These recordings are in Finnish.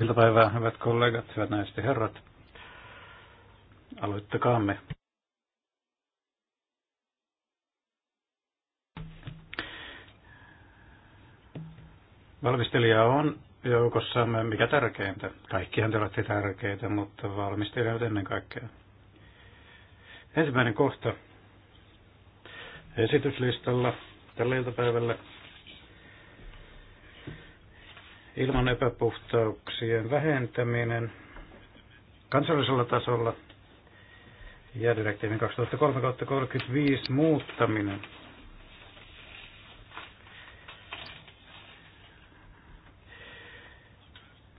Iltapäivää, hyvät kollegat, hyvät naiset ja herrat. Aloittakaamme. Valmistelija on joukossamme mikä tärkeintä. Kaikkihan te olette tärkeitä, mutta valmistelijat ennen kaikkea. Ensimmäinen kohta esityslistalla tällä iltapäivällä ilman epäpuhtauksien vähentäminen kansallisella tasolla ja direktiivin 2003-35 muuttaminen.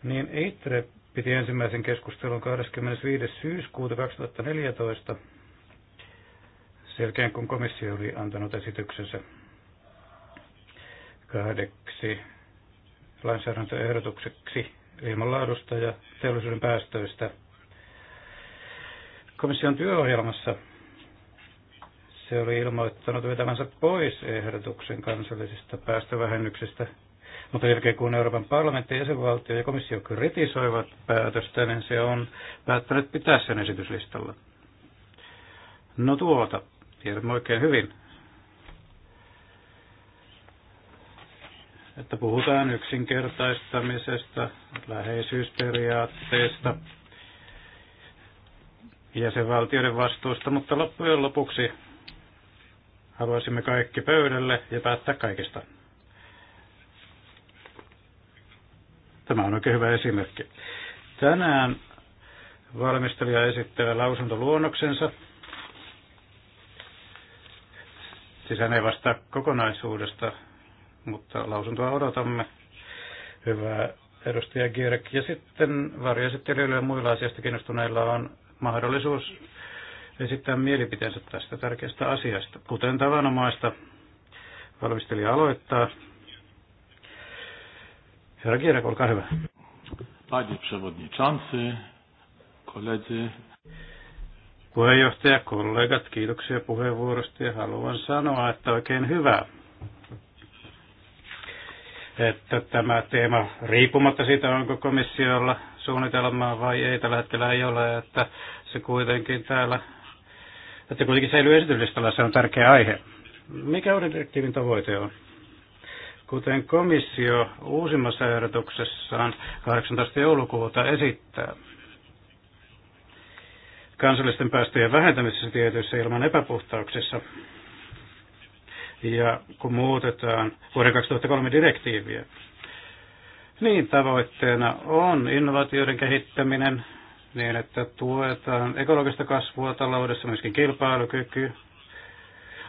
Niin EITRE piti ensimmäisen keskustelun 25. syyskuuta 2014 selkeän, kun komissio oli antanut esityksensä kahdeksi lainsäädäntöehdotukseksi ilmanlaadusta ja teollisuuden päästöistä. Komission työohjelmassa se oli ilmoittanut vetävänsä pois ehdotuksen kansallisista päästövähennyksistä, mutta jälkeen kun Euroopan parlamentti, jäsenvaltio ja komissio kritisoivat päätöstä, niin se on päättänyt pitää sen esityslistalla. No tuota, tiedämme oikein hyvin, että puhutaan yksinkertaistamisesta, läheisyysperiaatteesta, valtioiden vastuusta, mutta loppujen lopuksi haluaisimme kaikki pöydälle ja päättää kaikista. Tämä on oikein hyvä esimerkki. Tänään valmistelija esittelee lausuntoluonnoksensa. Siis hän ei vastaa kokonaisuudesta mutta lausuntoa odotamme. Hyvä edustaja Girk. Ja sitten varjoesittelijöillä ja muilla asiasta kiinnostuneilla on mahdollisuus esittää mielipiteensä tästä tärkeästä asiasta. Kuten tavanomaista, valmistelija aloittaa. Herra Girk, olkaa hyvä. Panie przewodniczący, koledzy. Puheenjohtaja, kollegat, kiitoksia puheenvuorosta ja haluan sanoa, että oikein hyvä että tämä teema, riippumatta siitä onko komissiolla suunnitelmaa vai ei, tällä hetkellä ei ole, että se kuitenkin täällä, että kuitenkin säilyy esityslistalla, se on tärkeä aihe. Mikä uuden direktiivin tavoite on? Kuten komissio uusimmassa ehdotuksessaan 18. joulukuuta esittää, kansallisten päästöjen vähentämisessä tietyissä ilman epäpuhtauksissa ja kun muutetaan vuoden 2003 direktiiviä. Niin tavoitteena on innovaatioiden kehittäminen niin, että tuetaan ekologista kasvua taloudessa, myöskin kilpailukyky,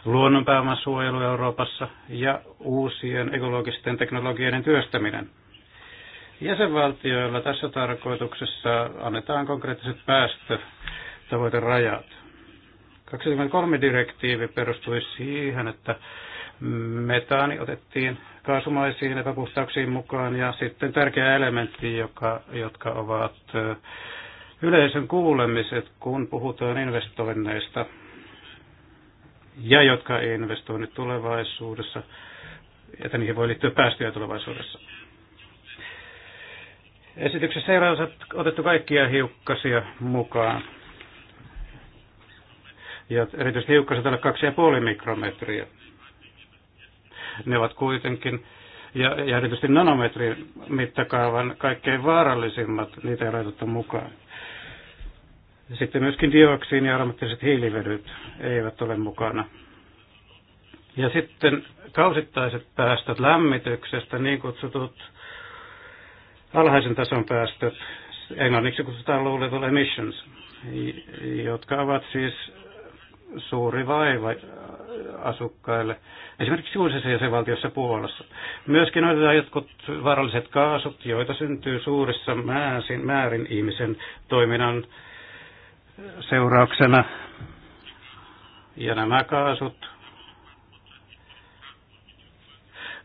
luonnonpääoman suojelu Euroopassa ja uusien ekologisten teknologioiden työstäminen. Jäsenvaltioilla tässä tarkoituksessa annetaan konkreettiset päästötavoiterajat. 23 direktiivi perustui siihen, että metaani otettiin kaasumaisiin epäpuhtauksiin mukaan ja sitten tärkeä elementti, joka, jotka ovat yleisön kuulemiset, kun puhutaan investoinneista ja jotka investoinnit tulevaisuudessa, että niihin voi liittyä päästöjä tulevaisuudessa. Esityksessä ei ole otettu kaikkia hiukkasia mukaan ja erityisesti hiukkaset alle 2,5 mikrometriä. Ne ovat kuitenkin, ja, ja erityisesti nanometrin mittakaavan kaikkein vaarallisimmat, niitä ei laitettu mukaan. Sitten myöskin dioksiini ja aromattiset hiilivedyt eivät ole mukana. Ja sitten kausittaiset päästöt lämmityksestä, niin kutsutut alhaisen tason päästöt, englanniksi kutsutaan low level emissions, jotka ovat siis suuri vaiva äh, asukkaille, esimerkiksi uusissa jäsenvaltiossa Puolassa. Myöskin otetaan jotkut vaaralliset kaasut, joita syntyy suurissa määrin, määrin ihmisen toiminnan äh, seurauksena. Ja nämä kaasut,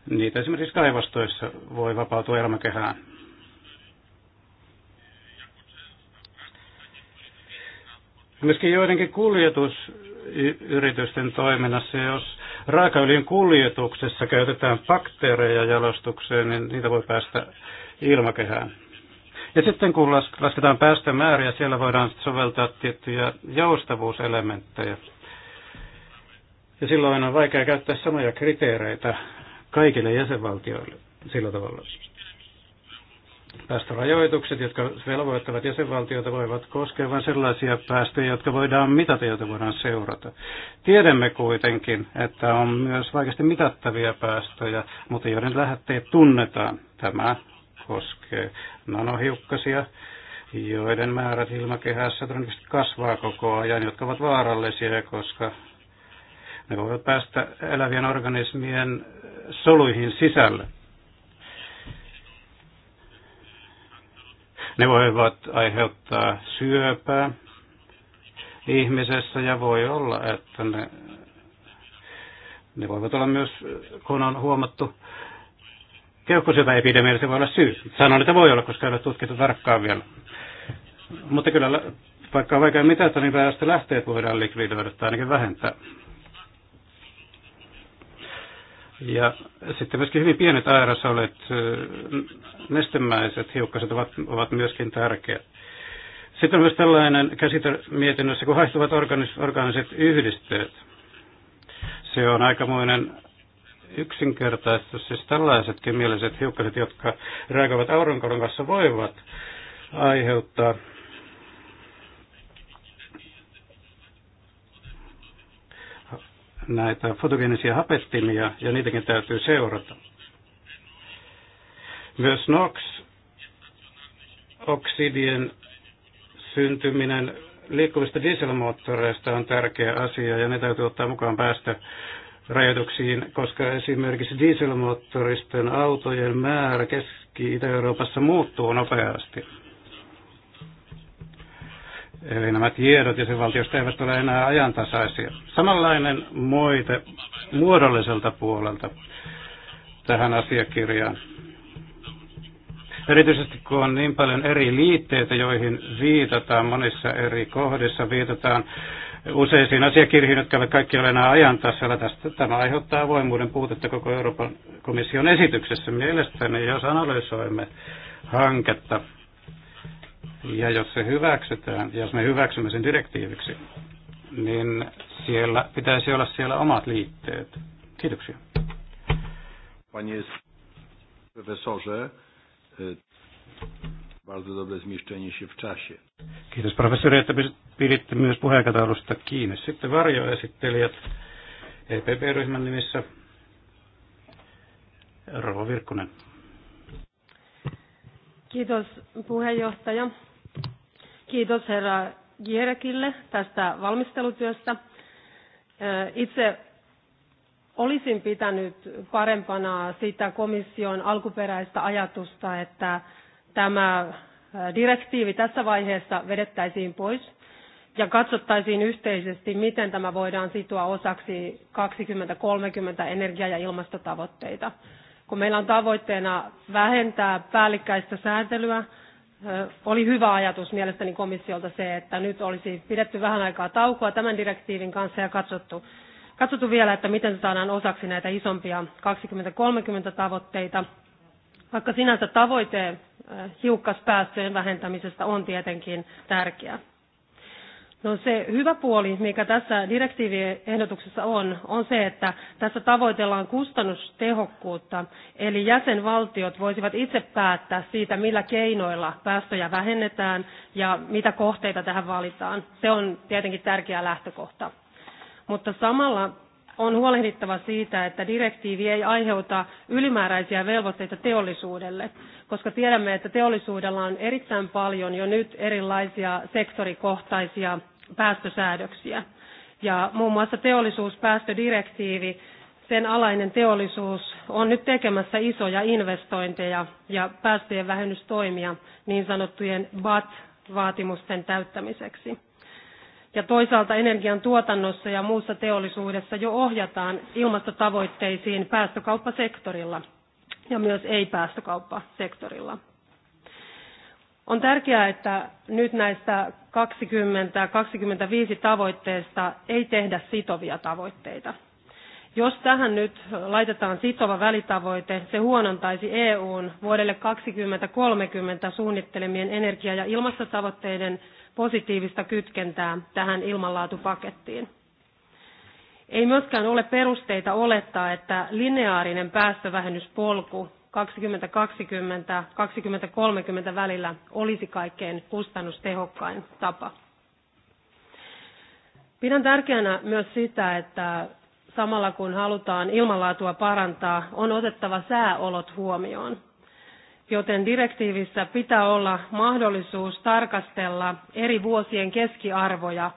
niitä esimerkiksi kaivastoissa voi vapautua elämäkehään. Myöskin joidenkin kuljetus yritysten toiminnassa. Jos raakaöljyn kuljetuksessa käytetään bakteereja jalostukseen, niin niitä voi päästä ilmakehään. Ja sitten kun lasketaan päästömääriä, siellä voidaan soveltaa tiettyjä joustavuuselementtejä. Ja silloin on vaikea käyttää samoja kriteereitä kaikille jäsenvaltioille sillä tavalla. Päästörajoitukset, jotka velvoittavat jäsenvaltioita, voivat koskea vain sellaisia päästöjä, jotka voidaan mitata, joita voidaan seurata. Tiedämme kuitenkin, että on myös vaikeasti mitattavia päästöjä, mutta joiden lähetteet tunnetaan. Tämä koskee nanohiukkasia, joiden määrät ilmakehässä todennäköisesti kasvaa koko ajan, jotka ovat vaarallisia, koska ne voivat päästä elävien organismien soluihin sisälle. Ne voivat aiheuttaa syöpää ihmisessä ja voi olla, että ne, ne voivat olla myös, kun on huomattu keuhkosyöpäepidemia, niin se voi olla syy. Sanon, että voi olla, koska ei ole tutkittu tarkkaan vielä. Mutta kyllä, vaikka on vaikea mitään, niin väestölähteet voidaan likvidoida tai ainakin vähentää. Ja sitten myöskin hyvin pienet aerosolit, nestemäiset hiukkaset ovat, ovat myöskin tärkeät. Sitten on myös tällainen käsite mietinnössä kuin haihtuvat organis- organiset yhdisteet. Se on aikamoinen yksinkertaistus, siis tällaiset kemialliset hiukkaset, jotka reagoivat aurinkoron kanssa, voivat aiheuttaa näitä fotogenisia hapettimia ja niitäkin täytyy seurata. Myös NOx-oksidien syntyminen liikkuvista dieselmoottoreista on tärkeä asia ja ne täytyy ottaa mukaan päästä rajoituksiin, koska esimerkiksi dieselmoottoristen autojen määrä Keski-Itä-Euroopassa muuttuu nopeasti Eli nämä tiedot jäsenvaltiosta eivät ole enää ajantasaisia. Samanlainen moite muodolliselta puolelta tähän asiakirjaan. Erityisesti kun on niin paljon eri liitteitä, joihin viitataan monissa eri kohdissa, viitataan useisiin asiakirjoihin, jotka eivät kaikki ole enää ajantasalla. Tästä, tämä aiheuttaa avoimuuden puutetta koko Euroopan komission esityksessä. Mielestäni, jos analysoimme hanketta ja jos se hyväksytään, jos me hyväksymme sen direktiiviksi, niin siellä pitäisi olla siellä omat liitteet. Kiitoksia. Panie profesorze, e, bardzo dobre zmieszczenie się w czasie. Kiitos professori, että piditte myös puheenjohtajuudesta kiinni. Sitten varjoesittelijät EPP-ryhmän nimissä. Rova Virkkunen. Kiitos puheenjohtaja. Kiitos herra Gierekille tästä valmistelutyöstä. Itse olisin pitänyt parempana sitä komission alkuperäistä ajatusta, että tämä direktiivi tässä vaiheessa vedettäisiin pois ja katsottaisiin yhteisesti, miten tämä voidaan sitoa osaksi 2030 energia- ja ilmastotavoitteita. Kun meillä on tavoitteena vähentää päällikkäistä sääntelyä, oli hyvä ajatus mielestäni komissiolta se, että nyt olisi pidetty vähän aikaa taukoa tämän direktiivin kanssa ja katsottu, katsottu vielä, että miten se saadaan osaksi näitä isompia 2030 tavoitteita. Vaikka sinänsä tavoite hiukkaspäästöjen vähentämisestä on tietenkin tärkeä. No se hyvä puoli, mikä tässä direktiiviehdotuksessa on, on se, että tässä tavoitellaan kustannustehokkuutta, eli jäsenvaltiot voisivat itse päättää siitä, millä keinoilla päästöjä vähennetään ja mitä kohteita tähän valitaan. Se on tietenkin tärkeä lähtökohta. Mutta samalla on huolehdittava siitä, että direktiivi ei aiheuta ylimääräisiä velvoitteita teollisuudelle, koska tiedämme, että teollisuudella on erittäin paljon jo nyt erilaisia sektorikohtaisia päästösäädöksiä. Ja muun muassa teollisuuspäästödirektiivi, sen alainen teollisuus on nyt tekemässä isoja investointeja ja päästöjen vähennystoimia niin sanottujen BAT-vaatimusten täyttämiseksi. Ja toisaalta energian tuotannossa ja muussa teollisuudessa jo ohjataan ilmastotavoitteisiin päästökauppasektorilla ja myös ei-päästökauppasektorilla. On tärkeää, että nyt näistä 20-25 tavoitteesta ei tehdä sitovia tavoitteita. Jos tähän nyt laitetaan sitova välitavoite, se huonontaisi EUn vuodelle 2030 suunnittelemien energia- ja ilmastotavoitteiden positiivista kytkentää tähän ilmanlaatupakettiin. Ei myöskään ole perusteita olettaa, että lineaarinen päästövähennyspolku 2020-2030 välillä olisi kaikkein kustannustehokkain tapa. Pidän tärkeänä myös sitä, että samalla kun halutaan ilmanlaatua parantaa, on otettava sääolot huomioon. Joten direktiivissä pitää olla mahdollisuus tarkastella eri vuosien keskiarvoja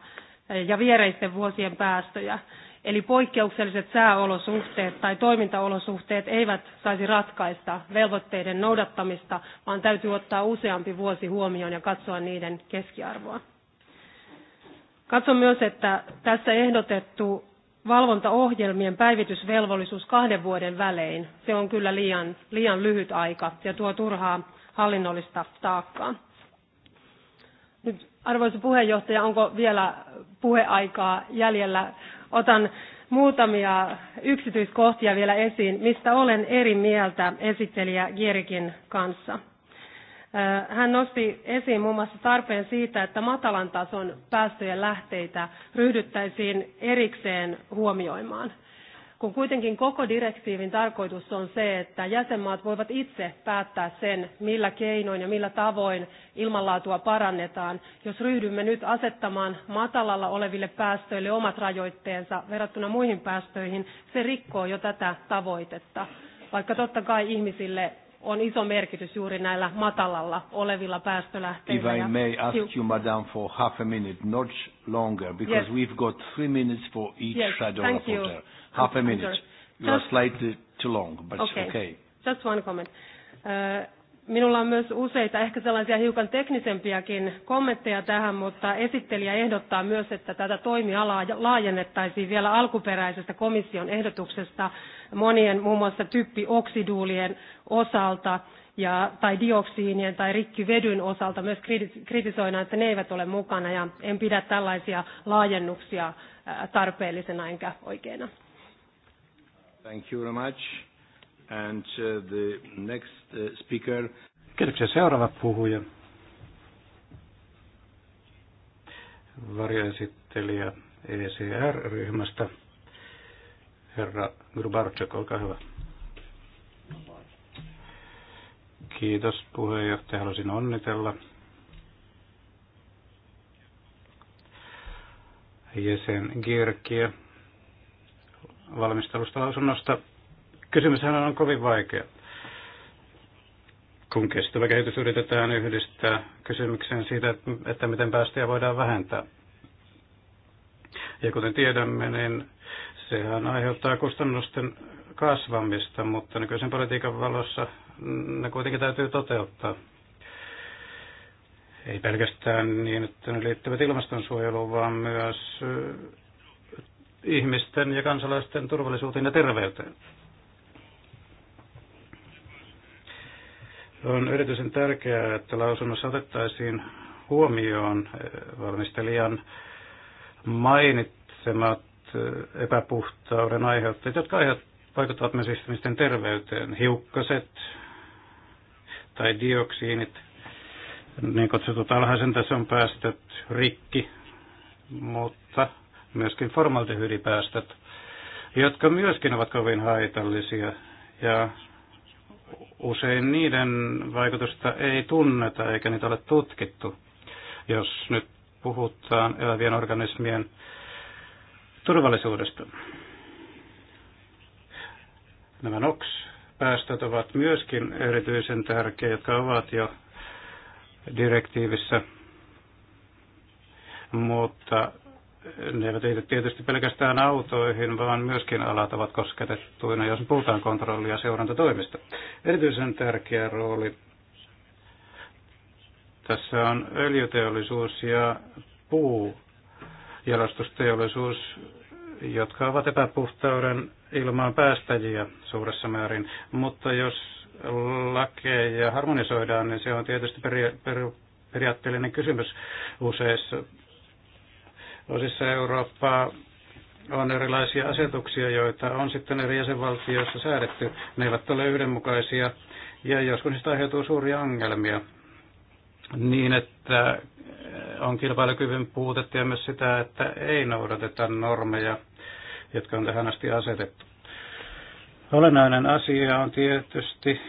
ja viereisten vuosien päästöjä Eli poikkeukselliset sääolosuhteet tai toimintaolosuhteet eivät saisi ratkaista velvoitteiden noudattamista, vaan täytyy ottaa useampi vuosi huomioon ja katsoa niiden keskiarvoa. Katson myös, että tässä ehdotettu valvontaohjelmien päivitysvelvollisuus kahden vuoden välein, se on kyllä liian, liian lyhyt aika ja tuo turhaa hallinnollista taakkaa. Nyt, arvoisa puheenjohtaja, onko vielä puheaikaa jäljellä? otan muutamia yksityiskohtia vielä esiin, mistä olen eri mieltä esittelijä Gierikin kanssa. Hän nosti esiin muun muassa tarpeen siitä, että matalan tason päästöjen lähteitä ryhdyttäisiin erikseen huomioimaan kun kuitenkin koko direktiivin tarkoitus on se, että jäsenmaat voivat itse päättää sen, millä keinoin ja millä tavoin ilmanlaatua parannetaan, jos ryhdymme nyt asettamaan matalalla oleville päästöille omat rajoitteensa verrattuna muihin päästöihin, se rikkoo jo tätä tavoitetta. Vaikka totta kai ihmisille on iso merkitys juuri näillä matalalla olevilla päästölähteillä. If I may ask you, madam, for half a minute, not longer, because yes. we've got three minutes for each yes, shadow thank reporter. You half a minute. You are slightly too long, but okay. okay. Just one comment. Uh, minulla on myös useita ehkä sellaisia hiukan teknisempiäkin kommentteja tähän, mutta esittelijä ehdottaa myös, että tätä toimialaa laajennettaisiin vielä alkuperäisestä komission ehdotuksesta monien muun muassa typpioksiduulien osalta ja, tai dioksiinien tai rikkivedyn osalta myös kritisoidaan, että ne eivät ole mukana ja en pidä tällaisia laajennuksia tarpeellisena enkä oikeana. Thank you very much. And uh, the next uh, speaker. Kiitoksia. Seuraava puhuja. Varjoesittelijä ECR-ryhmästä. Herra Grubarczyk, olkaa hyvä. Kiitos puheenjohtaja. Haluaisin onnitella jäsen Girkiä valmistelusta lausunnosta. Kysymyshän on kovin vaikea, kun kestävä kehitys yritetään yhdistää kysymykseen siitä, että miten päästöjä voidaan vähentää. Ja kuten tiedämme, niin sehän aiheuttaa kustannusten kasvamista, mutta nykyisen politiikan valossa ne kuitenkin täytyy toteuttaa. Ei pelkästään niin, että ne liittyvät ilmastonsuojeluun, vaan myös ihmisten ja kansalaisten turvallisuuteen ja terveyteen. On erityisen tärkeää, että lausunnossa otettaisiin huomioon eh, valmistelijan mainitsemat eh, epäpuhtauden aiheuttajat, jotka vaikuttavat myös ihmisten terveyteen. Hiukkaset tai dioksiinit, niin kutsutut alhaisen tason päästöt, rikki, mutta myöskin formaltehyydipäästöt, jotka myöskin ovat kovin haitallisia ja usein niiden vaikutusta ei tunneta eikä niitä ole tutkittu. Jos nyt puhutaan elävien organismien turvallisuudesta. Nämä NOx-päästöt ovat myöskin erityisen tärkeitä, jotka ovat jo direktiivissä, mutta ne eivät liity tietysti pelkästään autoihin, vaan myöskin alat ovat kosketettuina, jos puhutaan kontrolli- ja seurantatoimista. Erityisen tärkeä rooli tässä on öljyteollisuus ja puujalostusteollisuus, jotka ovat epäpuhtauden ilmaan päästäjiä suuressa määrin. Mutta jos lakeja harmonisoidaan, niin se on tietysti peria- per- periaatteellinen kysymys useissa osissa Eurooppaa on erilaisia asetuksia, joita on sitten eri jäsenvaltioissa säädetty. Ne eivät ole yhdenmukaisia ja joskus niistä aiheutuu suuria ongelmia niin, että eh, on kilpailukyvyn puutetta ja myös sitä, että ei noudateta normeja, jotka on tähän asti asetettu. Olennainen asia on tietysti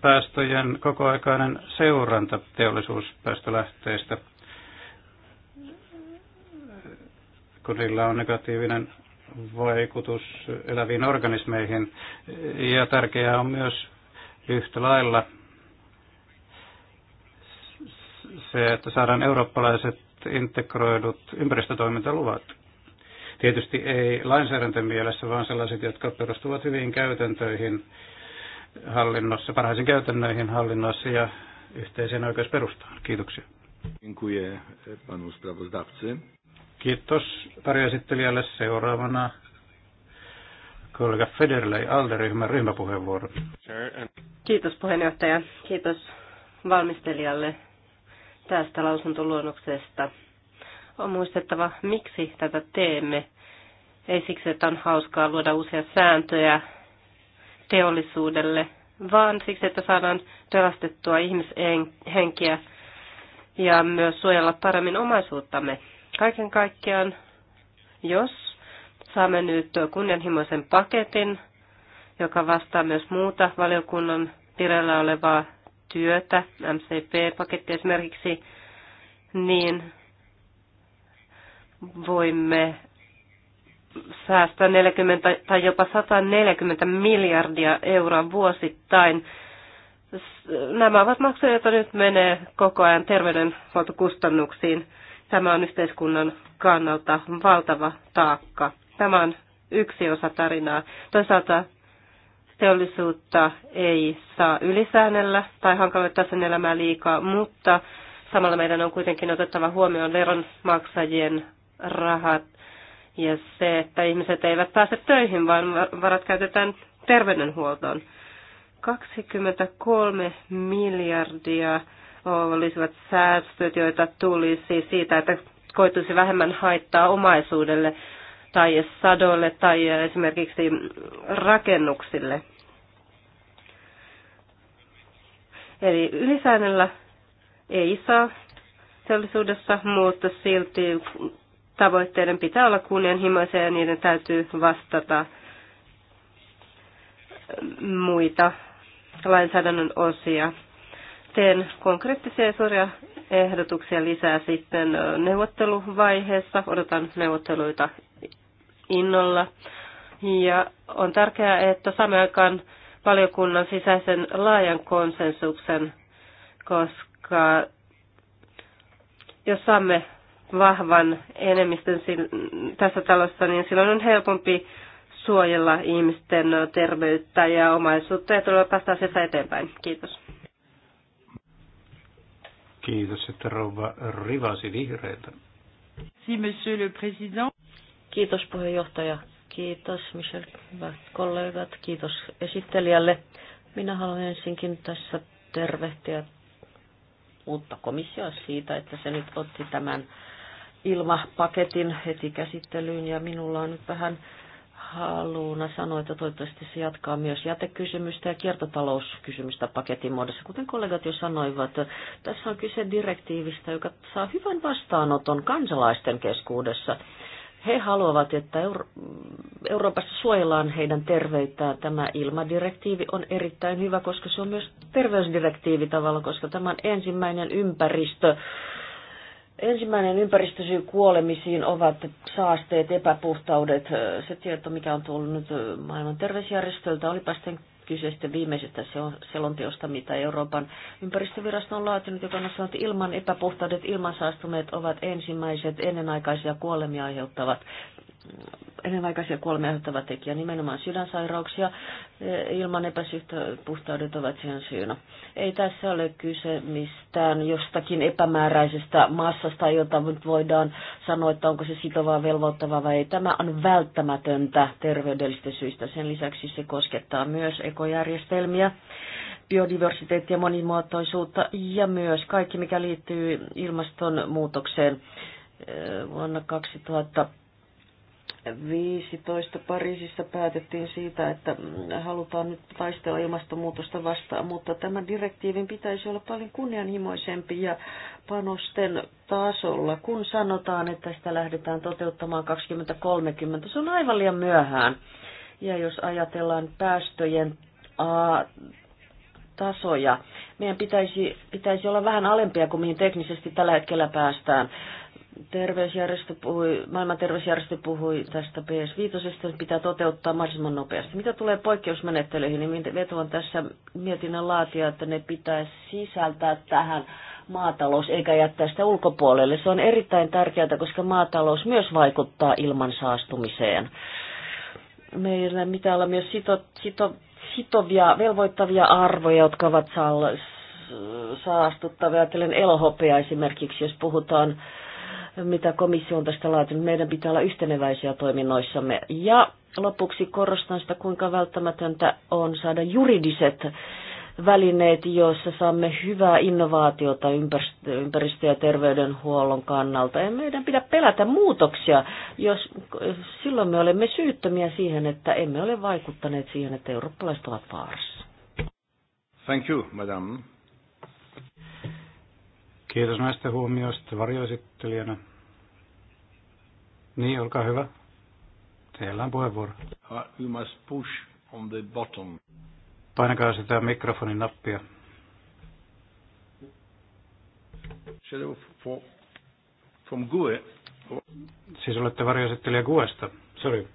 päästöjen kokoaikainen seuranta teollisuuspäästölähteistä – kun niillä on negatiivinen vaikutus eläviin organismeihin. Ja tärkeää on myös yhtä lailla se, että saadaan eurooppalaiset integroidut ympäristötoimintaluvat. Tietysti ei lainsäädäntömielessä, vaan sellaiset, jotka perustuvat hyviin käytäntöihin hallinnossa, parhaisiin käytännöihin hallinnossa ja yhteiseen oikeusperustaan. Kiitoksia. Dziękuję panu sprawozdawcy. Kiitos tarjoesittelijälle. Seuraavana kollega Federley Alderyhmän ryhmäpuheenvuoro. Kiitos puheenjohtaja. Kiitos valmistelijalle tästä lausuntoluonnoksesta. On muistettava, miksi tätä teemme. Ei siksi, että on hauskaa luoda uusia sääntöjä teollisuudelle, vaan siksi, että saadaan pelastettua ihmishenkiä ja myös suojella paremmin omaisuuttamme Kaiken kaikkiaan, jos saamme nyt kunnianhimoisen paketin, joka vastaa myös muuta valiokunnan pirellä olevaa työtä, MCP-paketti esimerkiksi, niin voimme säästää 40 tai jopa 140 miljardia euroa vuosittain. Nämä ovat maksuja, joita nyt menee koko ajan terveydenhuoltokustannuksiin. Tämä on yhteiskunnan kannalta valtava taakka. Tämä on yksi osa tarinaa. Toisaalta teollisuutta ei saa ylisäännellä tai hankaloittaa sen elämää liikaa, mutta samalla meidän on kuitenkin otettava huomioon veronmaksajien rahat ja se, että ihmiset eivät pääse töihin, vaan varat käytetään terveydenhuoltoon. 23 miljardia olisivat säästöt, joita tulisi siitä, että koituisi vähemmän haittaa omaisuudelle tai sadoille tai esimerkiksi rakennuksille. Eli ylisäännöllä ei saa teollisuudessa, mutta silti tavoitteiden pitää olla kunnianhimoisia ja niiden täytyy vastata muita lainsäädännön osia teen konkreettisia ja suoria ehdotuksia lisää sitten neuvotteluvaiheessa. Odotan neuvotteluita innolla. Ja on tärkeää, että saamme aikaan valiokunnan sisäisen laajan konsensuksen, koska jos saamme vahvan enemmistön tässä talossa, niin silloin on helpompi suojella ihmisten terveyttä ja omaisuutta ja tulla päästä asiassa eteenpäin. Kiitos. Kiitos, että rouva Rivasi vihreiltä. Kiitos puheenjohtaja. Kiitos Michel, hyvät kollegat. Kiitos esittelijälle. Minä haluan ensinkin tässä tervehtiä uutta komissioa siitä, että se nyt otti tämän ilmapaketin heti käsittelyyn ja minulla on nyt vähän Haluuna sanoa, että toivottavasti se jatkaa myös jätekysymystä ja kiertotalouskysymystä paketin muodossa. Kuten kollegat jo sanoivat, tässä on kyse direktiivistä, joka saa hyvän vastaanoton kansalaisten keskuudessa. He haluavat, että Euro- Euroopassa suojellaan heidän terveyttään. Tämä ilmadirektiivi on erittäin hyvä, koska se on myös terveysdirektiivi tavalla, koska tämä on ensimmäinen ympäristö Ensimmäinen ympäristösyy kuolemisiin ovat saasteet, epäpuhtaudet. Se tieto, mikä on tullut nyt maailman terveysjärjestöltä, olipa sitten kyseistä viimeisestä selonteosta, mitä Euroopan ympäristövirasto on laatinut, joka on sanonut, että ilman epäpuhtaudet, ilman saastuneet ovat ensimmäiset ennenaikaisia kuolemia aiheuttavat ennenaikaisia kuolemia aiheuttava tekijä, nimenomaan sydänsairauksia, ilman epäpuhtaudet ovat sen syynä. Ei tässä ole kyse mistään jostakin epämääräisestä massasta, jota nyt voidaan sanoa, että onko se sitovaa, velvoittavaa vai ei. Tämä on välttämätöntä terveydellistä syistä. Sen lisäksi se koskettaa myös ekojärjestelmiä, biodiversiteettiä, monimuotoisuutta ja myös kaikki, mikä liittyy ilmastonmuutokseen. Vuonna 2000 15 Pariisissa päätettiin siitä, että halutaan nyt taistella ilmastonmuutosta vastaan, mutta tämän direktiivin pitäisi olla paljon kunnianhimoisempi ja panosten tasolla, kun sanotaan, että sitä lähdetään toteuttamaan 2030. Se on aivan liian myöhään. Ja jos ajatellaan päästöjen a, tasoja, meidän pitäisi, pitäisi olla vähän alempia kuin mihin teknisesti tällä hetkellä päästään. Terveysjärjestö puhui, maailman terveysjärjestö puhui tästä PS5, pitää toteuttaa mahdollisimman nopeasti. Mitä tulee poikkeusmenettelyihin, niin vetoan tässä mietinnän laatia, että ne pitää sisältää tähän maatalous, eikä jättää sitä ulkopuolelle. Se on erittäin tärkeää, koska maatalous myös vaikuttaa ilman saastumiseen meillä pitää olla myös sito, sito, sitovia, velvoittavia arvoja, jotka ovat saastuttavia. Ajattelen elohopea esimerkiksi, jos puhutaan, mitä komissio on tästä laatinut. Meidän pitää olla yhteneväisiä toiminnoissamme. Ja lopuksi korostan sitä, kuinka välttämätöntä on saada juridiset välineet, joissa saamme hyvää innovaatiota ympäristö- ja terveydenhuollon kannalta. Ja meidän pidä pelätä muutoksia, jos silloin me olemme syyttömiä siihen, että emme ole vaikuttaneet siihen, että eurooppalaiset ovat vaarassa. Thank you, madam. Kiitos näistä huomioista varjoesittelijänä. Niin, olkaa hyvä. Teillä on puheenvuoro. Uh, you must push on the bottom. Painakaa sitä mikrofonin nappia. From GUE. Siis olette varjoesittelijä GUEsta. Sorry.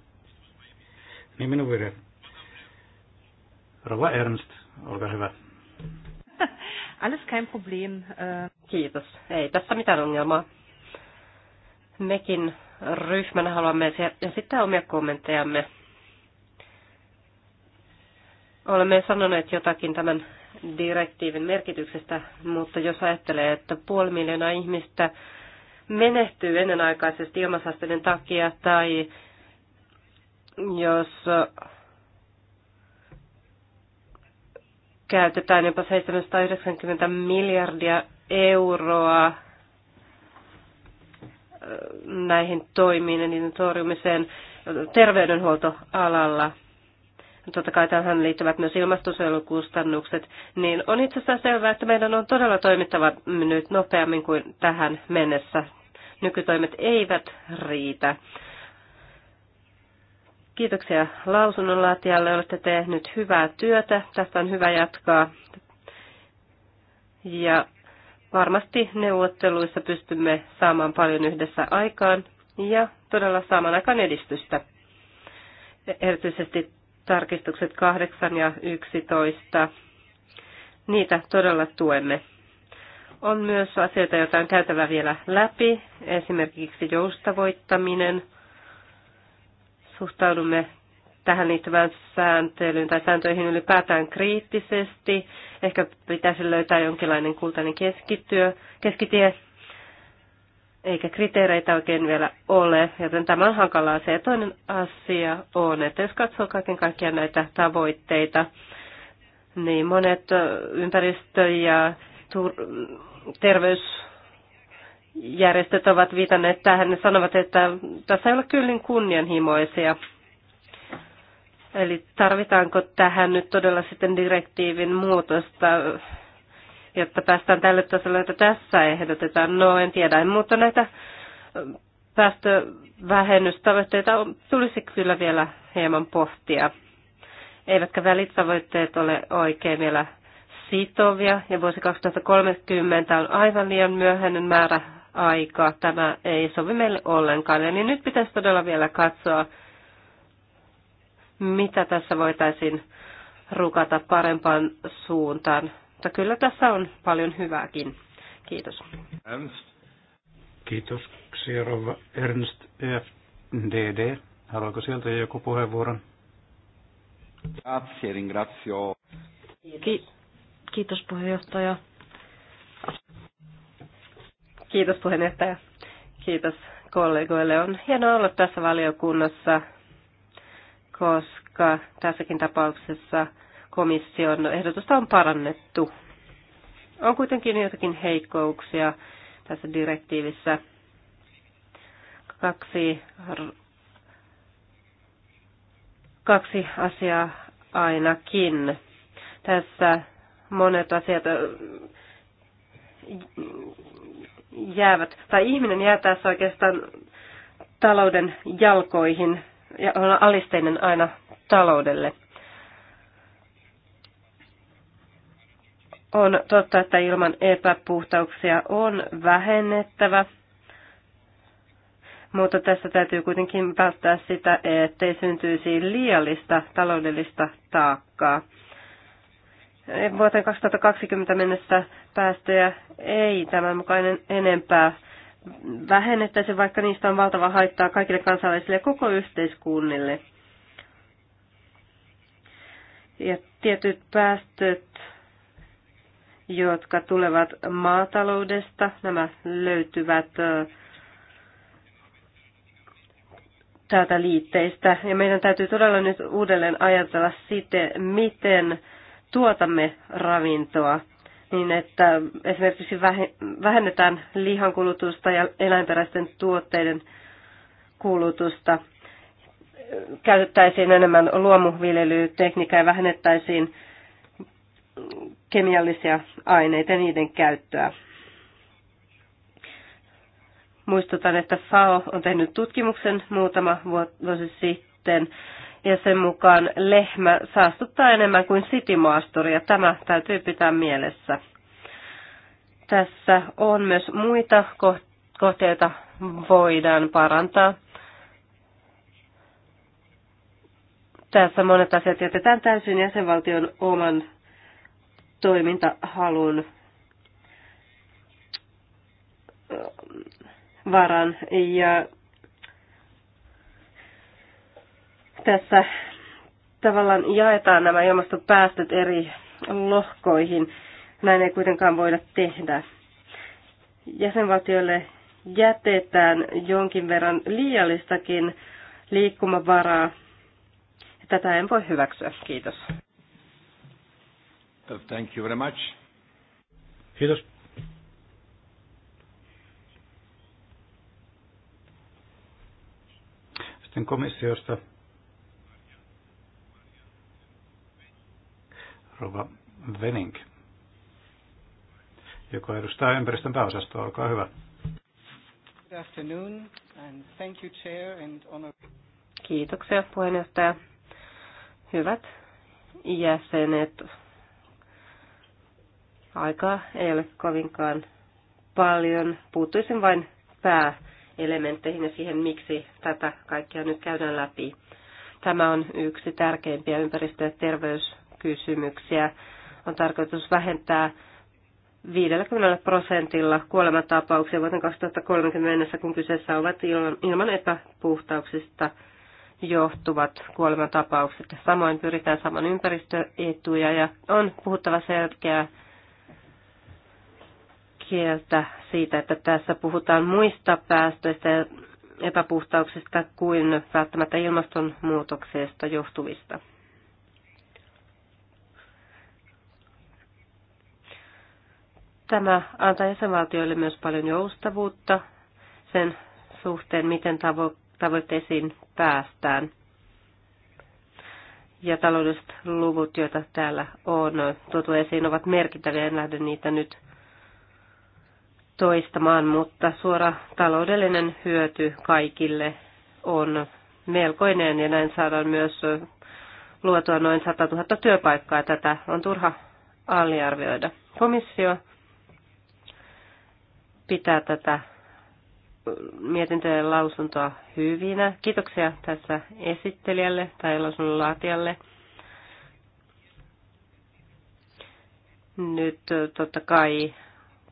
Niin minun virhe. Rova Ernst, olkaa hyvä. Alles kein Problem. Äh. Kiitos. Ei tässä mitään ongelmaa. Mekin ryhmänä haluamme esittää omia kommenttejamme Olemme sanoneet jotakin tämän direktiivin merkityksestä, mutta jos ajattelee, että puoli miljoonaa ihmistä menehtyy ennenaikaisesti ilmansaasteiden takia tai jos käytetään jopa 790 miljardia euroa äh, näihin toimiin ja niiden torjumiseen terveydenhuoltoalalla – totta kai tähän liittyvät myös ilmastosuojelukustannukset, niin on asiassa selvää, että meidän on todella toimittava nyt nopeammin kuin tähän mennessä. Nykytoimet eivät riitä. Kiitoksia lausunnonlaatijalle. Olette tehnyt hyvää työtä. Tästä on hyvä jatkaa. Ja varmasti neuvotteluissa pystymme saamaan paljon yhdessä aikaan ja todella saamaan aikaan edistystä. Erityisesti tarkistukset 8 ja 11. Niitä todella tuemme. On myös asioita, joita on käytävä vielä läpi, esimerkiksi joustavoittaminen. Suhtaudumme tähän liittyvään sääntelyyn tai sääntöihin ylipäätään kriittisesti. Ehkä pitäisi löytää jonkinlainen kultainen keskityö, keskitie eikä kriteereitä oikein vielä ole, joten tämä on hankalaa asia. Toinen asia on, että jos katsoo kaiken kaikkiaan näitä tavoitteita, niin monet ympäristö- ja tur- terveysjärjestöt ovat viitanneet tähän. Ne sanovat, että tässä ei ole kyllin kunnianhimoisia. Eli tarvitaanko tähän nyt todella sitten direktiivin muutosta? jotta päästään tälle tasolle, että tässä ehdotetaan. No en tiedä, mutta näitä päästövähennystavoitteita tulisi kyllä vielä hieman pohtia. Eivätkä välitavoitteet ole oikein vielä sitovia ja vuosi 2030 on aivan liian myöhäinen määrä aika. Tämä ei sovi meille ollenkaan. Eli nyt pitäisi todella vielä katsoa, mitä tässä voitaisiin rukata parempaan suuntaan. Mutta kyllä tässä on paljon hyvääkin. Kiitos. Ernst. Kiitos. Rova Ernst FDD. Haluaako sieltä joku puheenvuoron? Grazie, ringrazio. Ki- kiitos puheenjohtaja. Kiitos puheenjohtaja. Kiitos kollegoille. On hienoa olla tässä valiokunnassa, koska tässäkin tapauksessa – komission ehdotusta on parannettu. On kuitenkin jotakin heikkouksia tässä direktiivissä. Kaksi, kaksi asiaa ainakin. Tässä monet asiat jäävät, tai ihminen jää tässä oikeastaan talouden jalkoihin ja on alisteinen aina taloudelle. On totta, että ilman epäpuhtauksia on vähennettävä, mutta tässä täytyy kuitenkin välttää sitä, ettei syntyisi liiallista taloudellista taakkaa. Vuoteen 2020 mennessä päästöjä ei tämän mukainen enempää vähennettäisi, vaikka niistä on valtava haittaa kaikille kansalaisille ja koko yhteiskunnille. Ja tietyt päästöt jotka tulevat maataloudesta. Nämä löytyvät täältä liitteistä. Ja meidän täytyy todella nyt uudelleen ajatella sitä, miten tuotamme ravintoa niin, että esimerkiksi vähennetään lihankulutusta ja eläinperäisten tuotteiden kulutusta. Käytettäisiin enemmän luomuviljelytekniikkaa ja vähennettäisiin kemiallisia aineita ja niiden käyttöä. Muistutan, että FAO on tehnyt tutkimuksen muutama vuosi sitten, ja sen mukaan lehmä saastuttaa enemmän kuin sitimaasturi, ja tämä täytyy pitää mielessä. Tässä on myös muita kohteita voidaan parantaa. Tässä monet asiat jätetään täysin jäsenvaltion oman toimintahalun varan. Ja tässä tavallaan jaetaan nämä ilmastopäästöt eri lohkoihin. Näin ei kuitenkaan voida tehdä. Jäsenvaltioille jätetään jonkin verran liiallistakin liikkumavaraa. Tätä en voi hyväksyä. Kiitos. Thank you very much. Kiitos. Sitten komissiosta Rova Venink, joka edustaa ympäristön pääosastoa. Olkaa hyvä. Good afternoon and thank you, Chair, and honor... Kiitoksia puheenjohtaja. Hyvät jäsenet, Aikaa ei ole kovinkaan paljon. Puuttuisin vain pääelementteihin ja siihen, miksi tätä kaikkea nyt käydään läpi. Tämä on yksi tärkeimpiä ympäristö- ja terveyskysymyksiä. On tarkoitus vähentää 50 prosentilla kuolematapauksia vuoteen 2030 mennessä, kun kyseessä ovat ilman, epäpuhtauksista johtuvat kuolematapaukset. Samoin pyritään saman ympäristöetuja ja on puhuttava selkeää kieltä siitä, että tässä puhutaan muista päästöistä ja epäpuhtauksista kuin välttämättä ilmastonmuutoksesta johtuvista. Tämä antaa jäsenvaltioille myös paljon joustavuutta sen suhteen, miten tavo- tavoitteisiin päästään. Ja taloudelliset luvut, joita täällä on tuotu esiin, ovat merkittäviä. En lähde niitä nyt toistamaan, mutta suora taloudellinen hyöty kaikille on melkoinen ja näin saadaan myös luotua noin 100 000 työpaikkaa. Tätä on turha aliarvioida. Komissio pitää tätä mietintöjen lausuntoa hyvinä. Kiitoksia tässä esittelijälle tai lausunnon laatijalle. Nyt totta kai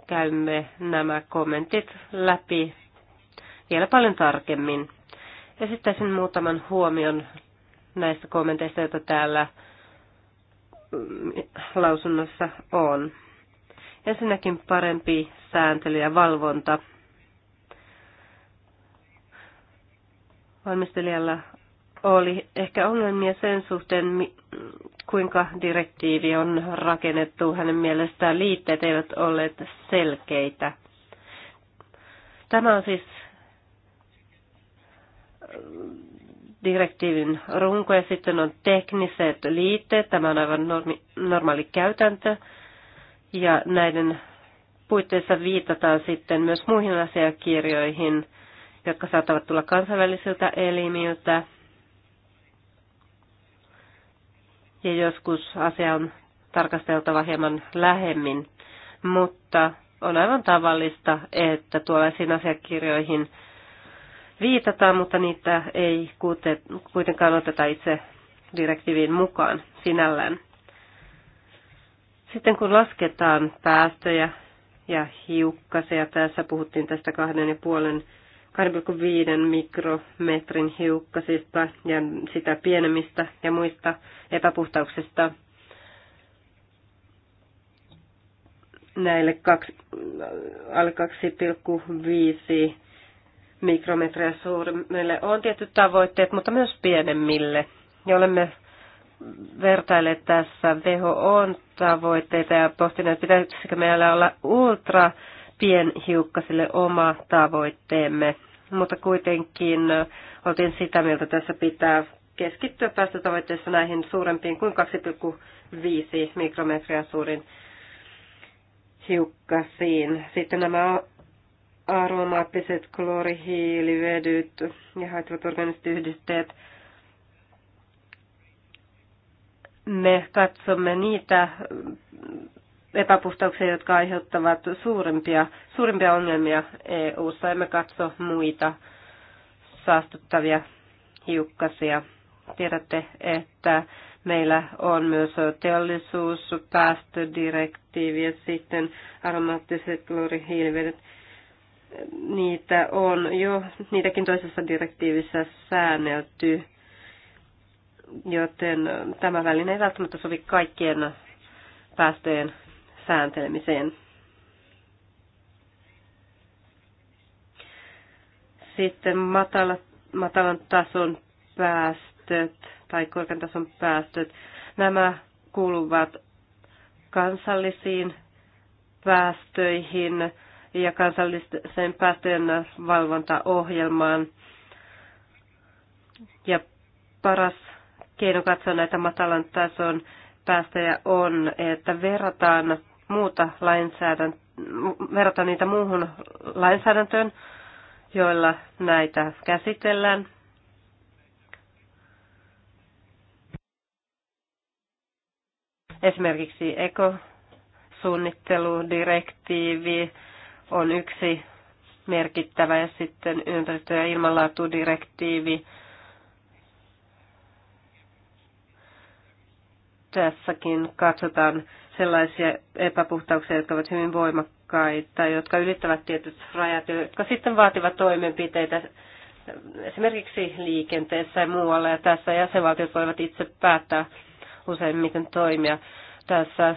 käymme nämä kommentit läpi vielä paljon tarkemmin. Esittäisin muutaman huomion näistä kommenteista, joita täällä mm, lausunnossa on. Ensinnäkin parempi sääntely ja valvonta. Valmistelijalla oli ehkä ongelmia sen suhteen, kuinka direktiivi on rakennettu. Hänen mielestään liitteet eivät olleet selkeitä. Tämä on siis äh, direktiivin runko ja sitten on tekniset liitteet. Tämä on aivan normi, normaali käytäntö ja näiden puitteissa viitataan sitten myös muihin asiakirjoihin, jotka saattavat tulla kansainvälisiltä elimiltä – ja joskus asia on tarkasteltava hieman lähemmin, mutta on aivan tavallista, että tuollaisiin asiakirjoihin viitataan, mutta niitä ei kuitenkaan oteta itse direktiiviin mukaan sinällään. Sitten kun lasketaan päästöjä ja hiukkasia, tässä puhuttiin tästä kahden ja puolen 2,5 mikrometrin hiukkasista ja sitä pienemmistä ja muista epäpuhtauksista. Näille kaksi, alle 2,5 mikrometriä suuremmille on tietyt tavoitteet, mutta myös pienemmille. Ja olemme vertailleet tässä who tavoitteita ja pohtineet, pitäisikö meillä olla ultra pienhiukkasille oma tavoitteemme mutta kuitenkin oltiin sitä mieltä, että tässä pitää keskittyä päästötavoitteessa näihin suurempiin kuin 2,5 mikrometriä suurin hiukkasiin. Sitten nämä aromaattiset kloorihiilivedyt ja haittavat organiset yhdisteet. Me katsomme niitä epäpuhtauksia, jotka aiheuttavat suurimpia, suurimpia ongelmia EU-ssa. Emme katso muita saastuttavia hiukkasia. Tiedätte, että meillä on myös päästödirektiivi ja sitten aromaattiset klorihiilivedet. Niitä on jo, niitäkin toisessa direktiivissä säännelty, joten tämä väline ei välttämättä sovi kaikkien päästöjen sääntelemiseen. Sitten matala, matalan tason päästöt tai korkean tason päästöt, nämä kuuluvat kansallisiin päästöihin ja kansallisen päästöjen valvontaohjelmaan. Ja paras keino katsoa näitä matalan tason päästöjä on, että verrataan muuta lainsäädäntöä, verrata niitä muuhun lainsäädäntöön, joilla näitä käsitellään. Esimerkiksi ekosuunnitteludirektiivi on yksi merkittävä ja sitten ympäristö- ja ilmanlaatudirektiivi. Tässäkin katsotaan sellaisia epäpuhtauksia, jotka ovat hyvin voimakkaita, jotka ylittävät tietyt rajat, jotka sitten vaativat toimenpiteitä esimerkiksi liikenteessä ja muualla. Ja tässä jäsenvaltiot voivat itse päättää usein, miten toimia. Tässä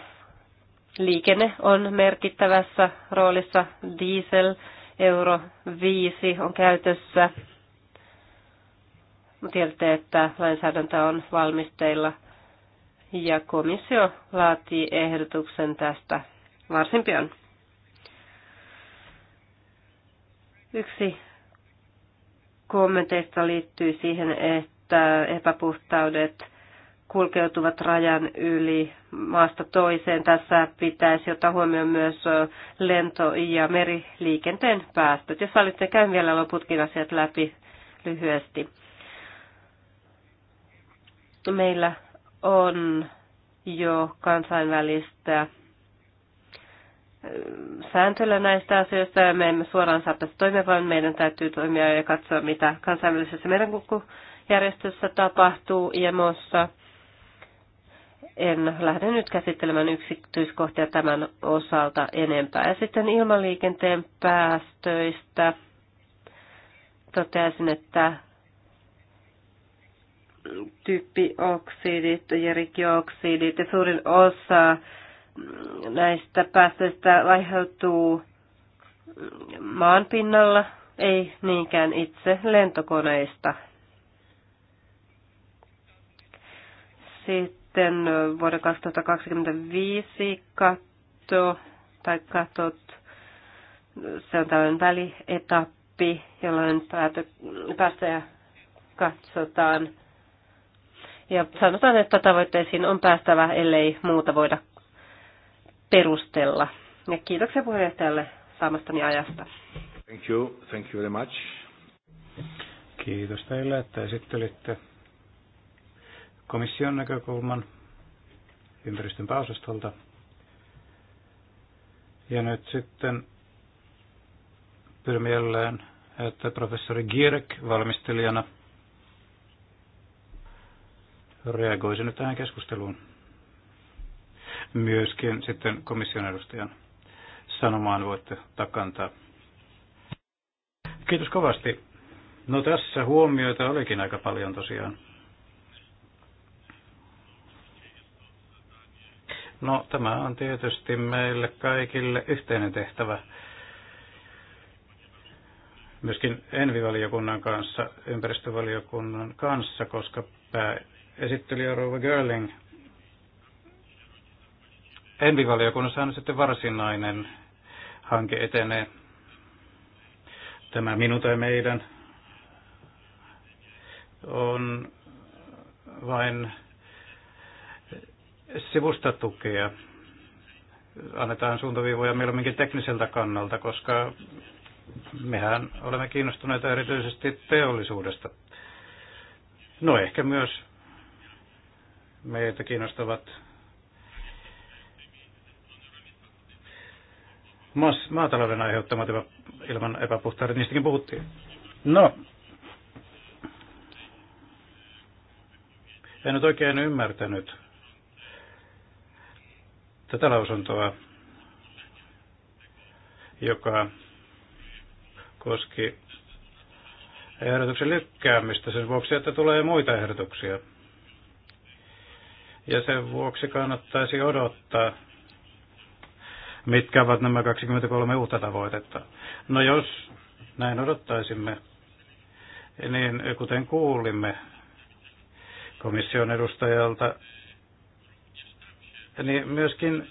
liikenne on merkittävässä roolissa. Diesel Euro 5 on käytössä. Tiedätte, että lainsäädäntö on valmisteilla – ja komissio laatii ehdotuksen tästä varsin pian. Yksi kommenteista liittyy siihen, että epäpuhtaudet kulkeutuvat rajan yli maasta toiseen. Tässä pitäisi ottaa huomioon myös lento- ja meriliikenteen päästöt. Jos sallitte, käyn vielä loputkin asiat läpi lyhyesti. Meillä on jo kansainvälistä sääntöllä näistä asioista ja me emme suoraan saa tästä toimia, vaan meidän täytyy toimia ja katsoa, mitä kansainvälisessä merenkulkujärjestössä tapahtuu IMOssa. En lähde nyt käsittelemään yksityiskohtia tämän osalta enempää. Ja sitten ilmaliikenteen päästöistä toteaisin, että typpioksidit ja rikioksidit ja suurin osa näistä päästöistä aiheutuu maanpinnalla, ei niinkään itse lentokoneista. Sitten vuoden 2025 katto tai katot, se on tällainen välietappi, jolloin päästöjä katsotaan ja sanotaan, että tavoitteisiin on päästävä, ellei muuta voida perustella. Ja kiitoksia puheenjohtajalle saamastani ajasta. Thank you. Thank you very much. Kiitos teille, että esittelitte komission näkökulman ympäristön pääosastolta. Ja nyt sitten pyrimme jälleen, että professori Girek valmistelijana – Reagoisin nyt tähän keskusteluun myöskin sitten komission edustajan sanomaan voitte takantaa. Kiitos kovasti. No tässä huomioita olikin aika paljon tosiaan. No tämä on tietysti meille kaikille yhteinen tehtävä. Myöskin envivaliokunnan kanssa, ympäristövaliokunnan kanssa, koska pää, esittelijä Rova Görling. Envivaliokunnassa on sitten varsinainen hanke etenee. Tämä minun tai meidän on vain sivustatukea. Annetaan suuntaviivoja mieluumminkin tekniseltä kannalta, koska mehän olemme kiinnostuneita erityisesti teollisuudesta. No ehkä myös meitä kiinnostavat maatalouden aiheuttamat ilman epäpuhtaudet, niistäkin puhuttiin. No, en nyt oikein ymmärtänyt tätä lausuntoa, joka koski ehdotuksen lykkäämistä sen vuoksi, että tulee muita ehdotuksia. Ja sen vuoksi kannattaisi odottaa, mitkä ovat nämä 23 uutta tavoitetta. No jos näin odottaisimme, niin kuten kuulimme komission edustajalta, niin myöskin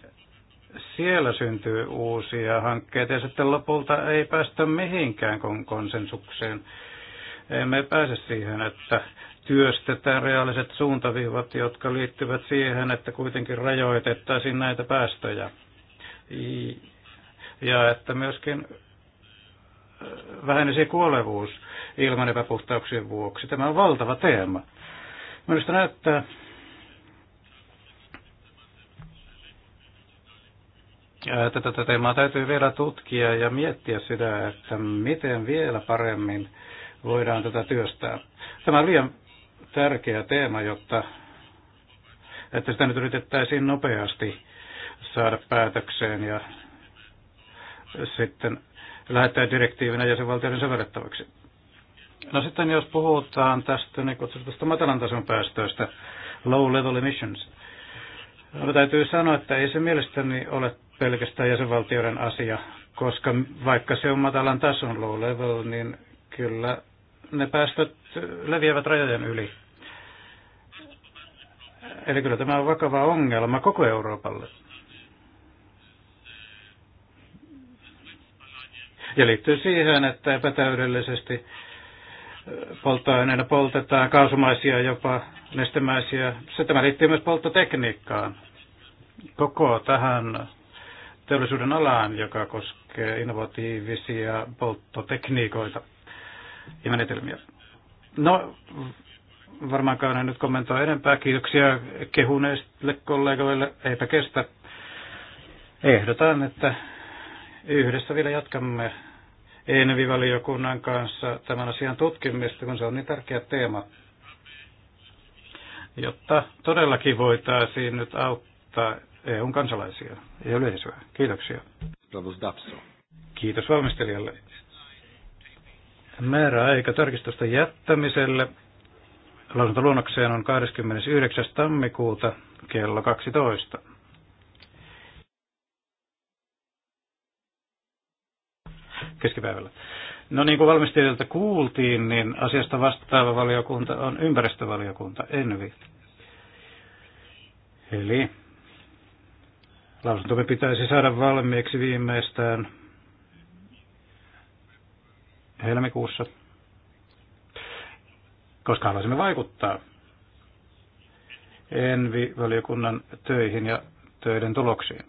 siellä syntyy uusia hankkeita ja sitten lopulta ei päästä mihinkään konsensukseen. Emme pääse siihen, että työstetään reaaliset suuntaviivat, jotka liittyvät siihen, että kuitenkin rajoitettaisiin näitä päästöjä. Ja että myöskin vähenisi kuolevuus ilman epäpuhtauksien vuoksi. Tämä on valtava teema. Minusta näyttää, että tätä teemaa täytyy vielä tutkia ja miettiä sitä, että miten vielä paremmin voidaan tätä työstää. Tämä on liian tärkeä teema, jotta että sitä nyt yritettäisiin nopeasti saada päätökseen ja sitten lähettää direktiivinä jäsenvaltioiden sovellettavaksi. No sitten jos puhutaan tästä niin kutsutusta matalan tason päästöistä, low level emissions, no, täytyy sanoa, että ei se mielestäni ole pelkästään jäsenvaltioiden asia, koska vaikka se on matalan tason low level, niin kyllä ne päästöt leviävät rajojen yli. Eli kyllä tämä on vakava ongelma koko Euroopalle. Ja liittyy siihen, että epätäydellisesti polttoaineena poltetaan, kaasumaisia jopa nestemäisiä. Se tämä liittyy myös polttotekniikkaan, koko tähän teollisuuden alaan, joka koskee innovatiivisia polttotekniikoita ja menetelmiä. No, varmaankaan en nyt kommentoi enempää. Kiitoksia kehuneille kollegoille. Eipä kestä. Ehdotan, että yhdessä vielä jatkamme ENVI-valiokunnan kanssa tämän asian tutkimista, kun se on niin tärkeä teema, jotta todellakin voitaisiin nyt auttaa EUn kansalaisia ja yleisöä. Kiitoksia. Kiitos valmistelijalle. Määräaika tarkistusta jättämiselle Lausuntoluonnokseen on 29. tammikuuta kello 12. Keskipäivällä. No niin kuin valmistajilta kuultiin, niin asiasta vastaava valiokunta on ympäristövaliokunta, ENVI. Eli lausuntomme pitäisi saada valmiiksi viimeistään helmikuussa koska haluaisimme vaikuttaa Envi-valiokunnan töihin ja töiden tuloksiin.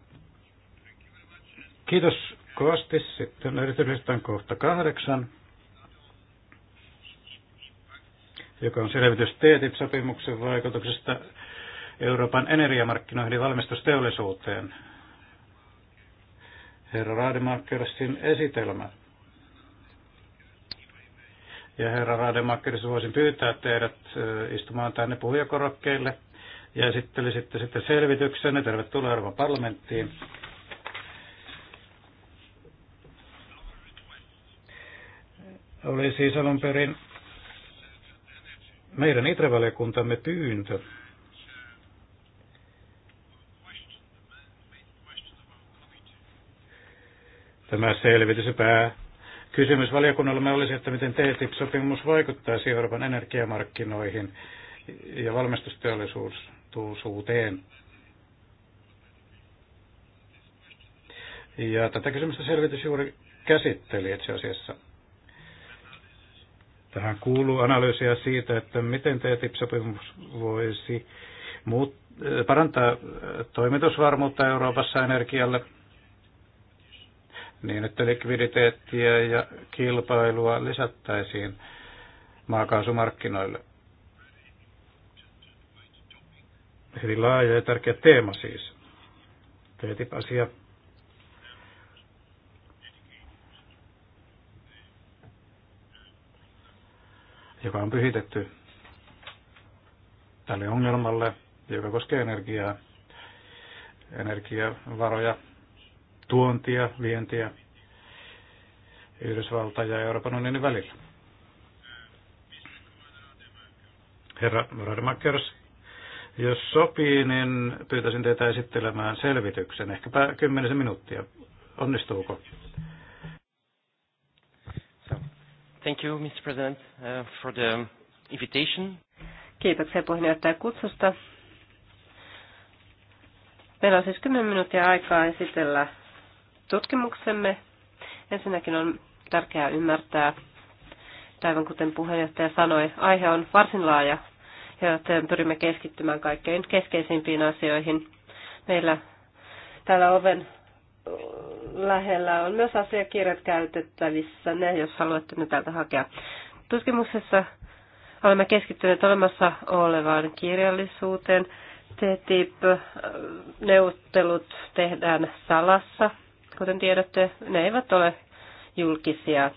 Kiitos kovasti. Sitten erityisesti kohta kahdeksan, joka on selvitys TTIP-sopimuksen e vaikutuksesta Euroopan energiamarkkinoihin ja valmistusteollisuuteen. Herra Rademachersin esitelmä. Ja herra Rademakeris, voisin pyytää teidät eh, istumaan tänne puhujakorokkeille ja esittelisitte sitten selvityksen. Tervetuloa Euroopan parlamenttiin. Oli siis alun perin meidän itrevaliokuntamme pyyntö tämä selvitys ja pää Kysymys valiokunnallamme olisi, että miten TTIP-sopimus e vaikuttaisi Euroopan energiamarkkinoihin ja valmistusteollisuuteen. Ja tätä kysymystä selvitys juuri käsitteli itse asiassa. Tähän kuuluu analyysiä siitä, että miten TTIP-sopimus e voisi muut, parantaa toimitusvarmuutta Euroopassa energialle – niin että likviditeettiä ja kilpailua lisättäisiin maakaasumarkkinoille. Hyvin laaja ja tärkeä teema siis. TTIP-asia. joka on pyhitetty tälle ongelmalle, joka koskee energiaa, energiavaroja tuontia, vientiä Yhdysvaltain ja Euroopan unionin välillä. Herra Rademakers, jos sopii, niin pyytäisin teitä esittelemään selvityksen, ehkäpä kymmenisen minuuttia. Onnistuuko? So, thank you, Mr. President, uh, for the invitation. Kiitoksia puheenjohtaja kutsusta. Meillä on siis 10 minuuttia aikaa esitellä tutkimuksemme. Ensinnäkin on tärkeää ymmärtää, että aivan kuten puheenjohtaja sanoi, aihe on varsin laaja, ja pyrimme keskittymään kaikkein keskeisimpiin asioihin. Meillä täällä oven lähellä on myös asiakirjat käytettävissä, ne jos haluatte ne täältä hakea. Tutkimuksessa olemme keskittyneet olemassa olevaan kirjallisuuteen. TTIP-neuvottelut tehdään salassa kuten tiedätte, ne eivät ole julkisia.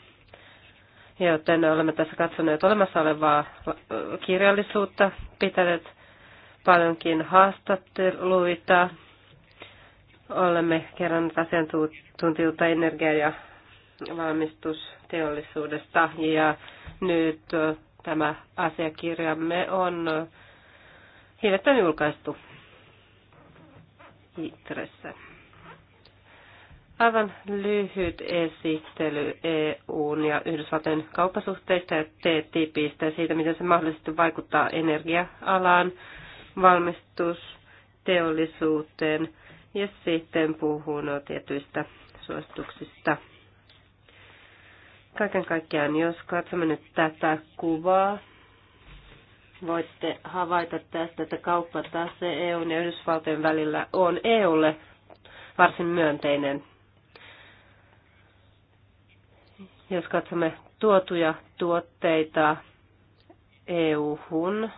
Joten olemme tässä katsoneet olemassa olevaa kirjallisuutta, pitäneet paljonkin haastatteluita. Olemme keränneet asiantuntijuutta energia- ja valmistusteollisuudesta ja nyt tämä asiakirjamme on hiljattain julkaistu Hitressä. Aivan lyhyt esittely EUn ja Yhdysvaltain kauppasuhteista ja TTIPistä ja siitä, miten se mahdollisesti vaikuttaa energia-alaan, valmistusteollisuuteen ja sitten puhun tietyistä suosituksista. Kaiken kaikkiaan, jos katsomme nyt tätä kuvaa, voitte havaita tästä, että kauppatase EUn ja Yhdysvaltojen välillä on EUlle varsin myönteinen Jos katsomme tuotuja tuotteita EU-hun,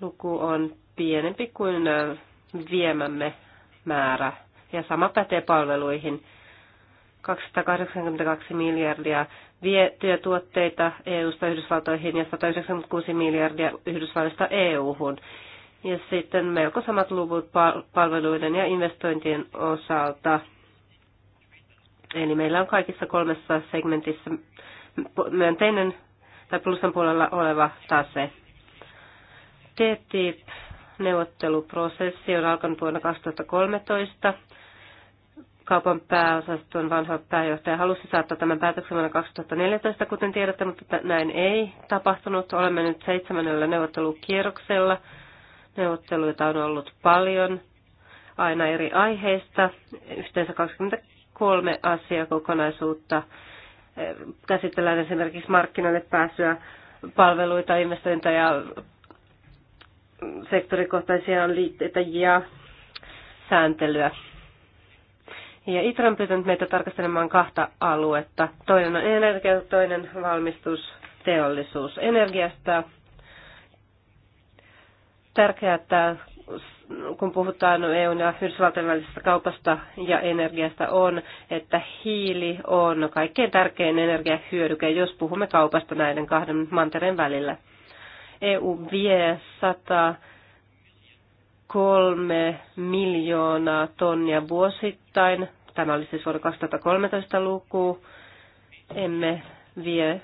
luku on pienempi kuin viemämme määrä. Ja sama pätee palveluihin. 282 miljardia vietyjä tuotteita EU-sta Yhdysvaltoihin ja 196 miljardia Yhdysvalloista EU-hun. Ja sitten melko samat luvut palveluiden ja investointien osalta. Eli meillä on kaikissa kolmessa segmentissä myönteinen tai plussan puolella oleva tase. TTIP-neuvotteluprosessi on alkanut vuonna 2013. Kaupan pääosaston vanha pääjohtaja halusi saattaa tämän päätöksen vuonna 2014, kuten tiedätte, mutta näin ei tapahtunut. Olemme nyt seitsemännellä neuvottelukierroksella. Neuvotteluita on ollut paljon aina eri aiheista, yhteensä 20 kolme asiakokonaisuutta. Käsitellään esimerkiksi markkinoille pääsyä, palveluita, investointeja, sektorikohtaisia liitteitä ja sääntelyä. Ja ITRA on pyytänyt meitä tarkastelemaan kahta aluetta. Toinen on energia, toinen valmistus, teollisuus. Energiasta tärkeää, että kun puhutaan EUn ja Yhdysvaltain välisestä kaupasta ja energiasta, on, että hiili on kaikkein tärkein energiahyödyke, jos puhumme kaupasta näiden kahden mantereen välillä. EU vie 103 miljoonaa tonnia vuosittain. Tämä oli siis vuonna 2013 luku. Emme vie,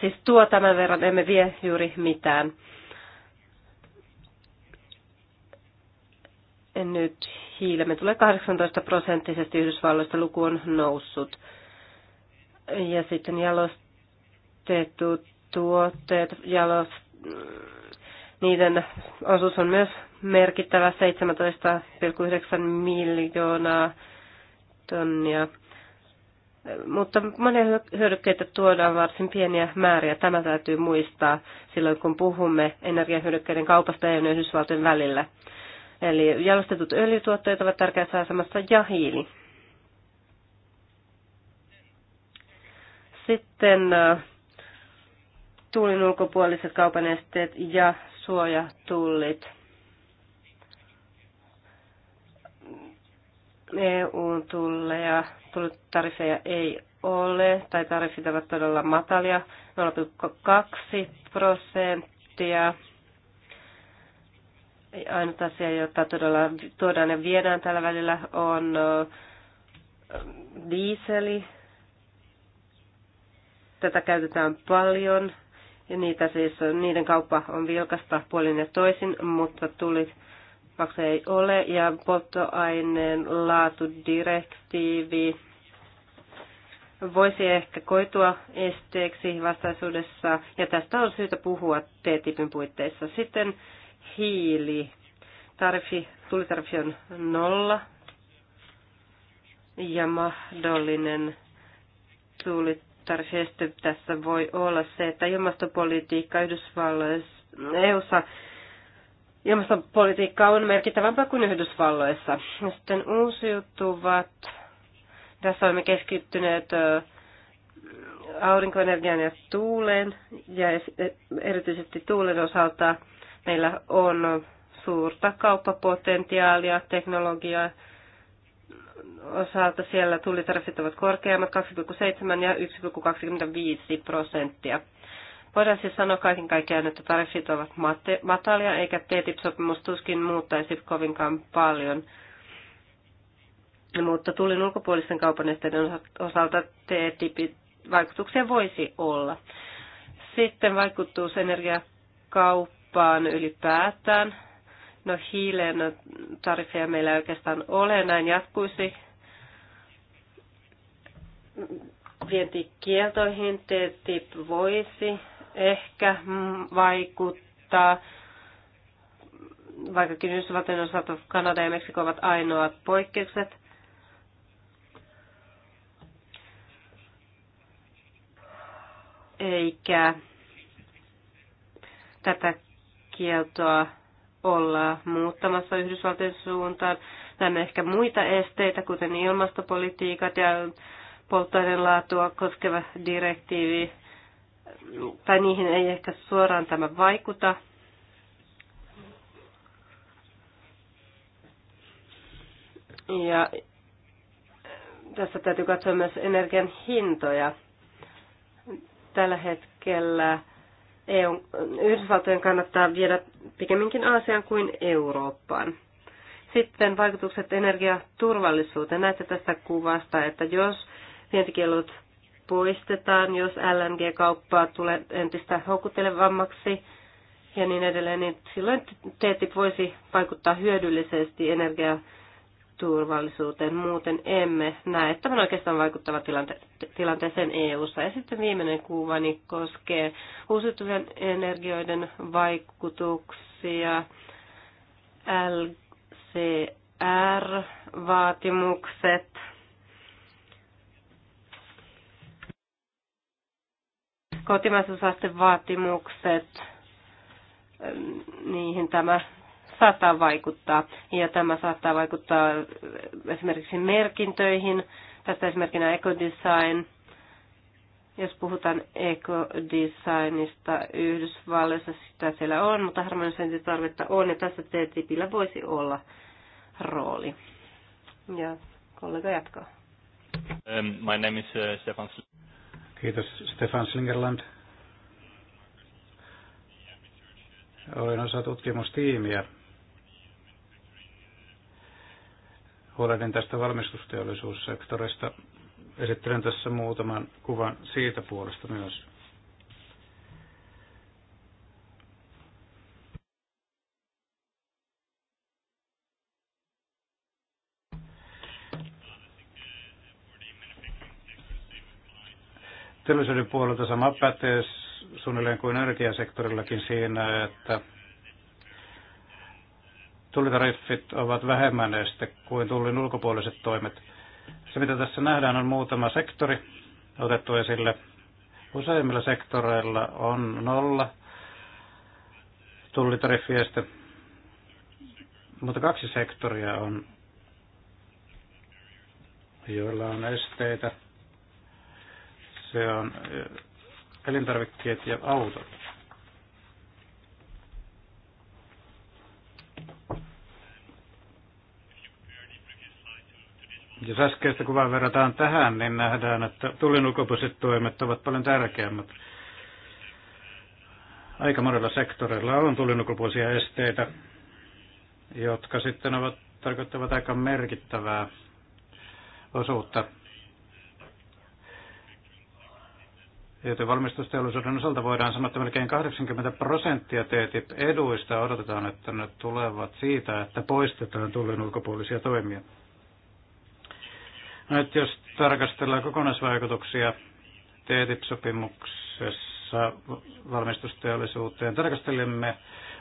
siis tuo tämän verran emme vie juuri mitään. nyt hiilemme tulee 18 prosenttisesti Yhdysvalloista luku on noussut. Ja sitten jalostettu tuotteet, jalost, niiden osuus on myös merkittävä 17,9 miljoonaa tonnia. Mutta monia hyödykkeitä tuodaan varsin pieniä määriä. Tämä täytyy muistaa silloin, kun puhumme energiahyödykkeiden kaupasta ja Yhdysvaltojen välillä. Eli jalostetut öljytuotteet ovat tärkeässä asemassa ja hiili. Sitten äh, tuulin ulkopuoliset kaupan esteet ja suojatullit. eu tulleja, tariffeja ei ole, tai tariffit ovat todella matalia, 0,2 prosenttia. Ainut asia, jota todella tuodaan ja viedään tällä välillä, on diiseli. Tätä käytetään paljon. Ja niitä siis, niiden kauppa on vilkasta puolin ja toisin, mutta tulit maksaa ei ole. Ja polttoaineen laatudirektiivi voisi ehkä koitua esteeksi vastaisuudessa, ja tästä on syytä puhua T-tipin puitteissa. Sitten hiili. Tarifi, tulitariffi on nolla ja mahdollinen tulitariffi este tässä voi olla se, että ilmastopolitiikka Yhdysvalloissa, EUssa ilmastopolitiikka on merkittävämpää kuin Yhdysvalloissa. Sitten uusiutuvat. Tässä olemme keskittyneet aurinkoenergian ja tuulen ja e, erityisesti tuulen osalta Meillä on suurta kauppapotentiaalia, teknologiaa osalta siellä tullitariffit ovat korkeammat 2,7 ja 1,25 prosenttia. Voidaan siis sanoa kaiken kaikkiaan, että tariffit ovat matalia, eikä TTIP-sopimus tuskin muuttaisi kovinkaan paljon. Mutta tulin ulkopuolisten kaupan osalta TTIP vaikutuksia voisi olla. Sitten vaikutus energiakauppaan kauppaan ylipäätään. No hiilen tarifeja meillä ei oikeastaan ole, näin jatkuisi vientikieltoihin TTIP voisi ehkä vaikuttaa, vaikka Yhdysvaltojen osalta Kanada ja Meksiko ovat ainoat poikkeukset. Eikä tätä kieltoa olla muuttamassa Yhdysvaltojen suuntaan. Näemme ehkä muita esteitä, kuten ilmastopolitiikat ja polttoaineen laatua koskeva direktiivi, tai niihin ei ehkä suoraan tämä vaikuta. Ja tässä täytyy katsoa myös energian hintoja. Tällä hetkellä EU, Yhdysvaltojen kannattaa viedä pikemminkin Aasiaan kuin Eurooppaan. Sitten vaikutukset energiaturvallisuuteen. Näette tästä kuvasta, että jos vientikielut poistetaan, jos LNG-kauppaa tulee entistä houkuttelevammaksi ja niin edelleen, niin silloin TTIP voisi vaikuttaa hyödyllisesti energiaturvallisuuteen turvallisuuteen. Muuten emme näe on oikeastaan vaikuttava tilante- tilanteeseen EU-ssa. Ja sitten viimeinen kuva, niin koskee uusiutuvien energioiden vaikutuksia, LCR-vaatimukset, kotimaisuusasteen vaatimukset, niihin tämä saattaa vaikuttaa. Ja tämä saattaa vaikuttaa esimerkiksi merkintöihin. Tästä esimerkkinä ekodesign. Jos puhutaan ekodesignista Yhdysvalloissa, sitä siellä on, mutta harmonisointitarvetta on, ja tässä TTIPillä voisi olla rooli. Ja kollega jatkaa. Um, my name is uh, Stefan Kiitos Stefan Slingerland. Olen osa tutkimustiimiä, Huolehdin tästä valmistusteollisuussektorista. Esittelen tässä muutaman kuvan siitä puolesta myös. teollisuuden puolelta sama pätee suunnilleen kuin energiasektorillakin siinä, että tullitariffit ovat vähemmän este kuin tullin ulkopuoliset toimet. Se, mitä tässä nähdään, on muutama sektori otettu esille. Useimmilla sektoreilla on nolla tullitariffieste, mutta kaksi sektoria on, joilla on esteitä. Se on eh, elintarvikkeet ja autot Jos äskeistä kuvaa verrataan tähän, niin nähdään, että tulin ulkopuoliset toimet ovat paljon tärkeämmät. Aika monella sektorilla on tulin ulkopuolisia esteitä, jotka sitten ovat, tarkoittavat aika merkittävää osuutta. Joten valmistusteollisuuden osalta voidaan sanoa, että melkein 80 prosenttia TTIP-eduista odotetaan, että ne tulevat siitä, että poistetaan tullin ulkopuolisia toimia. Nyt jos tarkastellaan kokonaisvaikutuksia TTIP-sopimuksessa e valmistusteollisuuteen, tarkastelemme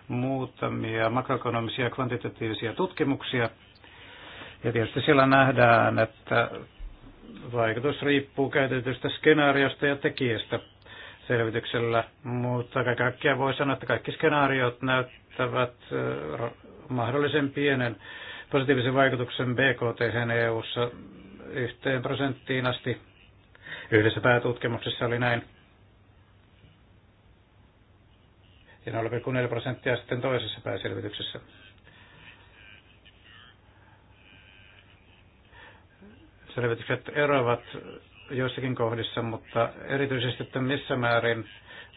muutamia makroekonomisia kvantitatiivisia tutkimuksia. Ja tietysti siellä nähdään, että vaikutus riippuu käytetystä skenaariosta ja tekijästä selvityksellä, mutta kaikkea voi sanoa, että kaikki skenaariot näyttävät mahdollisen pienen positiivisen vaikutuksen BKT EU-ssa yhteen prosenttiin asti. Yhdessä päätutkimuksessa oli näin. Ja 0,4 prosenttia sitten toisessa pääselvityksessä. Selvitykset eroavat joissakin kohdissa, mutta erityisesti, että missä määrin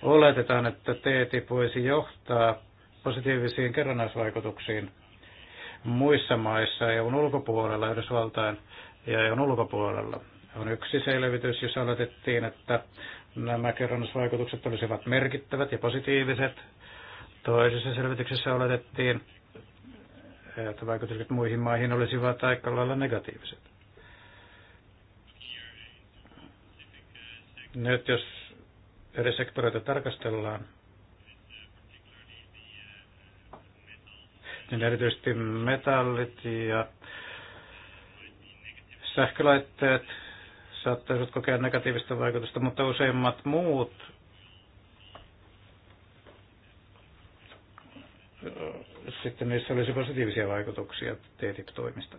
oletetaan, että TTIP voisi johtaa positiivisiin kerrannaisvaikutuksiin muissa maissa EUn ulkopuolella Yhdysvaltain ja EUn ulkopuolella. On yksi selvitys, jossa oletettiin, että nämä kerrannusvaikutukset olisivat merkittävät ja positiiviset. Toisessa selvityksessä oletettiin, että vaikutukset muihin maihin olisivat aika lailla negatiiviset. Nyt jos eri sektoreita tarkastellaan, niin erityisesti metallit ja Sähkölaitteet saattaisivat kokea negatiivista vaikutusta, mutta useimmat muut sitten niissä olisi positiivisia vaikutuksia TTIP-toimista.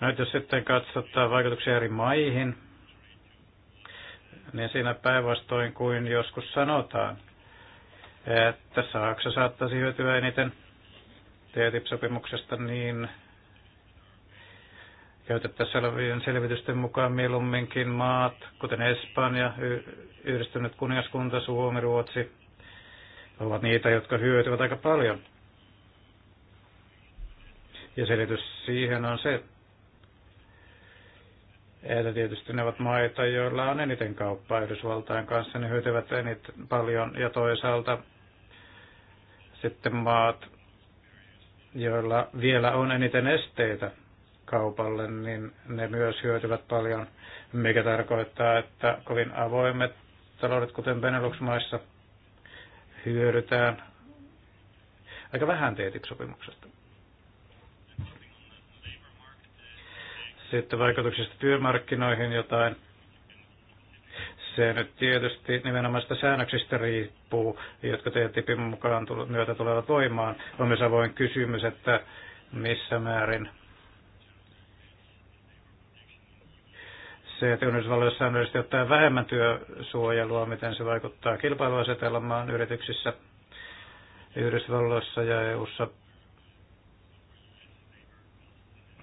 Nyt jos sitten katsotaan vaikutuksia eri maihin, niin siinä päinvastoin kuin joskus sanotaan, että Saksa saattaisi hyötyä eniten – TTIP-sopimuksesta, niin käytettäessä olevien selvitysten mukaan mieluumminkin maat, kuten Espanja, Yhdistynyt kuningaskunta, Suomi, Ruotsi, ovat niitä, jotka hyötyvät aika paljon. Ja selitys siihen on se, että tietysti ne ovat maita, joilla on eniten kauppaa Yhdysvaltain kanssa, ne hyötyvät eniten paljon, ja toisaalta sitten maat, joilla vielä on eniten esteitä kaupalle, niin ne myös hyötyvät paljon, mikä tarkoittaa, että kovin avoimet taloudet, kuten Benelux-maissa, hyödytään aika vähän TTIP-sopimuksesta. Sitten vaikutuksista työmarkkinoihin jotain. Se nyt tietysti nimenomaan sitä säännöksistä riippuu, jotka tipin mukaan myötä tulevat voimaan. On myös avoin kysymys, että missä määrin se, että Yhdysvalloissa on yleisesti vähemmän työsuojelua, miten se vaikuttaa kilpailuasetelmaan yrityksissä Yhdysvalloissa ja EU-ssa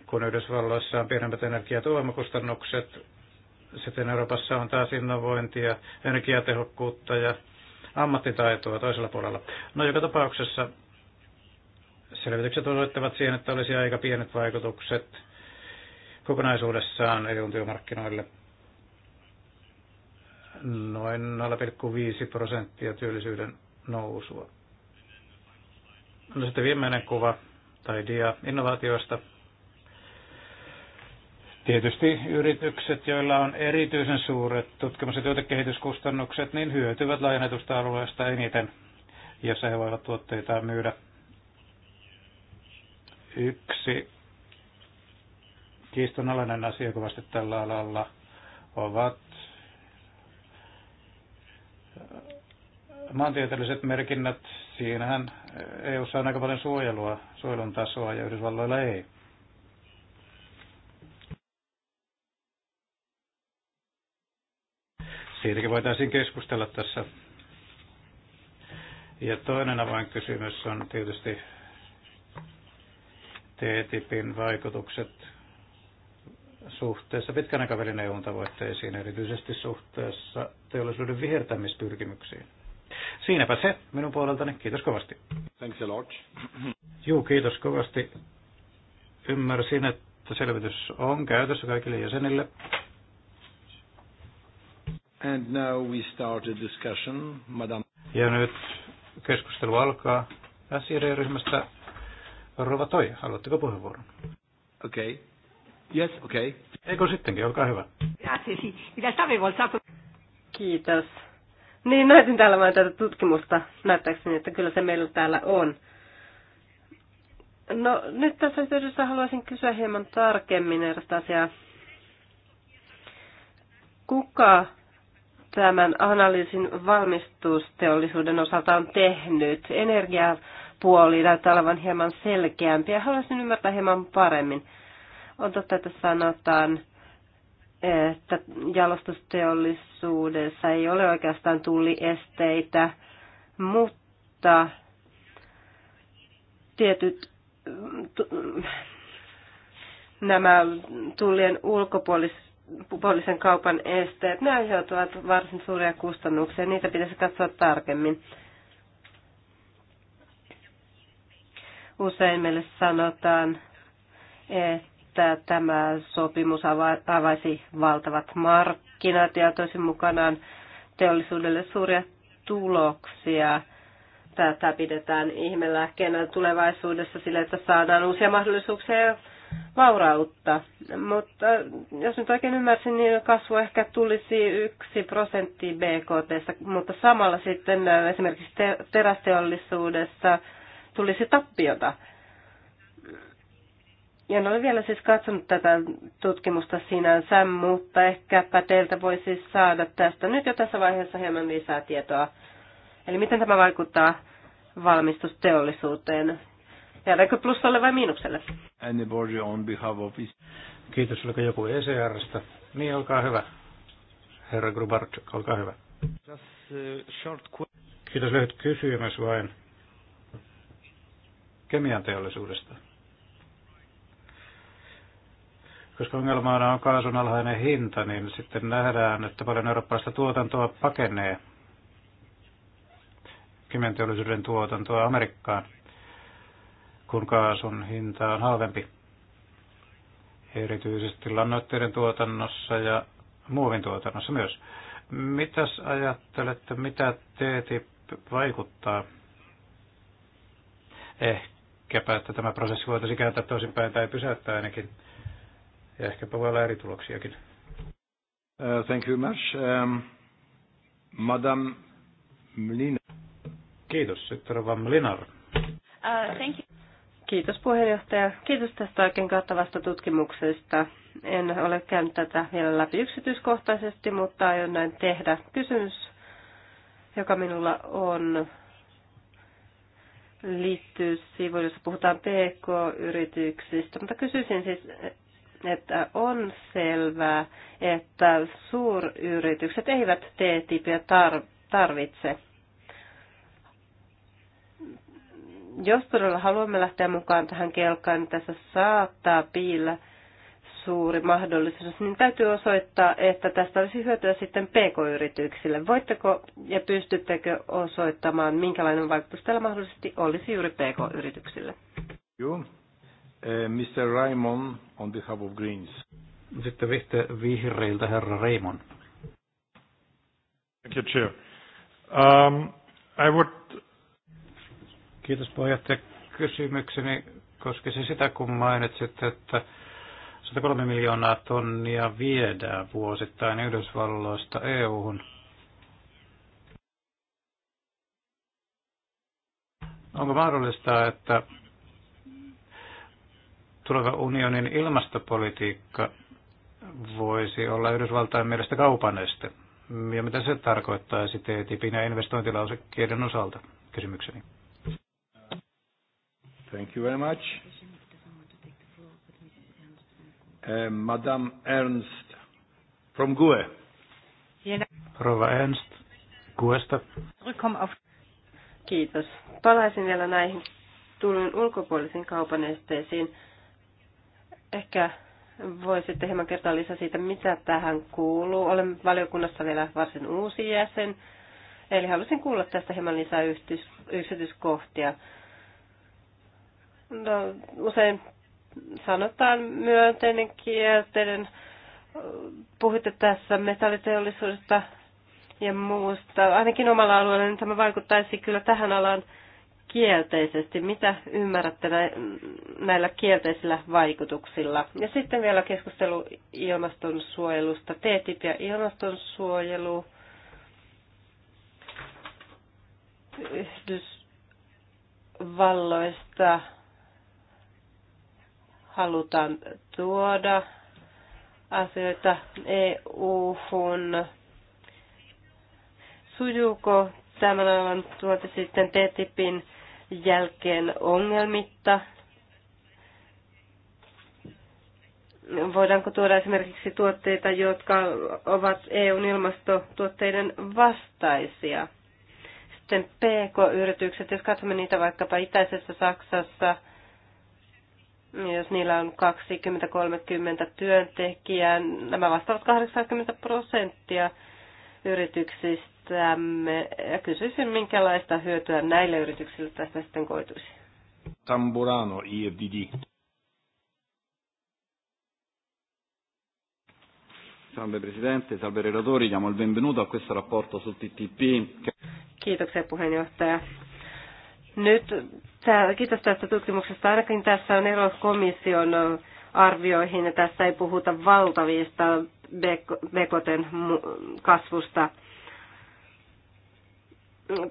kun Yhdysvalloissa on pienemmät energiatuomakustannukset, sitten Euroopassa on taas innovointia, energiatehokkuutta ja ammattitaitoa toisella puolella. No joka tapauksessa selvitykset osoittavat siihen, että olisi aika pienet vaikutukset kokonaisuudessaan EUn työmarkkinoille. Noin 0,5 prosenttia työllisyyden nousua. No sitten viimeinen kuva tai dia innovaatioista. Tietysti yritykset, joilla on erityisen suuret tutkimus- ja tuotekehityskustannukset, niin hyötyvät laajennetusta alueesta eniten, jos he voivat tuotteitaan myydä. Yksi kiistonalainen asia kovasti tällä alalla ovat maantieteelliset merkinnät. Siinähän EU on aika paljon suojelua, suojelun tasoa ja Yhdysvalloilla ei. Siitäkin voitaisiin keskustella tässä. Ja toinen avainkysymys on tietysti TTIPin vaikutukset suhteessa pitkän aikavälin eu tavoitteisiin, erityisesti suhteessa teollisuuden vihertämispyrkimyksiin. Siinäpä se minun puoleltani. Kiitos kovasti. Thanks a lot. Juu, kiitos kovasti. Ymmärsin, että selvitys on käytössä kaikille jäsenille. And now we start a discussion, madam. Ja nyt keskustelu alkaa SID-ryhmästä. Rova Toija, haluatteko puheenvuoron? Okei. Okay. Yes, okei. Okay. Eikö sittenkin, olkaa hyvä. Kiitos. Niin, näytin täällä vain tätä tutkimusta näyttääkseni, että kyllä se meillä täällä on. No nyt tässä yhteydessä haluaisin kysyä hieman tarkemmin erästä asiaa. Kuka tämän analyysin valmistusteollisuuden osalta on tehnyt. Energiapuoli näyttää olevan hieman selkeämpi ja haluaisin ymmärtää hieman paremmin. On totta, että sanotaan, että jalostusteollisuudessa ei ole oikeastaan tulliesteitä, mutta tietyt nämä tullien ulkopuoliset puolisen kaupan esteet, ne aiheutuvat varsin suuria kustannuksia. Niitä pitäisi katsoa tarkemmin. Usein meille sanotaan, että tämä sopimus avaisi valtavat markkinat ja toisin mukanaan teollisuudelle suuria tuloksia. Tätä pidetään ihmelääkkeenä tulevaisuudessa sille, että saadaan uusia mahdollisuuksia vaurautta. Mutta jos nyt oikein ymmärsin, niin kasvu ehkä tulisi yksi prosentti BKT, mutta samalla sitten esimerkiksi terästeollisuudessa tulisi tappiota. Ja en ole vielä siis katsonut tätä tutkimusta sinänsä, mutta ehkäpä teiltä voisi saada tästä nyt jo tässä vaiheessa hieman lisää tietoa. Eli miten tämä vaikuttaa valmistusteollisuuteen Jäädäänkö plussalle vai miinukselle? Anybody on behalf of his... Kiitos, oliko joku ECRstä? Niin, olkaa hyvä. Herra Grubart, olkaa hyvä. Just uh, short Kiitos, lyhyt kysymys vain kemian teollisuudesta. Koska ongelmana on kaasun alhainen hinta, niin sitten nähdään, että paljon eurooppalaista tuotantoa pakenee kemianteollisuuden tuotantoa Amerikkaan kun kaasun hinta on halvempi, erityisesti lannoitteiden tuotannossa ja muovin tuotannossa myös. Mitäs ajattelette, mitä TTIP vaikuttaa? Ehkäpä, että tämä prosessi voitaisiin kääntää toisinpäin tai pysäyttää ainakin. Ja ehkäpä voi olla eri tuloksiakin. Uh, thank you much. Um, Madame Mlinar. Kiitos. Sitten Mlinar. Uh, thank you. Kiitos puheenjohtaja. Kiitos tästä oikein kattavasta tutkimuksesta. En ole käynyt tätä vielä läpi yksityiskohtaisesti, mutta aion näin tehdä. Kysymys, joka minulla on, liittyy sivuun, jossa puhutaan PK-yrityksistä, mutta kysyisin siis, että on selvää, että suuryritykset eivät T-tipiä tarvitse. Jos todella haluamme lähteä mukaan tähän kelkaan, niin tässä saattaa piillä suuri mahdollisuus, niin täytyy osoittaa, että tästä olisi hyötyä sitten PK-yrityksille. Voitteko ja pystyttekö osoittamaan, minkälainen vaikutus tällä mahdollisesti olisi juuri PK-yrityksille? Joo. Eh, Mr. Raymond on behalf of Greens. Sitten vihreiltä herra Raymond. Thank you, Chair. Um, I would Kiitos puheenjohtaja. Kysymykseni koskisi sitä, kun mainitsit, että 103 miljoonaa tonnia viedään vuosittain Yhdysvalloista EU-hun. Onko mahdollista, että tuleva unionin ilmastopolitiikka voisi olla Yhdysvaltain mielestä kaupan este? Ja mitä se tarkoittaisi TTIPin ja investointilausekkeiden osalta? Kysymykseni. Thank you very much. Uh, Madame Ernst from GUE. Rova Ernst GUEsta. Kiitos. Palaisin vielä näihin tulun ulkopuolisiin kaupan esteisiin. Ehkä voisitte hieman kertoa lisää siitä, mitä tähän kuuluu. Olen valiokunnassa vielä varsin uusi jäsen, eli halusin kuulla tästä hieman lisää yksityiskohtia. No, usein sanotaan myönteinen kielteinen. Puhuitte tässä metalliteollisuudesta ja muusta. Ainakin omalla alueella niin tämä vaikuttaisi kyllä tähän alaan kielteisesti. Mitä ymmärrätte näillä kielteisillä vaikutuksilla? Ja sitten vielä keskustelu ilmastonsuojelusta. TTIP ja ilmastonsuojelu. Yhdysvalloista halutaan tuoda asioita EU-hun. Sujuuko tämän aivan tuote sitten TTIPin jälkeen ongelmitta? Voidaanko tuoda esimerkiksi tuotteita, jotka ovat EUn ilmastotuotteiden vastaisia? Sitten PK-yritykset, jos katsomme niitä vaikkapa itäisessä Saksassa – jos niillä on 20-30 työntekijää, nämä vastaavat 80 prosenttia yrityksistämme. Ja kysyisin, minkälaista hyötyä näille yrityksille tästä sitten koituisi. Tamburano, IFDD. Salve Presidente, salve relatori, diamo il benvenuto a questo rapporto sul TTP. Kiitoksia puheenjohtaja. Nyt kiitos tästä tutkimuksesta. Ainakin tässä on ero komission arvioihin ja tässä ei puhuta valtavista bekoten kasvusta.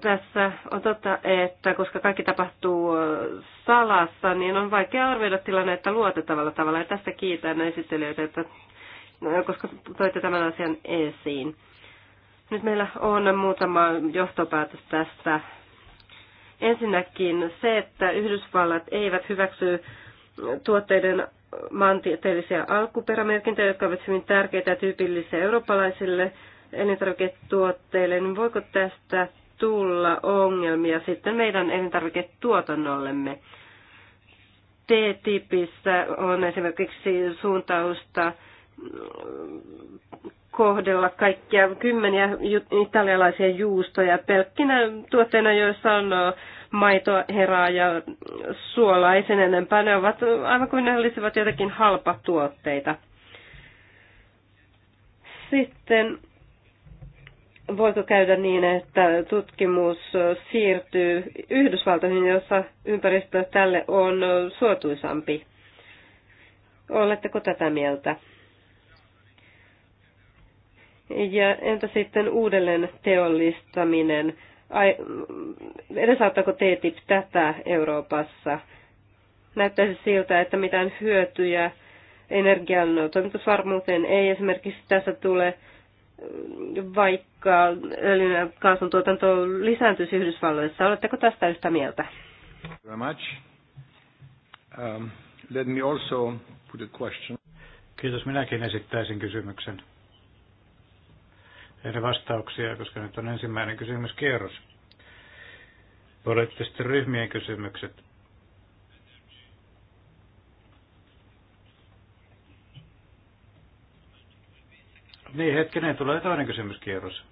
Tässä on totta, että koska kaikki tapahtuu salassa, niin on vaikea arvioida tilannetta luotettavalla tavalla. Ja tästä kiitän esittelijöitä, että, no, koska toitte tämän asian esiin. Nyt meillä on muutama johtopäätös tästä Ensinnäkin se, että Yhdysvallat eivät hyväksy tuotteiden maantieteellisiä alkuperämerkintöjä, jotka ovat hyvin tärkeitä ja tyypillisiä eurooppalaisille elintarviketuotteille, niin voiko tästä tulla ongelmia sitten meidän elintarviketuotannollemme? TTIPissä on esimerkiksi suuntausta kohdella kaikkia kymmeniä italialaisia juustoja pelkkinä tuotteina, joissa on maitoa, heraa ja suolaa, ei sen enempää. Ne ovat aivan kuin ne olisivat jotakin halpatuotteita. Sitten voiko käydä niin, että tutkimus siirtyy Yhdysvaltoihin, jossa ympäristö tälle on suotuisampi? Oletteko tätä mieltä? Ja entä sitten uudelleen teollistaminen? Ai, edesauttaako TTIP tätä Euroopassa? Näyttäisi siltä, että mitään hyötyjä energian toimitusvarmuuteen ei esimerkiksi tässä tule, vaikka öljyn ja kaasun tuotanto lisääntyisi Yhdysvalloissa. Oletteko tästä yhtä mieltä? Very much. Um, let me also put a question. Kiitos. Minäkin esittäisin kysymyksen tehdä vastauksia, koska nyt on ensimmäinen kysymyskierros. Poliittisten ryhmien kysymykset. Niin, hetkinen, tulee toinen kysymyskierros.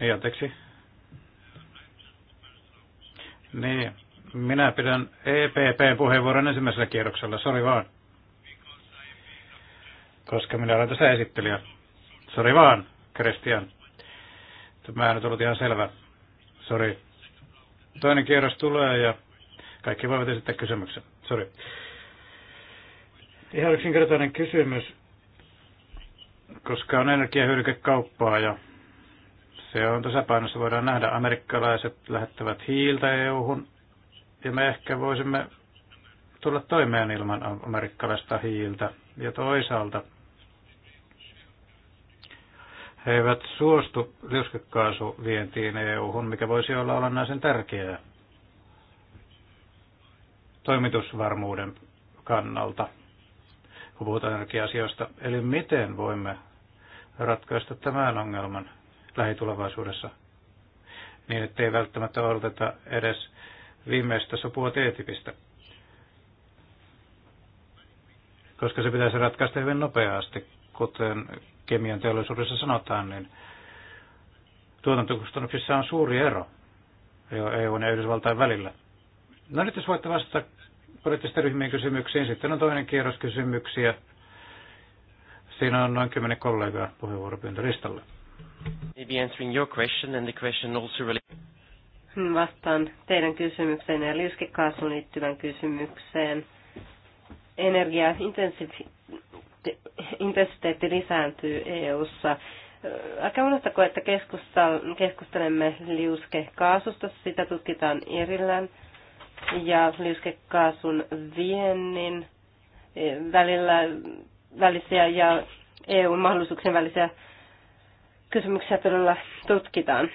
Ei, niin, anteeksi. Niin, minä pidän EPP-puheenvuoron ensimmäisellä kierroksella, sori vaan koska minä olen tässä esittelijä. Sori vaan, Christian. Tämä on tullut ihan selvä. Sori. Toinen kierros tulee ja kaikki voivat esittää kysymyksen. Sori. Ihan yksinkertainen kysymys, koska on energiahyödykekauppaa ja se on tasapainossa. Voidaan nähdä, amerikkalaiset lähettävät hiiltä EU-hun ja me ehkä voisimme tulla toimeen ilman amerikkalaista hiiltä. Ja toisaalta he eivät suostu liuskekaasuvientiin EU-hun, mikä voisi olla olennaisen tärkeää toimitusvarmuuden kannalta, kun puhutaan energia-asioista. Eli miten voimme ratkaista tämän ongelman lähitulevaisuudessa niin, ettei välttämättä odoteta edes viimeistä sopua teetipistä, koska se pitäisi ratkaista hyvin nopeasti, kuten kemian teollisuudessa sanotaan, niin tuotantokustannuksissa on suuri ero EU ja Yhdysvaltain välillä. No nyt jos voitte vastata poliittisten ryhmien kysymyksiin, sitten on toinen kierros kysymyksiä. Siinä on noin kymmenen kollegaa puheenvuoropyyntölistalle. Maybe hmm, vastaan teidän kysymykseen ja liuskekaasun liittyvän kysymykseen. Energiaintensiiviseen intensiteetti lisääntyy EU-ssa. Älkää unohtako, että keskustelemme liuskekaasusta, sitä tutkitaan erillään, ja liuskekaasun viennin e, välillä, välisiä ja EU-mahdollisuuksien välisiä kysymyksiä todella tutkitaan.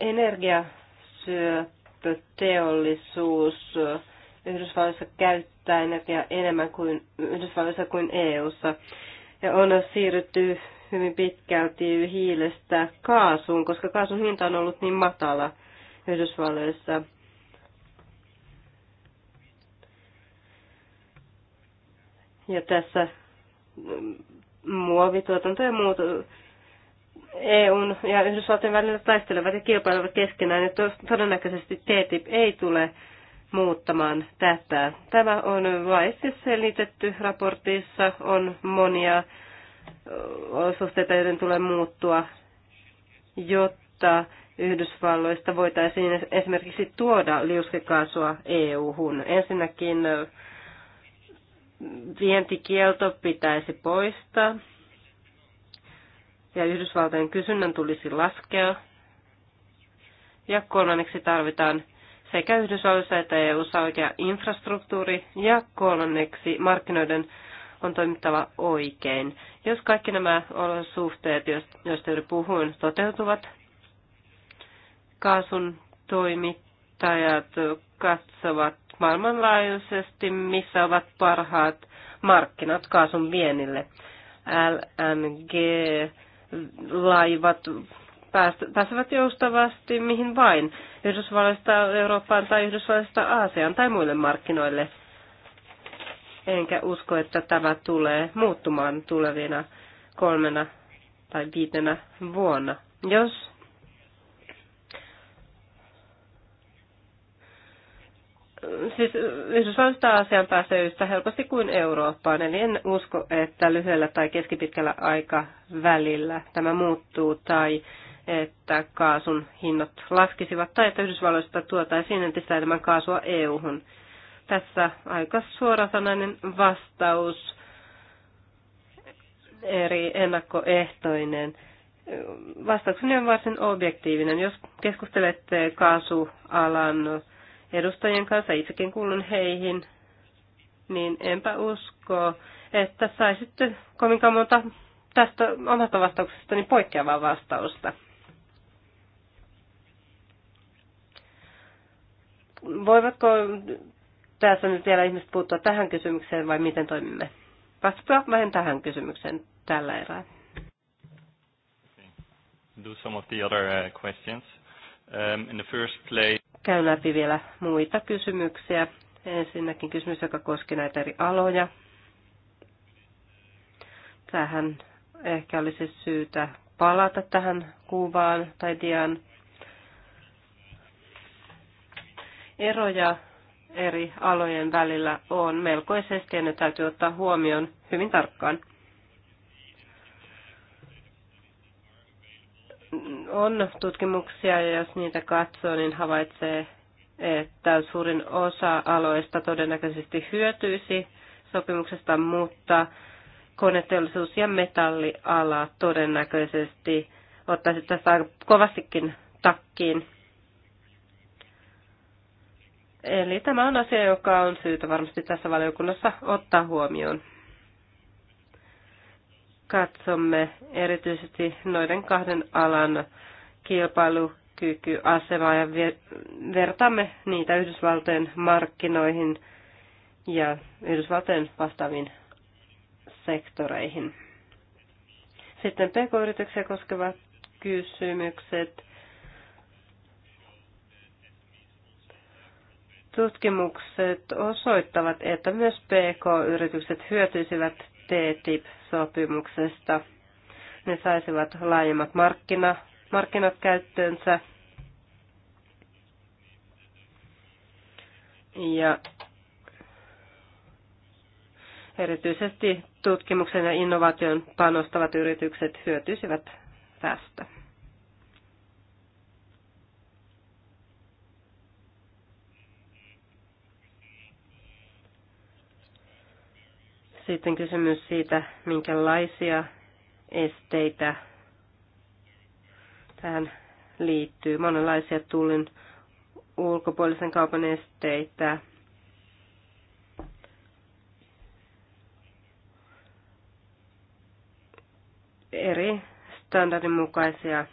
Energiasyöppöteollisuus teollisuus Yhdysvalloissa käyttää energiaa enemmän kuin Yhdysvalloissa kuin EU:ssa. Ja on siirrytty hyvin pitkälti hiilestä kaasuun, koska kaasun hinta on ollut niin matala Yhdysvalloissa. Ja tässä mm, muovituotanto ja muut EUn ja Yhdysvaltojen välillä taistelevat ja kilpailevat keskenään, ja niin todennäköisesti TTIP ei tule muuttamaan tätä. Tämä on laajasti selitetty raportissa, on monia olosuhteita, joiden tulee muuttua, jotta Yhdysvalloista voitaisiin esimerkiksi tuoda liuskekaasua EU-hun. Ensinnäkin vientikielto pitäisi poistaa ja Yhdysvaltojen kysynnän tulisi laskea. Ja kolmanneksi tarvitaan sekä Yhdysvalloissa että EU EU-ssa oikea infrastruktuuri ja kolmanneksi markkinoiden on toimittava oikein. Jos kaikki nämä olosuhteet, joista juuri puhuin, toteutuvat, kaasun toimittajat katsovat maailmanlaajuisesti, missä ovat parhaat markkinat kaasun vienille. LNG, laivat pääsevät joustavasti mihin vain, Yhdysvalloista Eurooppaan tai Yhdysvalloista Aasiaan tai muille markkinoille. Enkä usko, että tämä tulee muuttumaan tulevina kolmena tai viitenä vuonna. Jos siis Yhdysvalloista Aasian pääsee yhtä helposti kuin Eurooppaan, eli en usko, että lyhyellä tai keskipitkällä aikavälillä tämä muuttuu tai että kaasun hinnat laskisivat tai että Yhdysvalloista tuotaisiin entistä enemmän kaasua EU-hun. Tässä aika suorasanainen vastaus eri ennakkoehtoinen. Vastaukseni on varsin objektiivinen. Jos keskustelette kaasualan edustajien kanssa, itsekin kuulun heihin, niin enpä usko, että saisitte kovinkaan monta tästä omasta vastauksestani poikkeavaa vastausta. voivatko tässä nyt vielä ihmiset puuttua tähän kysymykseen vai miten toimimme? Vastaa vähän tähän kysymykseen tällä erää. Do some of the other uh, questions. Um, in the first place... Käyn läpi vielä muita kysymyksiä. Ensinnäkin kysymys, joka koski näitä eri aloja. Tähän ehkä olisi syytä palata tähän kuvaan tai diaan eroja eri alojen välillä on melkoisesti ja ne täytyy ottaa huomioon hyvin tarkkaan. On tutkimuksia ja jos niitä katsoo, niin havaitsee, että suurin osa aloista todennäköisesti hyötyisi sopimuksesta, mutta koneteollisuus ja metalliala todennäköisesti ottaisi tästä kovastikin takkiin Eli tämä on asia, joka on syytä varmasti tässä valiokunnassa ottaa huomioon. Katsomme erityisesti noiden kahden alan kilpailukykyasemaa ja vertaamme niitä Yhdysvaltojen markkinoihin ja Yhdysvaltojen vastaaviin sektoreihin. Sitten pk-yrityksiä koskevat kysymykset – Tutkimukset osoittavat, että myös PK-yritykset hyötyisivät TTIP-sopimuksesta. Ne saisivat laajemmat markkina, markkinat käyttöönsä ja erityisesti tutkimuksen ja innovaation panostavat yritykset hyötyisivät tästä. Sitten kysymys siitä, minkälaisia esteitä tähän liittyy. Monenlaisia tullin ulkopuolisen kaupan esteitä. Eri standardin mukaisia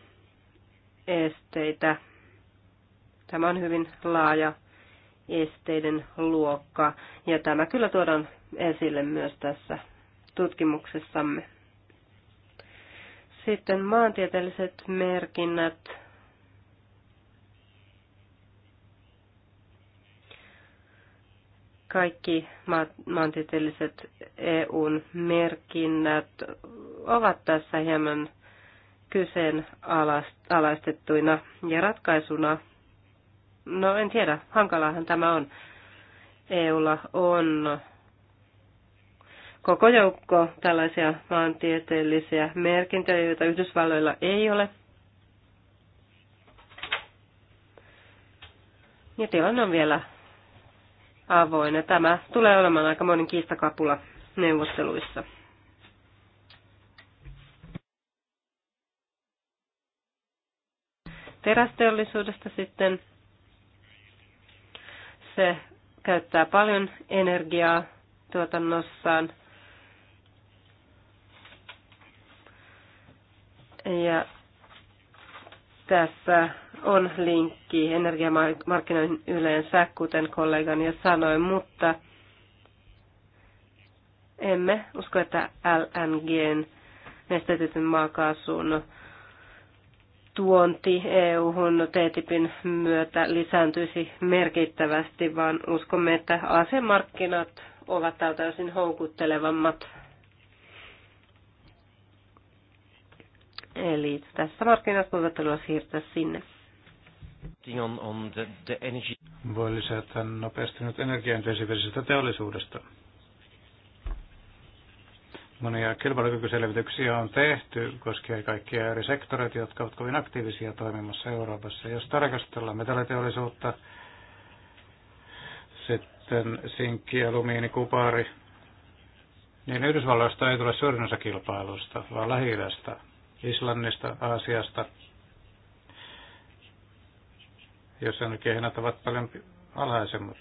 esteitä. Tämä on hyvin laaja esteiden luokka. Ja tämä kyllä tuodaan esille myös tässä tutkimuksessamme. Sitten maantieteelliset merkinnät. Kaikki maantieteelliset EUn merkinnät ovat tässä hieman kyseenalaistettuina ja ratkaisuna No en tiedä, hankalaahan tämä on. EUlla on koko joukko tällaisia maantieteellisiä merkintöjä, joita Yhdysvalloilla ei ole. Ja tilanne on vielä avoin. Ja tämä tulee olemaan aika monen kiistakapula neuvotteluissa. Terästeollisuudesta sitten se käyttää paljon energiaa tuotannossaan. Ja tässä on linkki energiamarkkinoihin yleensä, kuten kollegani jo sanoi, mutta emme usko, että LNGn nestetetyn maakaasun tuonti EU-hun TTIPin myötä lisääntyisi merkittävästi, vaan uskomme, että asemarkkinat ovat tältä osin houkuttelevammat. Eli tässä markkinat voivat tulla siirtää sinne. On, on the, the energy. Voi lisätä nopeasti nyt energiaintensiivisestä teollisuudesta. Monia kilpailukykyselvityksiä on tehty koskien kaikkia eri sektoreita, jotka ovat kovin aktiivisia toimimassa Euroopassa. Jos tarkastellaan metalliteollisuutta, sitten sinkki, alumiini, kupari, niin Yhdysvalloista ei tule suurin osa kilpailusta, vaan lähi Islannista, Aasiasta, jossa ne kehinät ovat paljon alhaisemmat.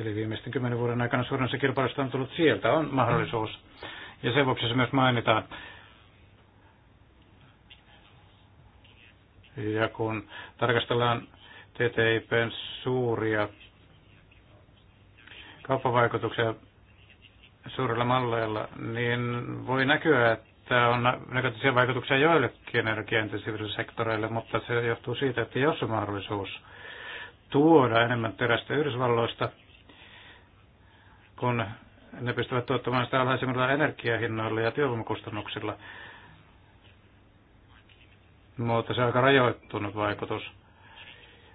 Eli viimeisten kymmenen vuoden aikana suurin osa kilpailusta on tullut sieltä, on mahdollisuus. Ja sen vuoksi se myös mainitaan. Ja kun tarkastellaan TTIPn suuria kauppavaikutuksia suurilla malleilla, niin voi näkyä, että on negatiivisia vaikutuksia joillekin energiaintensiivisille sektoreille, mutta se johtuu siitä, että jos on mahdollisuus tuoda enemmän terästä Yhdysvalloista, kun ne pystyvät tuottamaan sitä alhaisemmilla energiahinnoilla ja työvoimakustannuksilla. Mutta se on aika rajoittunut vaikutus.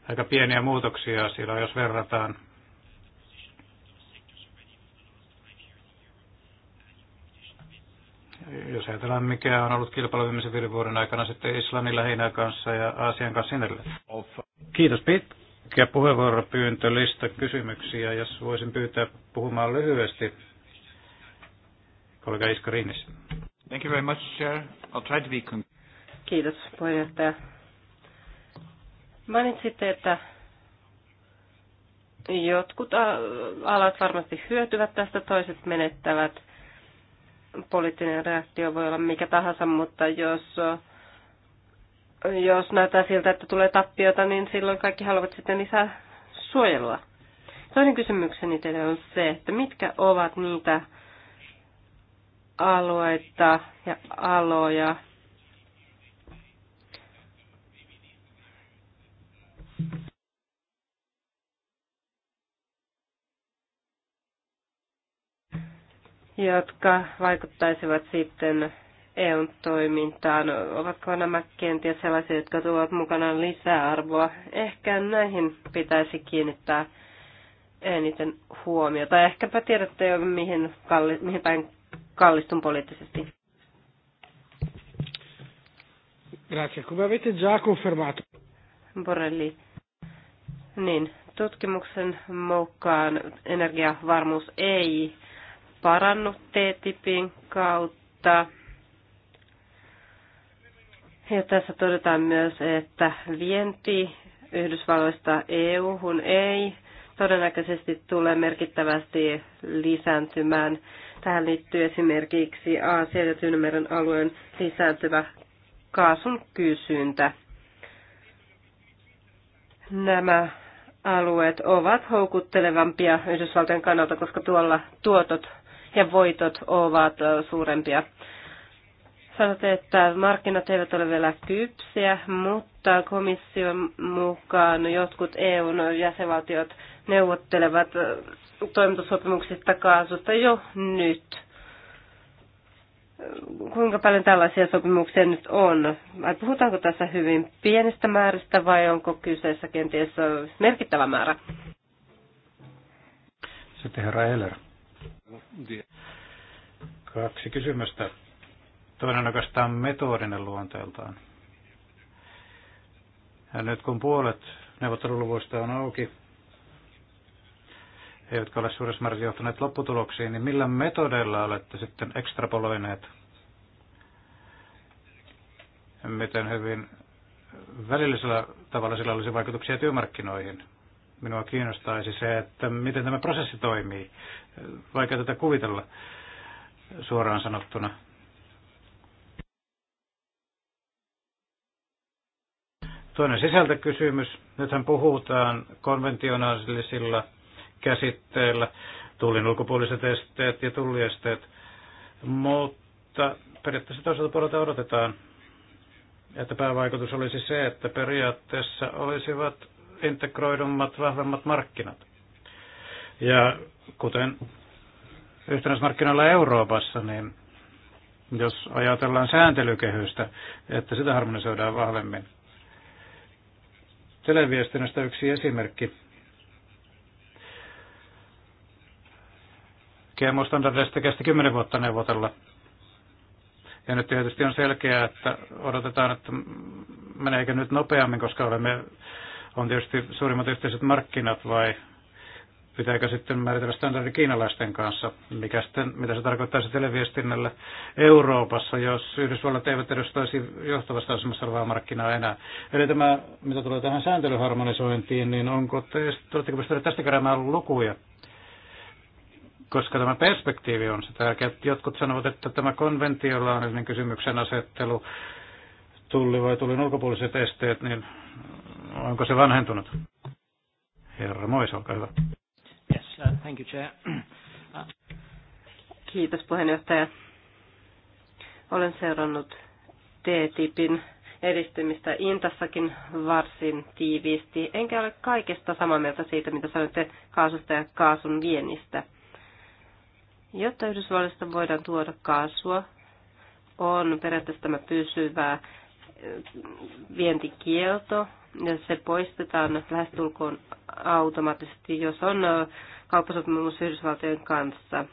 Aika pieniä muutoksia sillä, jos verrataan jos ajatellaan mikä on ollut kilpailu viimeisen viiden vuoden aikana sitten Islannin lähinnä kanssa ja Aasian kanssa sinne. Kiitos Pete pitkä puheenvuoropyyntölista kysymyksiä, jos voisin pyytää puhumaan lyhyesti. Kollega Iska Rinnis. Thank you very much, Chair. I'll try to be Kiitos, puheenjohtaja. Mainitsitte, että jotkut alat varmasti hyötyvät tästä, toiset menettävät. Poliittinen reaktio voi olla mikä tahansa, mutta jos jos näyttää siltä, että tulee tappiota, niin silloin kaikki haluavat sitten lisää suojelua. Toinen kysymykseni teille on se, että mitkä ovat niitä alueita ja aloja, jotka vaikuttaisivat sitten EUn toimintaan? Ovatko nämä kenties sellaisia, jotka tuovat mukanaan lisäarvoa? Ehkä näihin pitäisi kiinnittää eniten huomiota. Ehkäpä tiedätte jo, mihin, kalli, mihin päin kallistun poliittisesti. Grazie. Come avete già confermato. Borrelli. Niin, tutkimuksen mukaan energiavarmuus ei parannu TTIPin kautta. Ja tässä todetaan myös, että vienti Yhdysvalloista EU-hun ei todennäköisesti tule merkittävästi lisääntymään. Tähän liittyy esimerkiksi Aasian ja Tyynemeren alueen lisääntyvä kaasun kysyntä. Nämä alueet ovat houkuttelevampia Yhdysvaltojen kannalta, koska tuolla tuotot ja voitot ovat suurempia. Sanotte, että markkinat eivät ole vielä kypsiä, mutta komission mukaan jotkut EUn jäsenvaltiot neuvottelevat toimintasopimuksista kaasusta jo nyt. Kuinka paljon tällaisia sopimuksia nyt on? Vai puhutaanko tässä hyvin pienestä määrästä vai onko kyseessä kenties merkittävä määrä? Sitten herra Eller. Kaksi kysymystä Toinen oikeastaan metodinen luonteeltaan. Ja nyt kun puolet neuvotteluluvuista on auki, eivätkä ole suuressa määrin johtaneet lopputuloksiin, niin millä metodeilla olette sitten ekstrapoloineet? Miten hyvin välillisellä tavalla sillä olisi vaikutuksia työmarkkinoihin? Minua kiinnostaisi se, että miten tämä prosessi toimii. Vaikea tätä kuvitella suoraan sanottuna. Toinen sisältökysymys. Nythän puhutaan konventionaalisilla käsitteillä, tullin ulkopuoliset esteet ja tulliesteet, mutta periaatteessa toiselta puolelta odotetaan, että päävaikutus olisi se, että periaatteessa olisivat integroidummat, vahvemmat markkinat. Ja kuten yhtenäismarkkinoilla Euroopassa, niin jos ajatellaan sääntelykehystä, että sitä harmonisoidaan vahvemmin, Televiestinnästä yksi esimerkki. GMO-standardeista kesti 10 vuotta neuvotella. Ja nyt tietysti on selkeää, että odotetaan, että meneekö nyt nopeammin, koska olemme, on tietysti suurimmat yhteiset markkinat vai pitääkö sitten määritellä standardi kiinalaisten kanssa, mikä sitten, mitä se tarkoittaisi televiestinnällä Euroopassa, jos Yhdysvallat eivät edustaisi johtavasta asemassa olevaa markkinaa enää. Eli tämä, mitä tulee tähän sääntelyharmonisointiin, niin onko teistä, pystyä tästä keräämään lukuja? Koska tämä perspektiivi on se tärkeä. Jotkut sanovat, että tämä konventiolaaninen kysymyksen asettelu, tulli vai tullin ulkopuoliset esteet, niin onko se vanhentunut? Herra Mois, olkaa hyvä. Thank you, Chair. Uh, Kiitos puheenjohtaja. Olen seurannut TTIPin edistymistä Intassakin varsin tiiviisti, enkä ole kaikesta samaa mieltä siitä, mitä sanoitte kaasusta ja kaasun viennistä. Jotta Yhdysvalloista voidaan tuoda kaasua, on periaatteessa tämä pysyvä vientikielto, ja se poistetaan lähestulkoon automaattisesti, jos on kauppasopimus Yhdysvaltojen kanssa.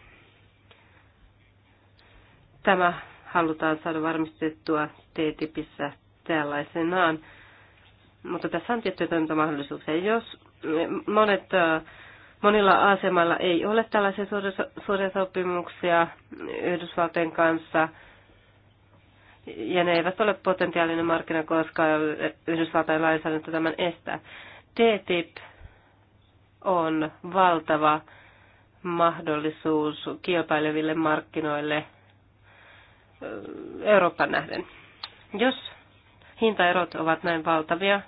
Tämä halutaan saada varmistettua TTIPissä tällaisenaan, mutta tässä on tiettyjä toimintamahdollisuuksia. Jos eh, monet, monilla asemalla ei ole tällaisia suoria sopimuksia Yhdysvaltojen kanssa, ja ne eivät ole potentiaalinen markkina, koska Yhdysvaltain lainsäädäntö tämän estää. TTIP on valtava mahdollisuus kilpaileville markkinoille Euroopan nähden. Jos hintaerot ovat näin valtavia,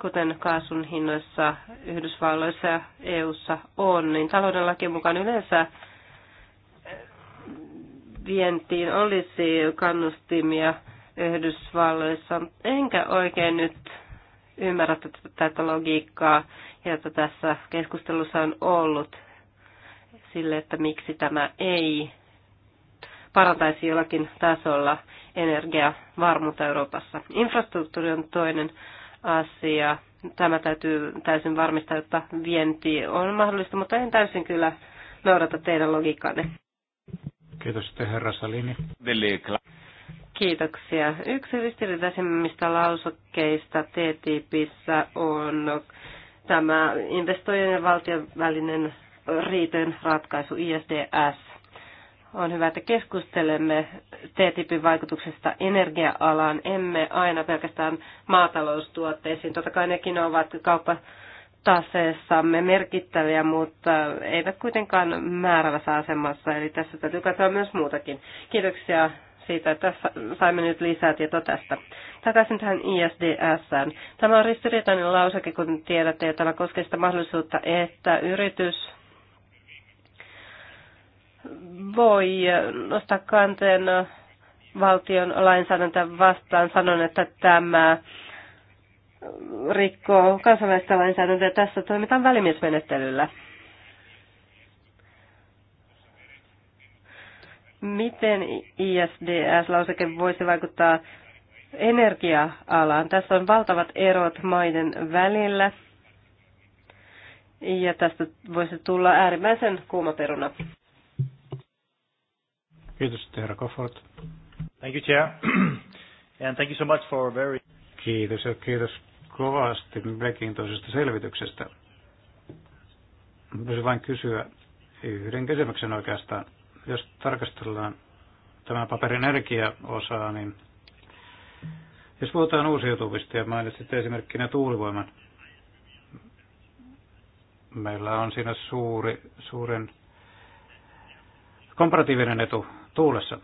kuten kaasun hinnoissa Yhdysvalloissa ja EU:ssa on, niin talouden lakien mukaan yleensä vientiin olisi kannustimia Yhdysvalloissa, enkä oikein nyt ymmärrä tätä logiikkaa, jota tässä keskustelussa on ollut sille, että miksi tämä ei parantaisi jollakin tasolla energiavarmuutta Euroopassa. Infrastruktuuri on toinen asia. Tämä täytyy täysin varmistaa, että vienti on mahdollista, mutta en täysin kyllä noudata teidän logiikkaanne. Kiitos sitten herra Salini. Kiitoksia. Yksi ristiriitaisimmista lausukkeista TTIPissä on tämä investoijien ja valtion välinen riitojen ratkaisu ISDS. On hyvä, että keskustelemme TTIPin vaikutuksesta energia-alaan, emme aina pelkästään maataloustuotteisiin. Totta kai nekin ovat kauppataseessamme merkittäviä, mutta eivät kuitenkaan määrävässä asemassa. Eli tässä täytyy katsoa myös muutakin. Kiitoksia siitä, että saimme nyt lisää tietoa tästä. Takaisin tähän ISDSään. Tämä on ristiriitainen lauseke, kun tiedätte, että tämä koskee sitä mahdollisuutta, että yritys voi nostaa kanteen valtion lainsäädäntöä vastaan sanon, että tämä rikkoo kansainvälistä lainsäädäntöä. Tässä toimitaan välimiesmenettelyllä. miten ISDS-lauseke voisi vaikuttaa energia-alaan. Tässä on valtavat erot maiden välillä ja tästä voisi tulla äärimmäisen kuuma peruna. Kiitos, herra Koffort. Thank you, Chair. And thank you so much for very... Kiitos ja kiitos kovasti mielenkiintoisesta selvityksestä. Voisin vain kysyä yhden kysymyksen oikeastaan. Jos tarkastellaan tämän paperin energiaosaa, niin jos puhutaan uusiutuvista ja mainitsit esimerkkinä tuulivoiman, meillä on siinä suuri, suuren komparatiivinen etu tuulessa.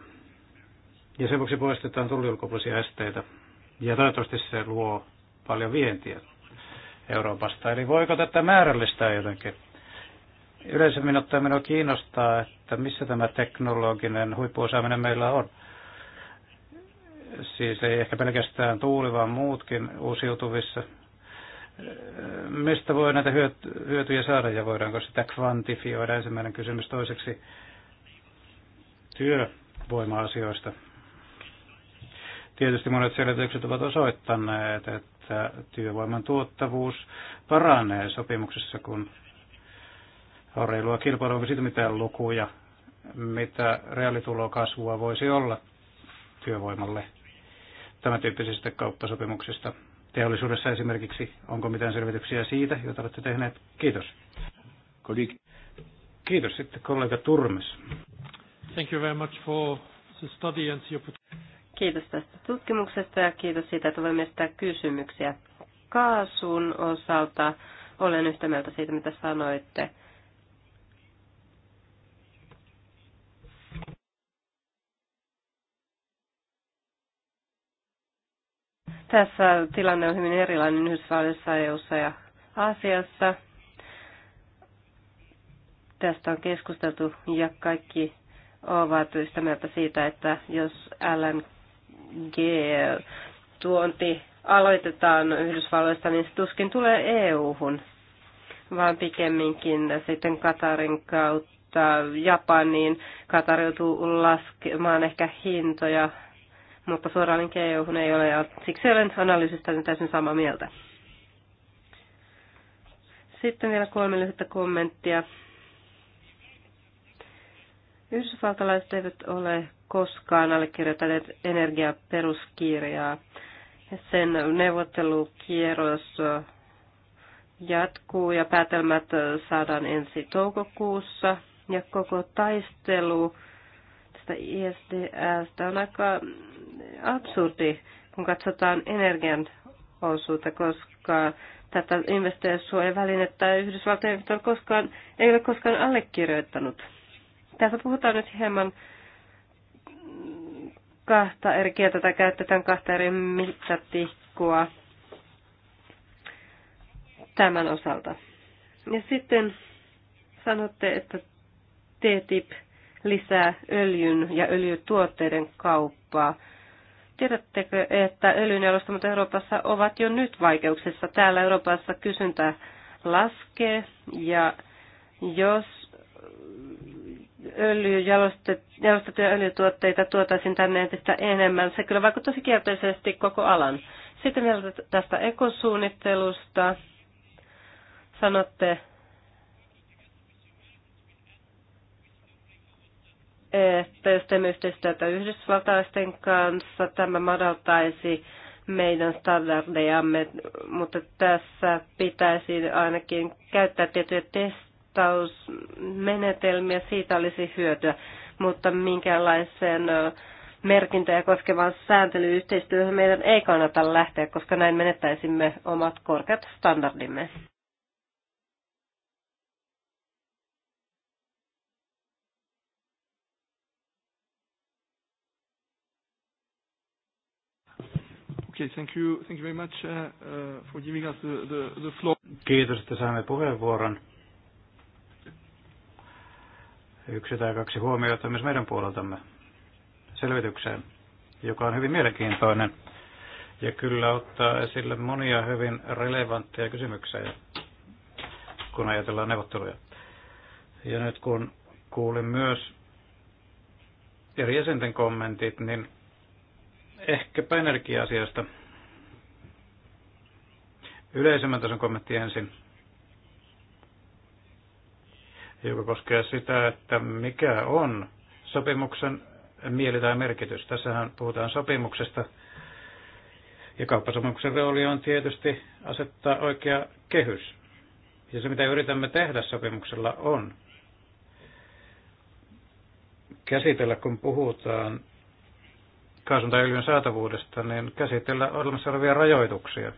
Ja sen vuoksi poistetaan tulliulkopuolisia esteitä. Ja toivottavasti se luo paljon vientiä Euroopasta. Eli voiko tätä määrällistää jotenkin? Yleisemmin ottaen minua kiinnostaa, että missä tämä teknologinen huippuosaaminen meillä on. Siis ei ehkä pelkästään tuuli, vaan muutkin uusiutuvissa. Mistä voi näitä hyötyjä saada ja voidaanko sitä kvantifioida? Ensimmäinen kysymys toiseksi työvoima-asioista. Tietysti monet selitykset ovat osoittaneet, että työvoiman tuottavuus paranee sopimuksessa, kun on reilua kilpailua, onko siitä mitään lukuja, mitä reaalitulokasvua voisi olla työvoimalle tämän tyyppisistä kauppasopimuksista. Teollisuudessa esimerkiksi, onko mitään selvityksiä siitä, joita olette tehneet? Kiitos. Kiitos sitten kollega Turmes. Thank you very much for the study and the Kiitos tästä tutkimuksesta ja kiitos siitä, että voimme esittää kysymyksiä. Kaasun osalta olen yhtä mieltä siitä, mitä sanoitte. Tässä tilanne on hyvin erilainen Yhdysvalloissa, EU:ssa ja Aasiassa. Tästä on keskusteltu ja kaikki ovat yhtä mieltä siitä, että jos LNG-tuonti aloitetaan Yhdysvalloista, niin se tuskin tulee EU-hun, vaan pikemminkin sitten Katarin kautta Japaniin. Katar joutuu laskemaan ehkä hintoja mutta suoraan linkkiä eu ei ole, ja siksi olen analyysistä täysin samaa mieltä. Sitten vielä kolme lyhyttä kommenttia. Yhdysvaltalaiset eivät ole koskaan allekirjoittaneet energiaperuskirjaa. Sen neuvottelukierros jatkuu ja päätelmät saadaan ensi toukokuussa. Ja koko taistelu tästä ISDS on aika absurdi, kun katsotaan energian osuutta, koska tätä investointisuojavälinettä Yhdysvaltojen ei ole koskaan, ei ole koskaan allekirjoittanut. Tässä puhutaan nyt hieman kahta eri kieltä tai käytetään kahta eri mittatikkua tämän osalta. Ja sitten sanotte, että TTIP lisää öljyn ja öljytuotteiden kauppaa. Tiedättekö, että öljynjalostamot Euroopassa ovat jo nyt vaikeuksissa? Täällä Euroopassa kysyntä laskee ja jos öljyjalostettuja öljytuotteita tuotaisiin tänne entistä enemmän, se kyllä vaikuttaisi kielteisesti koko alan. Sitten vielä tästä ekosuunnittelusta. Sanotte, että jos teemme yhteistyötä Yhdysvaltaisten kanssa, tämä madaltaisi meidän standardejamme, mutta tässä pitäisi ainakin käyttää tiettyjä testausmenetelmiä, siitä olisi hyötyä, mutta minkälaiseen merkintöjä koskevaan sääntelyyhteistyöhön meidän ei kannata lähteä, koska näin menettäisimme omat korkeat standardimme. Okay, thank you, thank you very much uh, uh, for giving us the, the, the floor. Kiitos, että saamme puheenvuoron. Yksi tai kaksi huomiota myös meidän puoleltamme selvitykseen, joka on hyvin mielenkiintoinen ja kyllä ottaa esille monia hyvin relevantteja kysymyksiä, kun ajatellaan neuvotteluja. Ja nyt kun kuulin myös eri jäsenten kommentit, niin Ehkäpä energia-asiasta. Yleisemmän tason kommentti ensin, joka koskee sitä, että mikä on sopimuksen mieli tai merkitys. Tässähän puhutaan sopimuksesta, ja kauppasopimuksen rooli on tietysti asettaa oikea kehys. Ja se, mitä yritämme tehdä sopimuksella, on käsitellä, kun puhutaan kaasun tai öljyn saatavuudesta, niin käsitellä olemassa olevia rajoituksia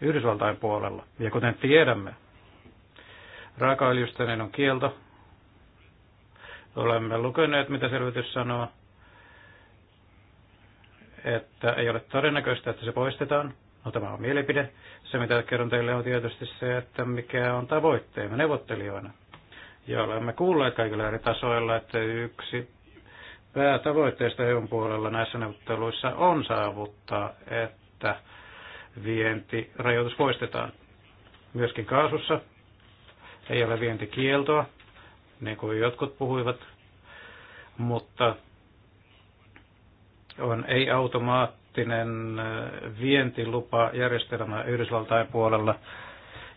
Yhdysvaltain puolella. Ja kuten tiedämme, raakaöljystä niin on kielto. Olemme lukeneet, mitä selvitys sanoo, että ei ole todennäköistä, että se poistetaan. No tämä on mielipide. Se, mitä kerron teille, on tietysti se, että mikä on tavoitteemme neuvottelijoina. Ja olemme kuulleet kaikilla eri tasoilla, että yksi päätavoitteista EUn puolella näissä neuvotteluissa on saavuttaa, että vientirajoitus poistetaan. Myöskin kaasussa ei ole vientikieltoa, niin kuin jotkut puhuivat, mutta on ei-automaattinen äh, vientilupajärjestelmä Yhdysvaltain puolella.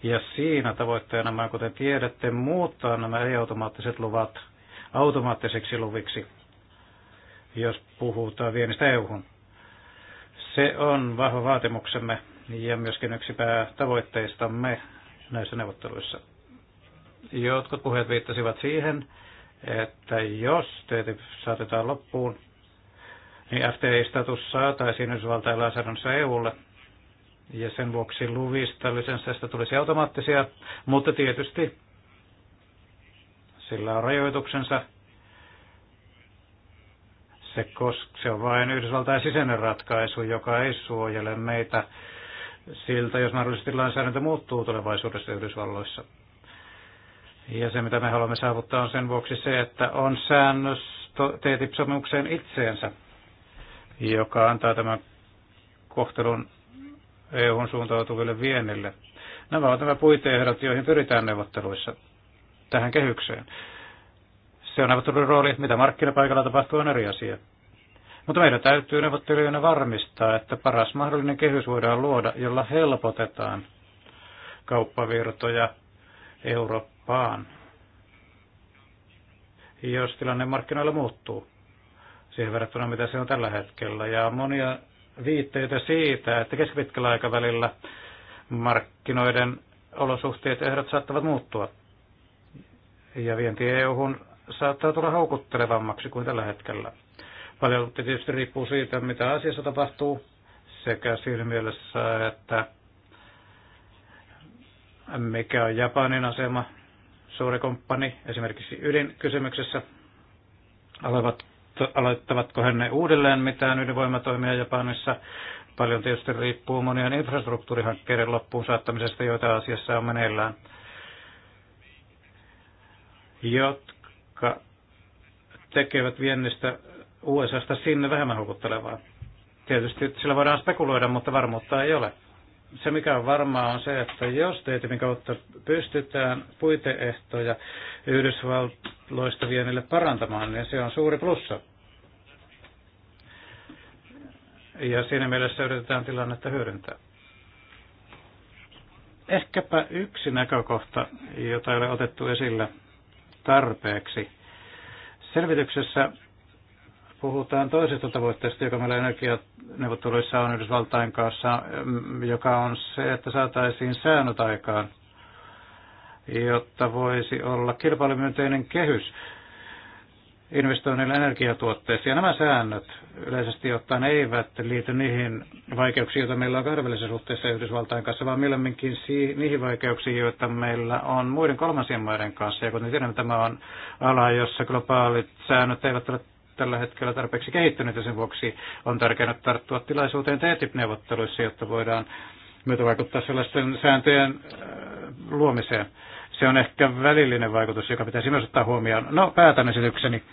Ja siinä tavoitteena, kuten tiedätte, muuttaa nämä ei-automaattiset luvat automaattisiksi luviksi jos puhutaan viennistä EU-hun. Se on vahva vaatimuksemme ja myöskin yksi päätavoitteistamme näissä neuvotteluissa. Jotkut puheet viittasivat siihen, että jos teet saatetaan loppuun, niin FTI-status saataisiin Yhdysvaltain lainsäädännössä EUlle, ja sen vuoksi luvista lisenssistä tulisi automaattisia, mutta tietysti sillä on rajoituksensa – se, koska se on vain Yhdysvaltain sisäinen ratkaisu, joka ei suojele meitä siltä, jos mahdollisesti lainsäädäntö muuttuu tulevaisuudessa Yhdysvalloissa. Ja se, mitä me haluamme saavuttaa, on sen vuoksi se, että on säännös TTIP-sopimukseen itseensä, joka antaa tämän kohtelun EUn suuntautuville viennille. Nämä ovat nämä puiteehdot, joihin pyritään neuvotteluissa tähän kehykseen. Se on neuvottelun rooli, mitä markkinapaikalla tapahtuu, on eri asia. Mutta meidän täytyy neuvottelijoina varmistaa, että paras mahdollinen kehys voidaan luoda, jolla helpotetaan kauppavirtoja Eurooppaan, jos tilanne markkinoilla muuttuu siihen verrattuna, mitä se on tällä hetkellä. Ja monia viitteitä siitä, että keskipitkällä aikavälillä markkinoiden olosuhteet ja ehdot saattavat muuttua. Ja vienti EU-hun saattaa tulla houkuttelevammaksi kuin tällä hetkellä. Paljon tietysti riippuu siitä, mitä asiassa tapahtuu, sekä siinä mielessä, että mikä on Japanin asema, suuri komppani, esimerkiksi ydinkysymyksessä, alevat, aloittavatko he uudelleen mitään ydinvoimatoimia Japanissa. Paljon tietysti riippuu monien infrastruktuurihankkeiden loppuun saattamisesta, joita asiassa on meneillään. Jot, jotka tekevät viennistä USAsta sinne vähemmän houkuttelevaa. Tietysti sillä voidaan spekuloida, mutta varmuutta ei ole. Se mikä on varmaa on se, että jos teetimin kautta pystytään puiteehtoja Yhdysvalloista vienille parantamaan, niin se on suuri plussa. Ja siinä mielessä yritetään tilannetta hyödyntää. Ehkäpä yksi näkökohta, jota ei ole otettu esille tarpeeksi. Selvityksessä puhutaan toisesta tavoitteesta, joka meillä energianeuvotteluissa on Yhdysvaltain kanssa, mm, joka on se, että saataisiin säännöt aikaan, jotta voisi olla kilpailumyönteinen kehys investoinneilla energiatuotteissa. Ja nämä säännöt yleisesti ottaen eivät liity niihin vaikeuksiin, joita meillä on kahdenvälisessä suhteessa Yhdysvaltain kanssa, vaan millemminkin niihin vaikeuksiin, joita meillä on muiden kolmansien maiden kanssa. Ja kuten tiedämme, tämä on ala, jossa globaalit säännöt eivät ole tällä hetkellä tarpeeksi kehittynyt ja sen vuoksi on tärkeää tarttua tilaisuuteen TTIP-neuvotteluissa, jotta voidaan myötä vaikuttaa sellaisten sääntöjen äh, luomiseen. Se on ehkä välillinen vaikutus, joka pitäisi myös ottaa huomioon. No, päätän esitykseni.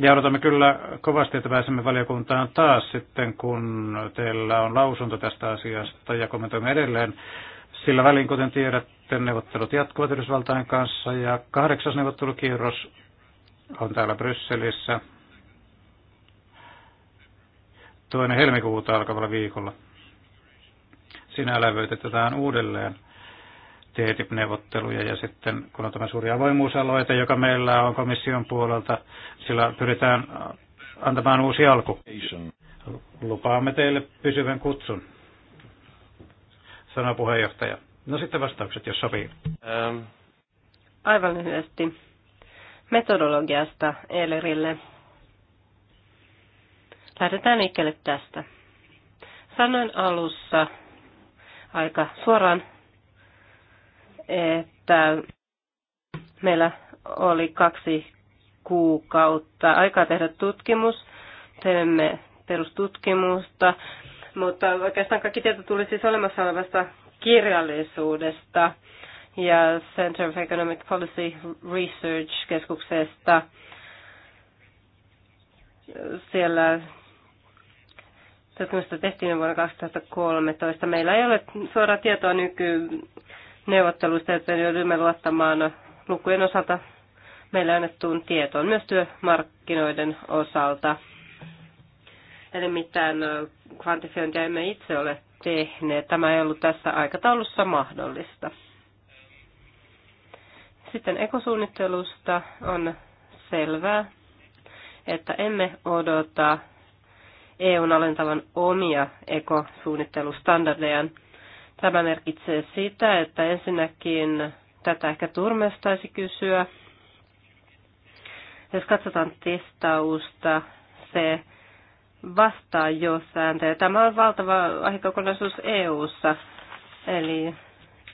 Ja odotamme kyllä kovasti, että pääsemme valiokuntaan taas sitten, kun teillä on lausunto tästä asiasta ja kommentoimme edelleen. Sillä välin, kuten tiedätte, neuvottelut jatkuvat Yhdysvaltain kanssa ja kahdeksas neuvottelukierros on täällä Brysselissä toinen helmikuuta alkavalla viikolla. Sinä lävöitetään uudelleen TTIP-neuvotteluja ja sitten kun on tämä suuri avoimuusaloite, joka meillä on komission puolelta, sillä pyritään antamaan uusi alku. Lupaamme teille pysyvän kutsun, sanoo puheenjohtaja. No sitten vastaukset, jos sopii. Ähm. Aivan lyhyesti metodologiasta Eelerille. Lähdetään liikkeelle tästä. Sanoin alussa aika suoraan että meillä oli kaksi kuukautta aikaa tehdä tutkimus. Teemme perustutkimusta, mutta oikeastaan kaikki tieto tuli siis olemassa olevasta kirjallisuudesta ja Center of Economic Policy Research-keskuksesta. Siellä tutkimusta tehtiin vuonna 2013. Meillä ei ole suoraa tietoa nyky neuvotteluista, joten joudumme luottamaan lukujen osalta meillä annettuun tietoon, myös työmarkkinoiden osalta. Eli mitään kvantifiointia emme itse ole tehneet. Tämä ei ollut tässä aikataulussa mahdollista. Sitten ekosuunnittelusta on selvää, että emme odota EUn alentavan omia ekosuunnittelustandardejaan Tämä merkitsee sitä, että ensinnäkin tätä ehkä turmestaisi kysyä. Jos katsotaan testausta, se vastaa jo sääntöjä. Tämä on valtava aihekokonaisuus EU-ssa, eli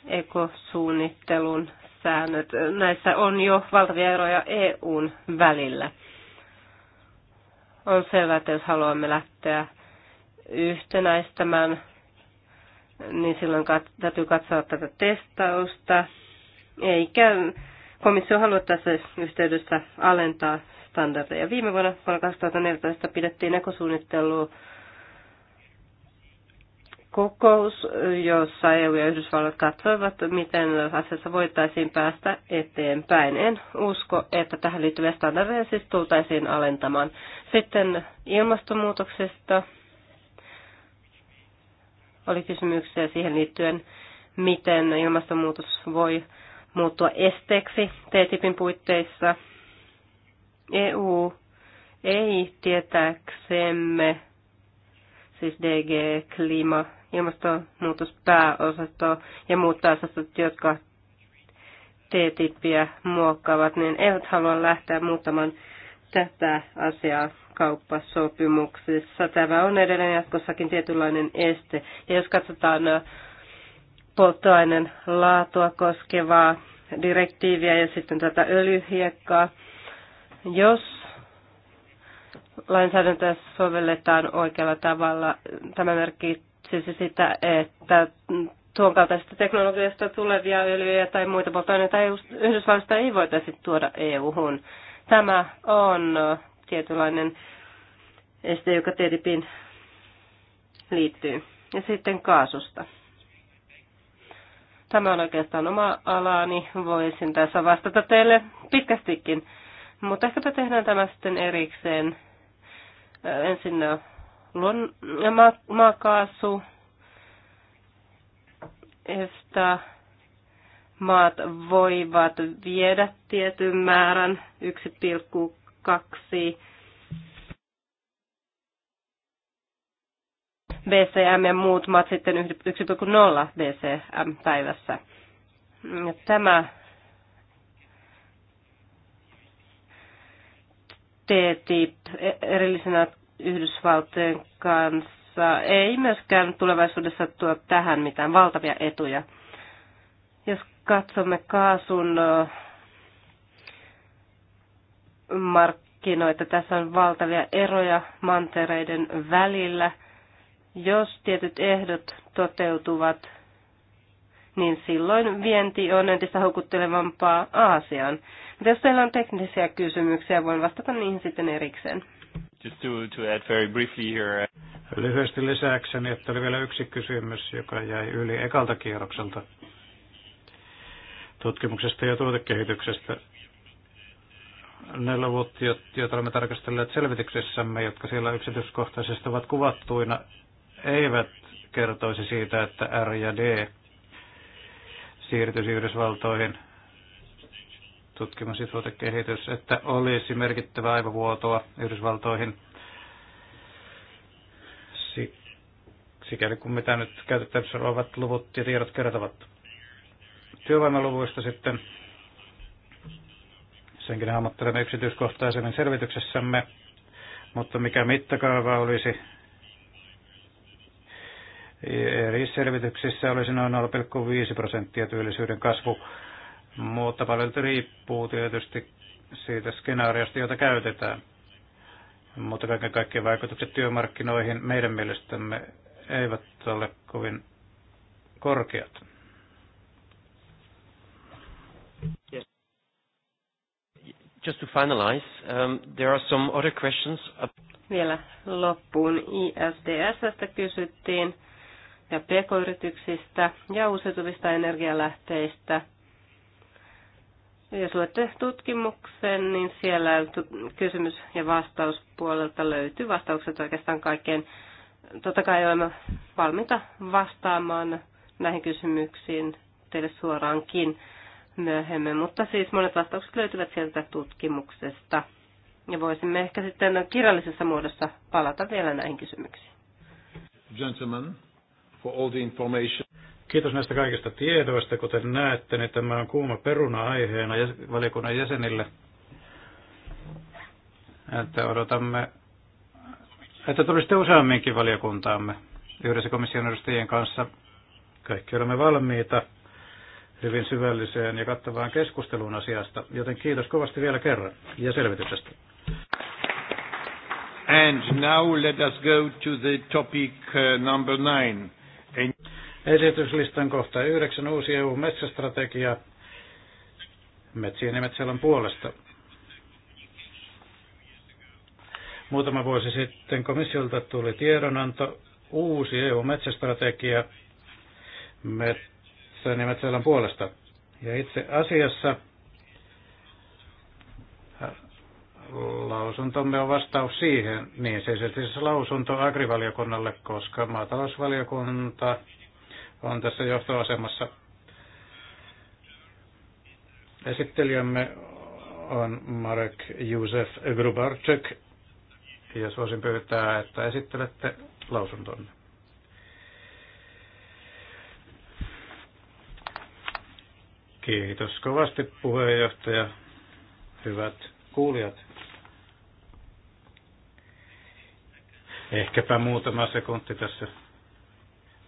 ekosuunnittelun säännöt. Näissä on jo valtavia eroja EUn välillä. On selvää, että jos haluamme lähteä yhtenäistämään niin silloin kat- täytyy katsoa tätä testausta. Eikä komissio halua tässä yhteydessä alentaa standardeja. Viime vuonna, vuonna 2014, pidettiin ekosuunnittelu kokous, jossa EU ja Yhdysvallat katsoivat, miten asiassa voitaisiin päästä eteenpäin. En usko, että tähän liittyviä standardeja siis tultaisiin alentamaan. Sitten ilmastonmuutoksesta oli kysymyksiä siihen liittyen, miten ilmastonmuutos voi muuttua esteeksi TTIPin puitteissa. EU ei tietääksemme, siis DG, klima, ilmastonmuutos pääosasto ja muut osastot, jotka TTIPiä muokkaavat, niin eivät halua lähteä muuttamaan tätä asiaa vapaakauppasopimuksissa. Tämä on edelleen jatkossakin tietynlainen este. Ja jos katsotaan äh, polttoaineen laatua koskevaa direktiiviä ja sitten tätä öljyhiekkaa, jos lainsäädäntöä sovelletaan oikealla tavalla, tämä merkitsisi sitä, että tuon kaltaisesta teknologiasta tulevia öljyjä tai muita polttoaineita Yhdysvalloista ei voitaisi tuoda EU-hun. Tämä on tietynlainen este, joka TTIPin liittyy. Ja sitten kaasusta. Tämä on oikeastaan oma alaani. Voisin tässä vastata teille pitkästikin. Mutta ehkäpä tehdään tämä sitten erikseen. Ensin luon, ma, maakaasu, EFTA, maat voivat viedä tietyn määrän kaksi BCM ja muut maat sitten 1,0 BCM päivässä. ja Tämä TTIP erillisenä Yhdysvaltojen kanssa ei myöskään tulevaisuudessa tuo tähän mitään valtavia etuja. Jos katsomme kaasun markkinoita. Tässä on valtavia eroja mantereiden välillä. Jos tietyt ehdot toteutuvat, niin silloin vienti on entistä houkuttelevampaa Aasiaan. Mutta jos teillä on teknisiä kysymyksiä, voin vastata niihin sitten erikseen. Just to, to add very briefly here. Uh, Lyhyesti lisäkseni, että oli vielä yksi kysymys, joka jäi yli ekalta kierrokselta tutkimuksesta ja tuotekehityksestä ne luvut, joita olemme tarkastelleet selvityksessämme, jotka siellä yksityiskohtaisesti ovat kuvattuina, eivät kertoisi siitä, että R ja D siirtyisi Yhdysvaltoihin tutkimus- ja tuotekehitys, että olisi merkittävä aivovuotoa Yhdysvaltoihin sikäli kuin mitä nyt käytettävissä olevat luvut ja tiedot kertovat. Työvoimaluvuista sitten Senkin hahmottelemme yksityiskohtaisemmin selvityksessämme, mutta mikä mittakaava olisi eri selvityksissä olisi noin 0,5 prosenttia työllisyyden kasvu, mutta paljon riippuu tietysti siitä skenaariosta, jota käytetään. Mutta kaiken kaikkiaan vaikutukset työmarkkinoihin meidän mielestämme eivät ole kovin korkeat. Yes. Just to finalize, um, there are some other questions. Vielä loppuun ISDSstä kysyttiin ja pk-yrityksistä ja uusiutuvista energialähteistä. Jos luette tutkimuksen, niin siellä kysymys- ja vastauspuolelta löytyy vastaukset oikeastaan kaikkeen. Totta kai olemme valmiita vastaamaan näihin kysymyksiin teille suoraankin myöhemmin, mutta siis monet vastaukset löytyvät sieltä tutkimuksesta. Ja voisimme ehkä sitten kirjallisessa muodossa palata vielä näihin kysymyksiin. Gentlemen, for all the information. Kiitos näistä kaikista tiedoista. Kuten näette, niin tämä on kuuma peruna aiheena valiokunnan jäsenille. Että odotamme, että tulisitte useamminkin valiokuntaamme yhdessä komission edustajien kanssa. Kaikki olemme valmiita hyvin syvälliseen ja kattavaan keskusteluun asiasta, joten kiitos kovasti vielä kerran ja selvityksestä. And now let us go to the topic uh, number nine. And... Esityslistan kohta yhdeksän uusi EU-metsästrategia metsien ja metsäalan puolesta. Muutama vuosi sitten komissiolta tuli tiedonanto uusi EU-metsästrategia. Met Sven Metsälan puolesta. Ja itse asiassa äh, lausuntomme on vastaus siihen, niin se siis lausunto agrivaliokunnalle, koska maatalousvaliokunta on tässä johtoasemassa. Esittelijämme on Marek Josef Grubarczyk, ja suosin pyytää, että esittelette lausuntonne. Kiitos kovasti puheenjohtaja. Hyvät kuulijat. Ehkäpä muutama sekunti tässä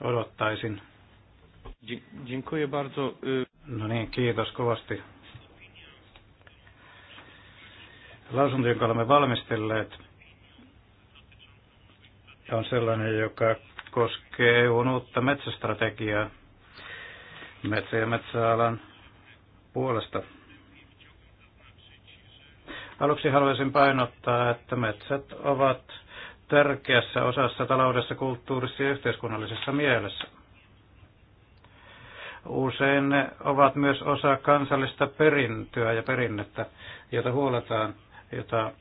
odottaisin. Dziękuję bardzo. No niin, kiitos kovasti. Lausunto, jonka olemme valmistelleet, on sellainen, joka koskee EUn uutta metsästrategiaa, metsä- ja metsäalan puolesta. Aluksi haluaisin painottaa, että metsät ovat tärkeässä osassa taloudessa, kulttuurissa ja yhteiskunnallisessa mielessä. Usein ne ovat myös osa kansallista perintöä ja perinnettä, jota huoletaan, jota,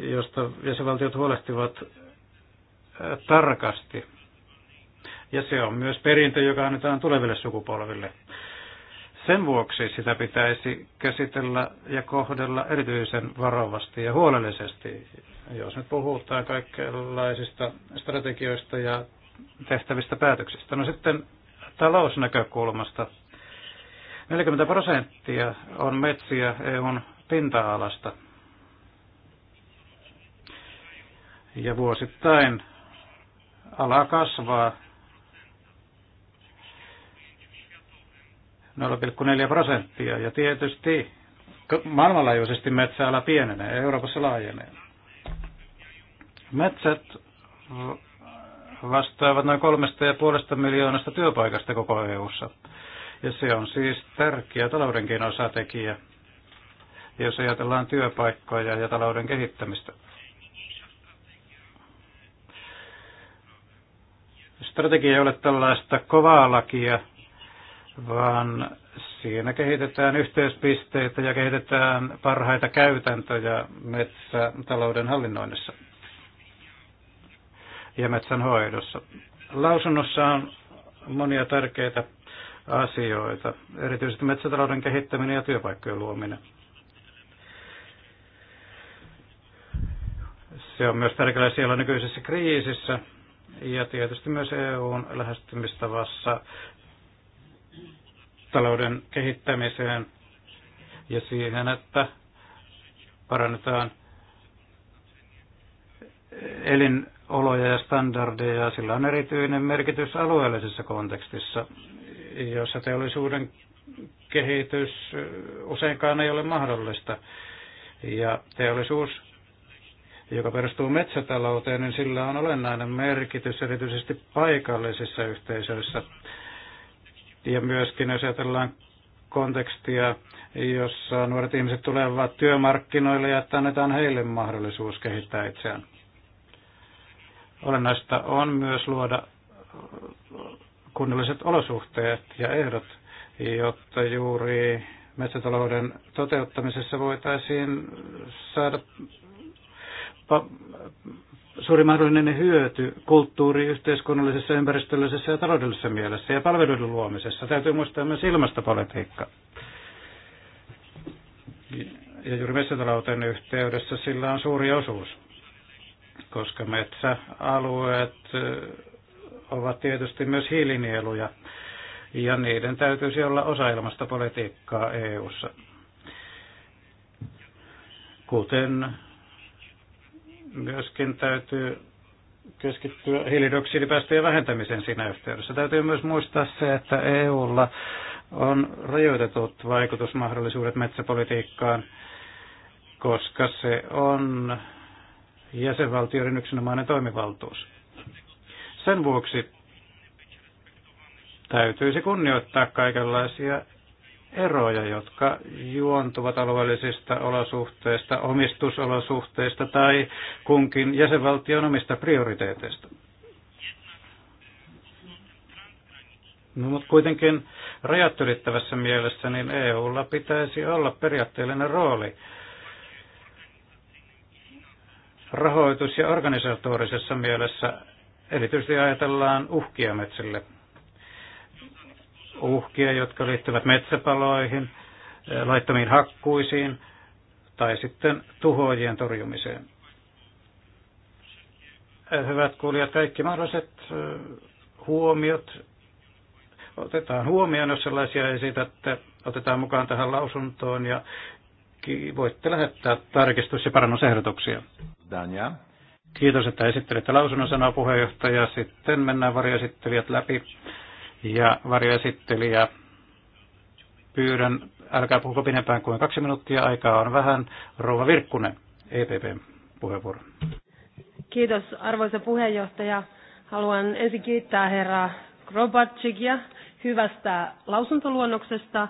josta jäsenvaltiot huolehtivat äh, tarkasti. Ja se on myös perintö, joka annetaan tuleville sukupolville – sen vuoksi sitä pitäisi käsitellä ja kohdella erityisen varovasti ja huolellisesti, jos nyt puhutaan kaikenlaisista strategioista ja tehtävistä päätöksistä. No sitten talousnäkökulmasta. 40 prosenttia on metsiä EUn pinta-alasta. Ja vuosittain ala kasvaa 0,4 prosenttia. Ja tietysti maailmanlaajuisesti metsäala pienenee, Euroopassa laajenee. Metsät vastaavat noin kolmesta ja miljoonasta työpaikasta koko EU:ssa. Ja se on siis tärkeä taloudenkin osatekijä, jos ajatellaan työpaikkoja ja talouden kehittämistä. Strategia ei ole tällaista kovaa lakia, vaan siinä kehitetään yhteyspisteitä ja kehitetään parhaita käytäntöjä metsätalouden hallinnoinnissa ja metsänhoidossa. Lausunnossa on monia tärkeitä asioita, erityisesti metsätalouden kehittäminen ja työpaikkojen luominen. Se on myös tärkeää siellä nykyisessä kriisissä ja tietysti myös EUn lähestymistavassa talouden kehittämiseen ja siihen, että parannetaan elinoloja ja standardeja. Sillä on erityinen merkitys alueellisessa kontekstissa, jossa teollisuuden kehitys useinkaan ei ole mahdollista. Ja teollisuus, joka perustuu metsätalouteen, niin sillä on olennainen merkitys erityisesti paikallisissa yhteisöissä ja myöskin jos ajatellaan kontekstia, jossa nuoret ihmiset tulevat työmarkkinoille ja että annetaan heille mahdollisuus kehittää itseään. Olennaista on myös luoda kunnolliset olosuhteet ja ehdot, jotta juuri metsätalouden toteuttamisessa voitaisiin saada suuri mahdollinen hyöty kulttuuri, yhteiskunnallisessa, ympäristöllisessä ja taloudellisessa mielessä ja palveluiden luomisessa. Täytyy muistaa myös ilmastopolitiikka. Ja juuri metsätalouteen yhteydessä sillä on suuri osuus, koska metsäalueet ovat tietysti myös hiilinieluja ja niiden täytyisi olla osa ilmastopolitiikkaa EU:ssa. Kuten myöskin täytyy keskittyä hiilidioksidipäästöjen vähentämiseen siinä yhteydessä. Täytyy myös muistaa se, että EUlla on rajoitetut vaikutusmahdollisuudet metsäpolitiikkaan, koska se on jäsenvaltioiden yksinomainen toimivaltuus. Sen vuoksi täytyisi kunnioittaa kaikenlaisia eroja, jotka juontuvat alueellisista olosuhteista, omistusolosuhteista tai kunkin jäsenvaltion omista prioriteeteista. No, mutta kuitenkin rajat ylittävässä mielessä niin EUlla pitäisi olla periaatteellinen rooli rahoitus- ja organisatorisessa mielessä, erityisesti ajatellaan uhkia metsille – uhkia, jotka liittyvät metsäpaloihin, eh, laittomiin hakkuisiin tai sitten tuhoajien torjumiseen. Eh, hyvät kuulijat, kaikki mahdolliset eh, huomiot otetaan huomioon, jos sellaisia esitätte, otetaan mukaan tähän lausuntoon ja voitte lähettää tarkistus- ja parannusehdotuksia. Danja. Kiitos, että esittelitte lausunnon sanaa puheenjohtaja. Sitten mennään varjoesittelijät läpi ja varjoesittelijä. Pyydän, älkää puhuko pidempään kuin kaksi minuuttia, aikaa on vähän. Rouva Virkkunen, EPP puheenvuoro. Kiitos arvoisa puheenjohtaja. Haluan ensin kiittää herra Grobatsikia hyvästä lausuntoluonnoksesta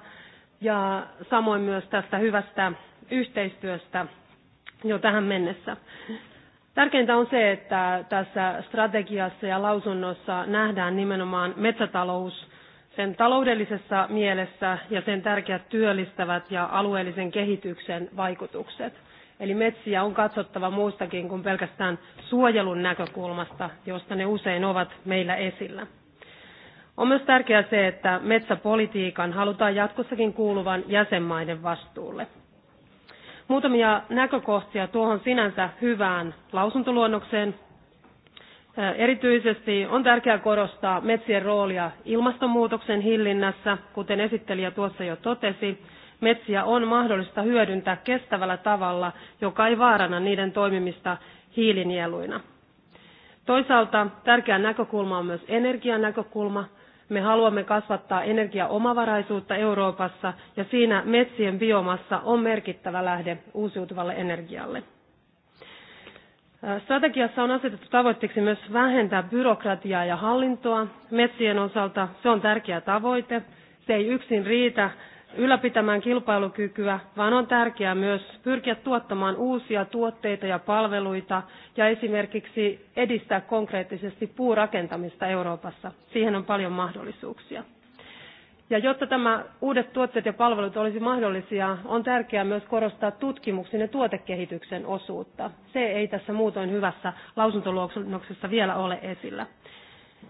ja samoin myös tästä hyvästä yhteistyöstä jo tähän mennessä. Tärkeintä on se, että tässä strategiassa ja lausunnossa nähdään nimenomaan metsätalous sen taloudellisessa mielessä ja sen tärkeät työllistävät ja alueellisen kehityksen vaikutukset. Eli metsiä on katsottava muustakin kuin pelkästään suojelun näkökulmasta, josta ne usein ovat meillä esillä. On myös tärkeää se, että metsäpolitiikan halutaan jatkossakin kuuluvan jäsenmaiden vastuulle. Muutamia näkökohtia tuohon sinänsä hyvään lausuntoluonnokseen. Erityisesti on tärkeää korostaa metsien roolia ilmastonmuutoksen hillinnässä, kuten esittelijä tuossa jo totesi. Metsiä on mahdollista hyödyntää kestävällä tavalla, joka ei vaarana niiden toimimista hiilinieluina. Toisaalta tärkeä näkökulma on myös energianäkökulma. Me haluamme kasvattaa energiaomavaraisuutta Euroopassa ja siinä metsien biomassa on merkittävä lähde uusiutuvalle energialle. Strategiassa on asetettu tavoitteeksi myös vähentää byrokratiaa ja hallintoa metsien osalta. Se on tärkeä tavoite. Se ei yksin riitä, ylläpitämään kilpailukykyä, vaan on tärkeää myös pyrkiä tuottamaan uusia tuotteita ja palveluita ja esimerkiksi edistää konkreettisesti puurakentamista Euroopassa. Siihen on paljon mahdollisuuksia. Ja jotta tämä uudet tuotteet ja palvelut olisi mahdollisia, on tärkeää myös korostaa tutkimuksen ja tuotekehityksen osuutta. Se ei tässä muutoin hyvässä lausuntoluonnoksessa vielä ole esillä.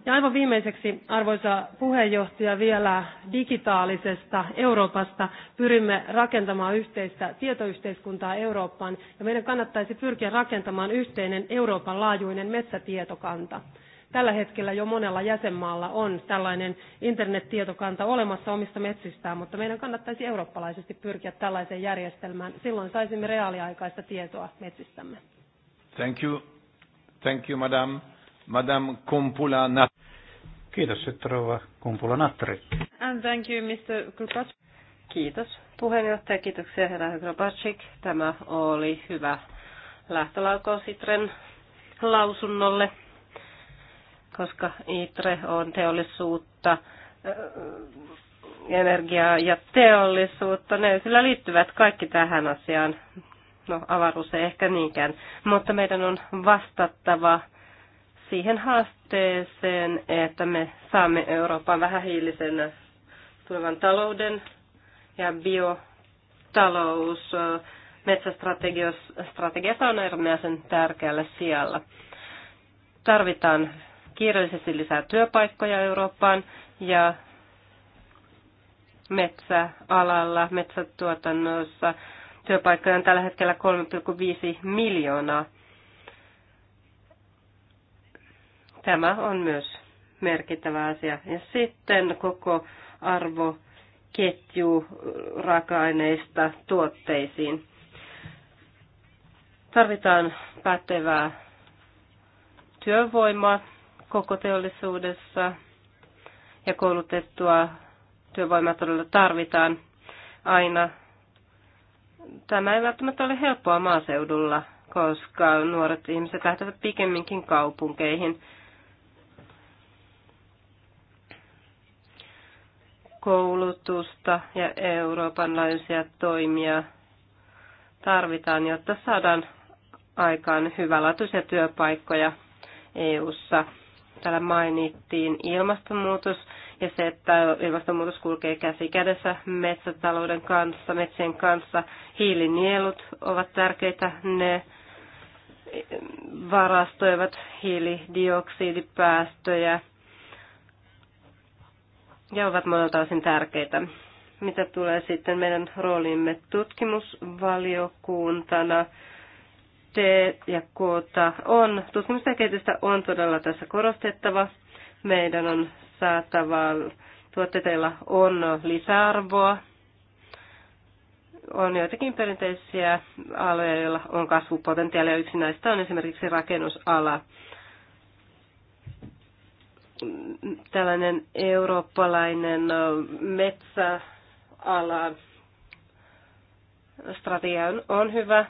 Ja aivan viimeiseksi, arvoisa puheenjohtaja, vielä digitaalisesta Euroopasta. Pyrimme rakentamaan yhteistä tietoyhteiskuntaa Eurooppaan ja meidän kannattaisi pyrkiä rakentamaan yhteinen Euroopan laajuinen metsätietokanta. Tällä hetkellä jo monella jäsenmaalla on tällainen internettietokanta olemassa omista metsistään, mutta meidän kannattaisi eurooppalaisesti pyrkiä tällaiseen järjestelmään. Silloin saisimme reaaliaikaista tietoa metsistämme. Thank you. Thank you, madam. Madame Kumpula Natri. Kiitos, että rouva Kumpula Natri. And thank you, Mr. Krupac. Kiitos puheenjohtaja, kiitoksia herra Kropacik. Tämä oli hyvä lähtölauko Sitren lausunnolle, koska ITRE on teollisuutta, äh, energiaa ja teollisuutta. Ne kyllä liittyvät kaikki tähän asiaan. No avaruus ei ehkä niinkään, mutta meidän on vastattava siihen haasteeseen, että me saamme Euroopan vähähiilisen tulevan talouden ja biotalous metsästrategiassa on äärimmäisen tärkeällä sijalla. Tarvitaan kiireellisesti lisää työpaikkoja Eurooppaan ja metsäalalla, metsätuotannossa työpaikkoja on tällä hetkellä 3,5 miljoonaa Tämä on myös merkittävä asia. Ja sitten koko arvoketju raaka-aineista tuotteisiin. Tarvitaan pätevää työvoimaa koko teollisuudessa ja koulutettua työvoimaa todella tarvitaan aina. Tämä ei välttämättä ole helppoa maaseudulla, koska nuoret ihmiset lähtevät pikemminkin kaupunkeihin koulutusta ja Euroopan laajuisia toimia tarvitaan, jotta saadaan aikaan hyvälaatuisia työpaikkoja EU:ssa. Täällä mainittiin ilmastonmuutos ja se, että ilmastonmuutos kulkee käsi kädessä metsätalouden kanssa, metsien kanssa. Hiilinielut ovat tärkeitä, ne varastoivat hiilidioksidipäästöjä ja ovat monelta osin tärkeitä. Mitä tulee sitten meidän rooliimme tutkimusvaliokuntana, T ja K on, tutkimusta ja on todella tässä korostettava. Meidän on saatava, tuotteilla on lisäarvoa. On joitakin perinteisiä aloja, joilla on kasvupotentiaalia. Yksi näistä on esimerkiksi rakennusala tällainen eurooppalainen metsäala strategia on hyvä.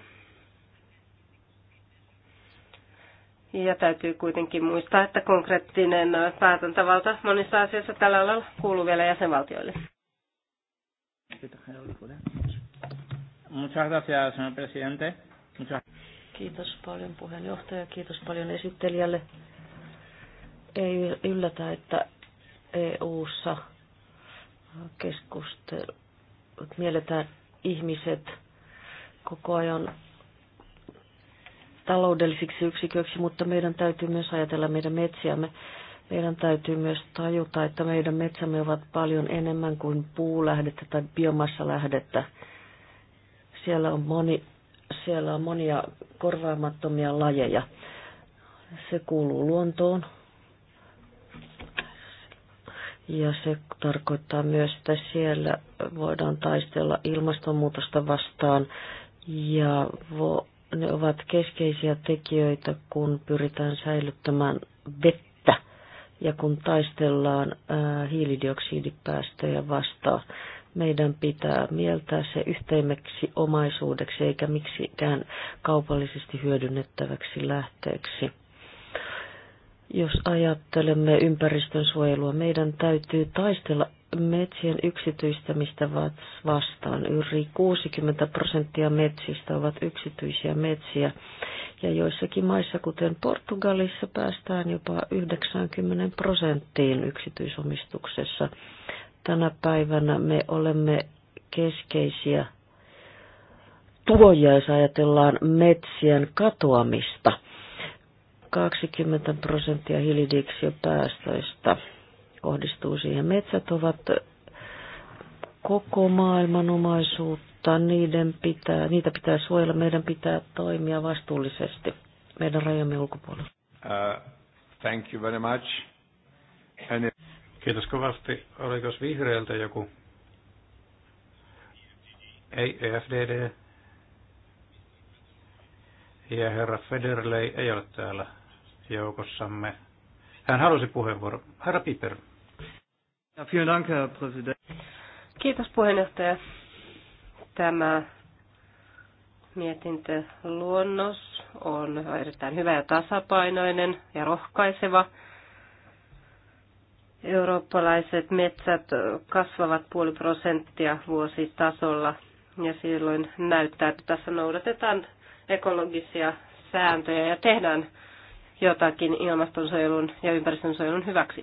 Ja täytyy kuitenkin muistaa, että konkreettinen päätäntävalta monissa asioissa tällä alalla kuuluu vielä jäsenvaltioille. Kiitos paljon puheenjohtaja, kiitos paljon esittelijälle ei yllätä, että EU-ssa keskustelut mielletään ihmiset koko ajan taloudellisiksi yksiköiksi, mutta meidän täytyy myös ajatella meidän metsiämme. Meidän täytyy myös tajuta, että meidän metsämme ovat paljon enemmän kuin puulähdettä tai biomassalähdettä. Siellä on, moni, siellä on monia korvaamattomia lajeja. Se kuuluu luontoon, ja se tarkoittaa myös, että siellä voidaan taistella ilmastonmuutosta vastaan ja vo, ne ovat keskeisiä tekijöitä, kun pyritään säilyttämään vettä ja kun taistellaan ää, hiilidioksidipäästöjä vastaan. Meidän pitää mieltää se yhteimeksi omaisuudeksi eikä miksikään kaupallisesti hyödynnettäväksi lähteeksi jos ajattelemme ympäristön suojelua, meidän täytyy taistella metsien yksityistämistä vastaan. Yli 60 prosenttia metsistä ovat yksityisiä metsiä ja joissakin maissa, kuten Portugalissa, päästään jopa 90 prosenttiin yksityisomistuksessa. Tänä päivänä me olemme keskeisiä tuojia, jos ajatellaan metsien katoamista – 20 prosenttia hiilidioksidipäästöistä kohdistuu siihen. Metsät ovat koko maailman omaisuutta, niiden pitää, niitä pitää suojella, meidän pitää toimia vastuullisesti meidän rajamme ulkopuolella. Uh, thank you very much. Any... Kiitos kovasti. Oliko vihreältä joku? Ei, EFDD. Ja herra Federley ei ole täällä joukossamme. Hän halusi puheenvuoron. Herra Piper. Ja, Dank, Herr Kiitos puheenjohtaja. Tämä mietintöluonnos on erittäin hyvä ja tasapainoinen ja rohkaiseva. Eurooppalaiset metsät kasvavat puoli prosenttia vuositasolla ja silloin näyttää, että tässä noudatetaan ekologisia sääntöjä ja tehdään jotakin ilmastonsuojelun ja ympäristönsuojelun hyväksi.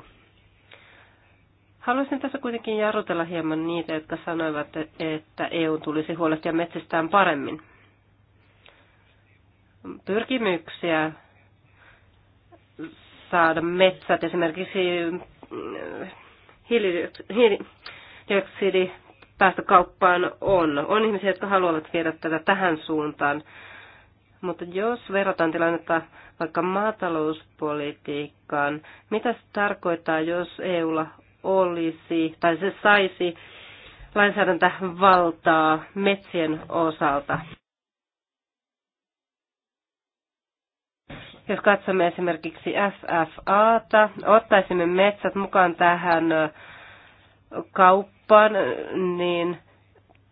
Haluaisin tässä kuitenkin jarrutella hieman niitä, jotka sanoivat, että EU tulisi huolehtia metsistään paremmin. Pyrkimyksiä saada metsät esimerkiksi mm, hiilidioksidipäästökauppaan on. On ihmisiä, jotka haluavat viedä tätä tähän suuntaan, mutta jos verrataan tilannetta vaikka maatalouspolitiikkaan, mitä se tarkoittaa, jos EUlla olisi tai se saisi lainsäädäntövaltaa metsien osalta? Jos katsomme esimerkiksi FFAta, ottaisimme metsät mukaan tähän kauppaan, niin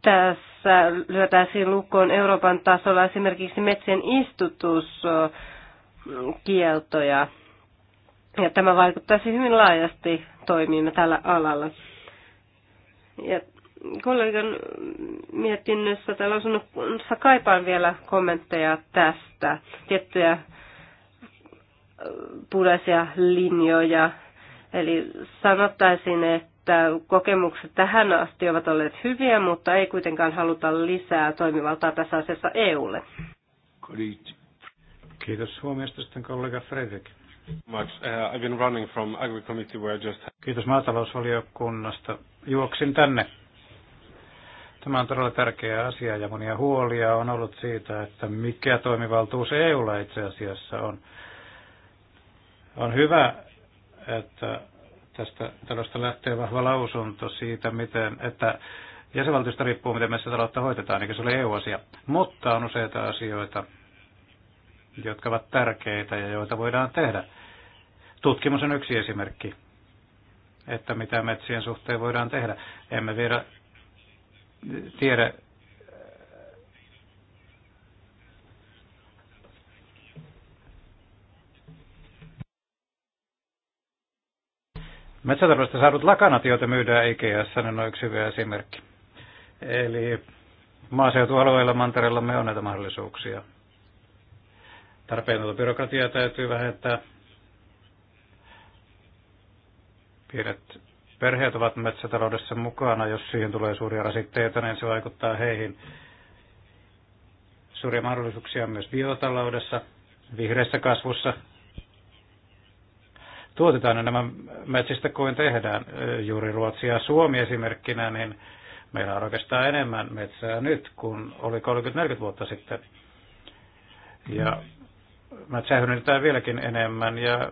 tässä lyötäisiin lukkoon Euroopan tasolla esimerkiksi metsien istutuskieltoja. Ja tämä vaikuttaisi hyvin laajasti toimimme tällä alalla. Ja kollegan mietinnössä tai lausunnossa kaipaan vielä kommentteja tästä. Tiettyjä punaisia linjoja. Eli sanottaisin, että että kokemukset tähän asti ovat olleet hyviä, mutta ei kuitenkaan haluta lisää toimivaltaa tässä asiassa EUlle. Kiitos huomiosta sitten kollega Fredrik. Uh, Kiitos maatalousvaliokunnasta. Juoksin tänne. Tämä on todella tärkeä asia ja monia huolia on ollut siitä, että mikä toimivaltuus EUlla itse asiassa on. On hyvä, että Tästä talosta lähtee vahva lausunto siitä, miten, että jäsenvaltiosta riippuu, miten taloutta hoitetaan, eikä se ole EU-asia. Mutta on useita asioita, jotka ovat tärkeitä ja joita voidaan tehdä. Tutkimus on yksi esimerkki, että mitä metsien suhteen voidaan tehdä. Emme vielä tiedä Metsätaloudesta saadut lakanat, joita myydään IKEAssa, on yksi hyvä esimerkki. Eli maaseutualueilla mantereella me on näitä mahdollisuuksia. Tarpeen byrokratiaa täytyy vähentää. Pienet perheet ovat metsätaloudessa mukana. Jos siihen tulee suuria rasitteita, niin se vaikuttaa heihin. Suuria mahdollisuuksia myös biotaloudessa, vihreässä kasvussa, tuotetaan ja nämä metsistä kuin tehdään. Juuri Ruotsia ja Suomi esimerkkinä, niin meillä on oikeastaan enemmän metsää nyt kuin oli 30-40 vuotta sitten. Ja metsää hyödynnetään vieläkin enemmän ja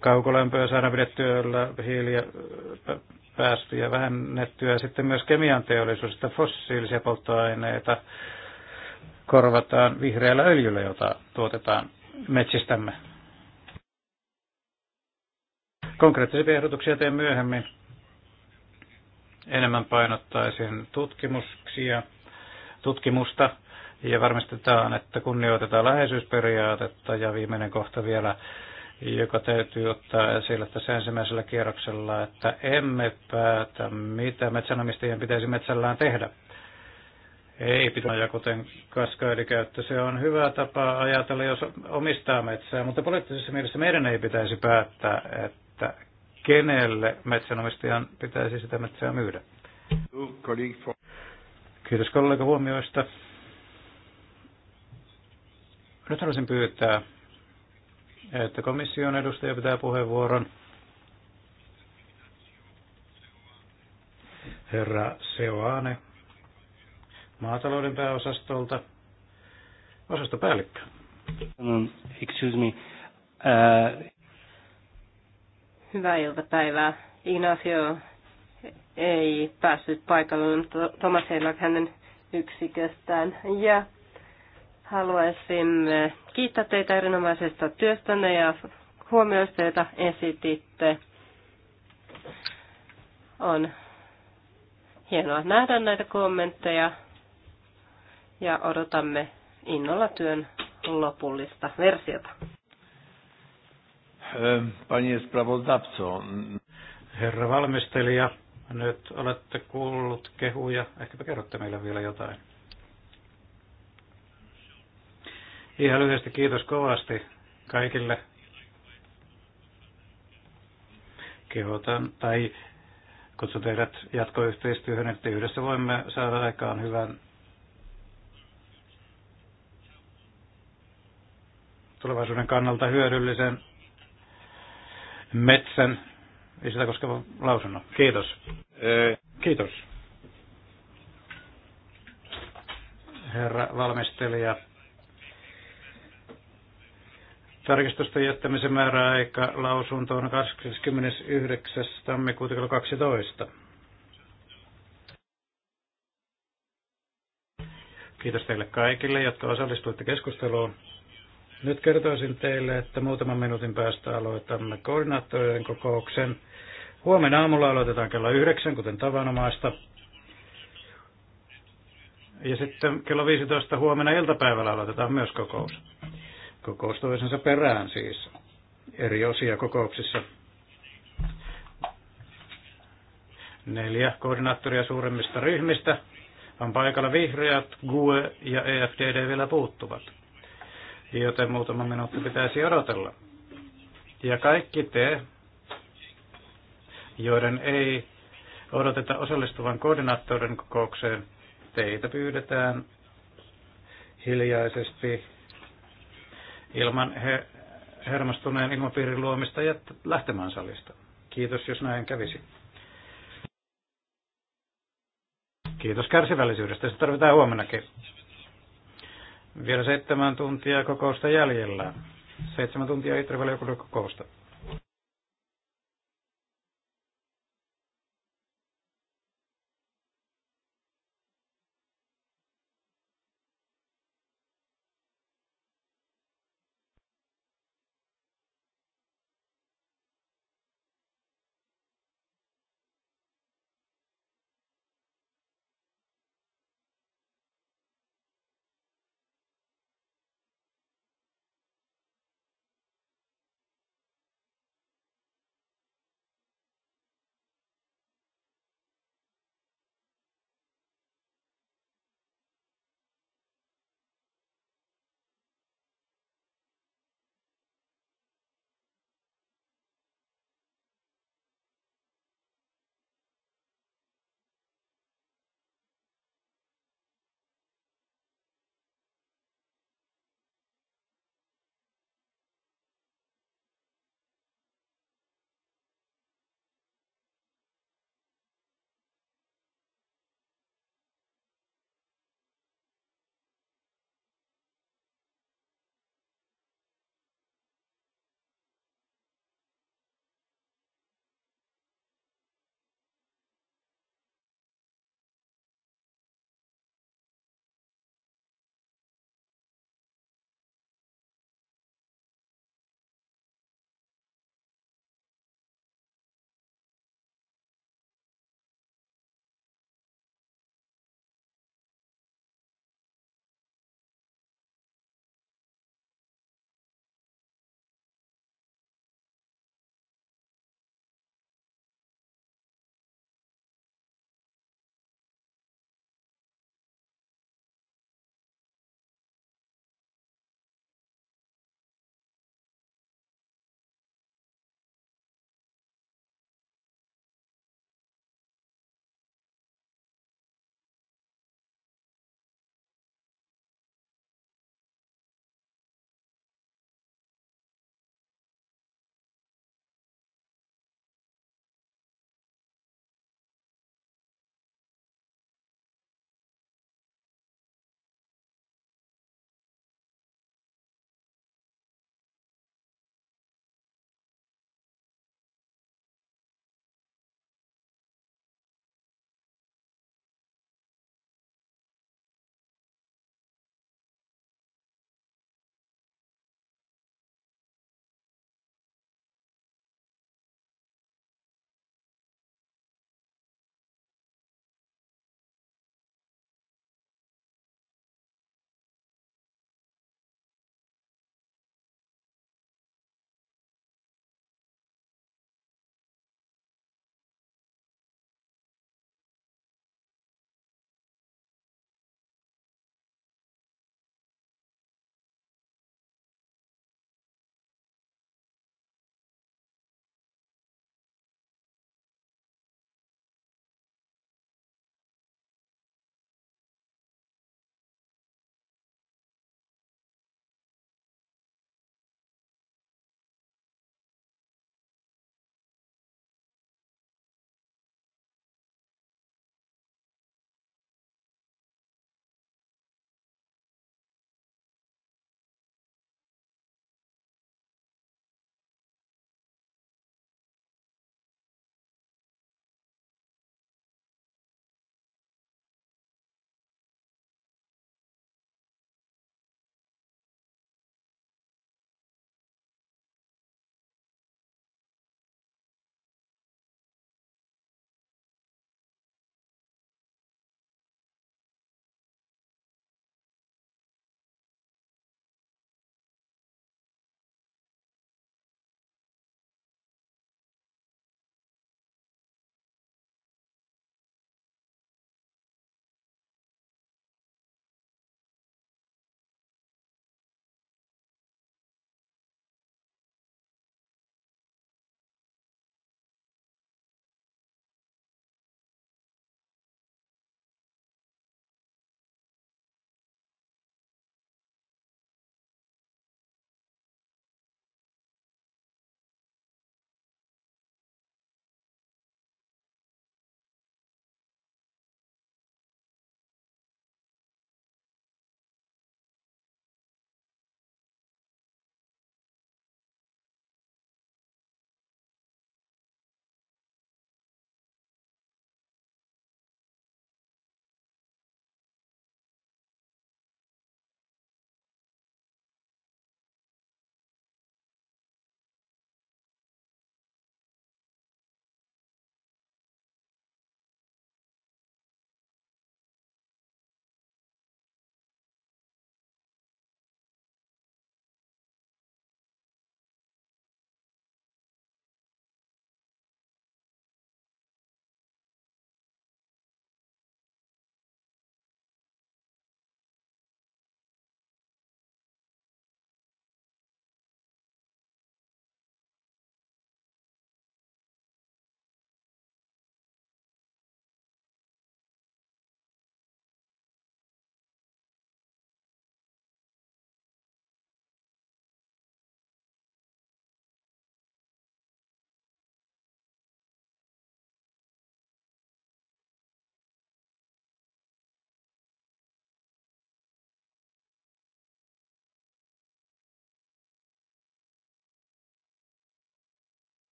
kaukolämpöä saadaan pidettyä yllä, hiiliä, päästöjä vähennettyä ja sitten myös kemian teollisuus, että fossiilisia polttoaineita korvataan vihreällä öljyllä, jota tuotetaan metsistämme. Konkreettisia ehdotuksia teen myöhemmin. Enemmän painottaisin tutkimuksia, tutkimusta ja varmistetaan, että kunnioitetaan läheisyysperiaatetta ja viimeinen kohta vielä, joka täytyy ottaa esille tässä ensimmäisellä kierroksella, että emme päätä, mitä metsänomistajien pitäisi metsällään tehdä ei pitää, kuten kaskaidikäyttö, se on hyvä tapa ajatella, jos omistaa metsää, mutta poliittisessa mielessä meidän ei pitäisi päättää, että kenelle metsänomistajan pitäisi sitä metsää myydä. Kiitos kollega huomioista. Nyt haluaisin pyytää, että komission edustaja pitää puheenvuoron. Herra Seoane maatalouden pääosastolta. Osastopäällikkö. Um, excuse me. Uh... Hyvää iltapäivää. Ignacio ei päässyt paikalle, mutta Thomas Heilak hänen yksiköstään. Ja haluaisin kiittää teitä erinomaisesta työstänne ja huomioista, joita esititte. On hienoa nähdä näitä kommentteja ja odotamme innolla työn lopullista versiota. Ähm, Panie sprawozdawco. Herra valmistelija, nyt olette kuullut kehuja. Ehkäpä kerrotte meille vielä jotain. Ihan lyhyesti kiitos kovasti kaikille. Kehotan tai kutsun teidät jatkoyhteistyöhön, että yhdessä voimme saada aikaan hyvän tulevaisuuden kannalta hyödyllisen metsän ei sitä koskeva lausunnon. Kiitos. Eh. Kiitos. Herra valmistelija. Tarkistusten jättämisen määräaika lausunto on 29. tammikuuta 12. Kiitos teille kaikille, jotka osallistuitte keskusteluun. Nyt kertoisin teille, että muutaman minuutin päästä aloitamme koordinaattorien kokouksen. Huomenna aamulla aloitetaan kello yhdeksän, kuten tavanomaista. Ja sitten kello 15 huomenna iltapäivällä aloitetaan myös kokous. Kokous toisensa perään siis eri osia kokouksissa. Neljä koordinaattoria suuremmista ryhmistä on paikalla vihreät, GUE ja EFTD vielä puuttuvat joten muutama minuutti pitäisi odotella. Ja kaikki te, joiden ei odoteta osallistuvan koordinaattorin kokoukseen, teitä pyydetään hiljaisesti ilman he, hermostuneen ilmapiirin luomista ja lähtemään salista. Kiitos, jos näin kävisi. Kiitos kärsivällisyydestä. Se tarvitaan huomennakin. Vielä seitsemän tuntia kokousta jäljellä. Seitsemän tuntia itse kokousta.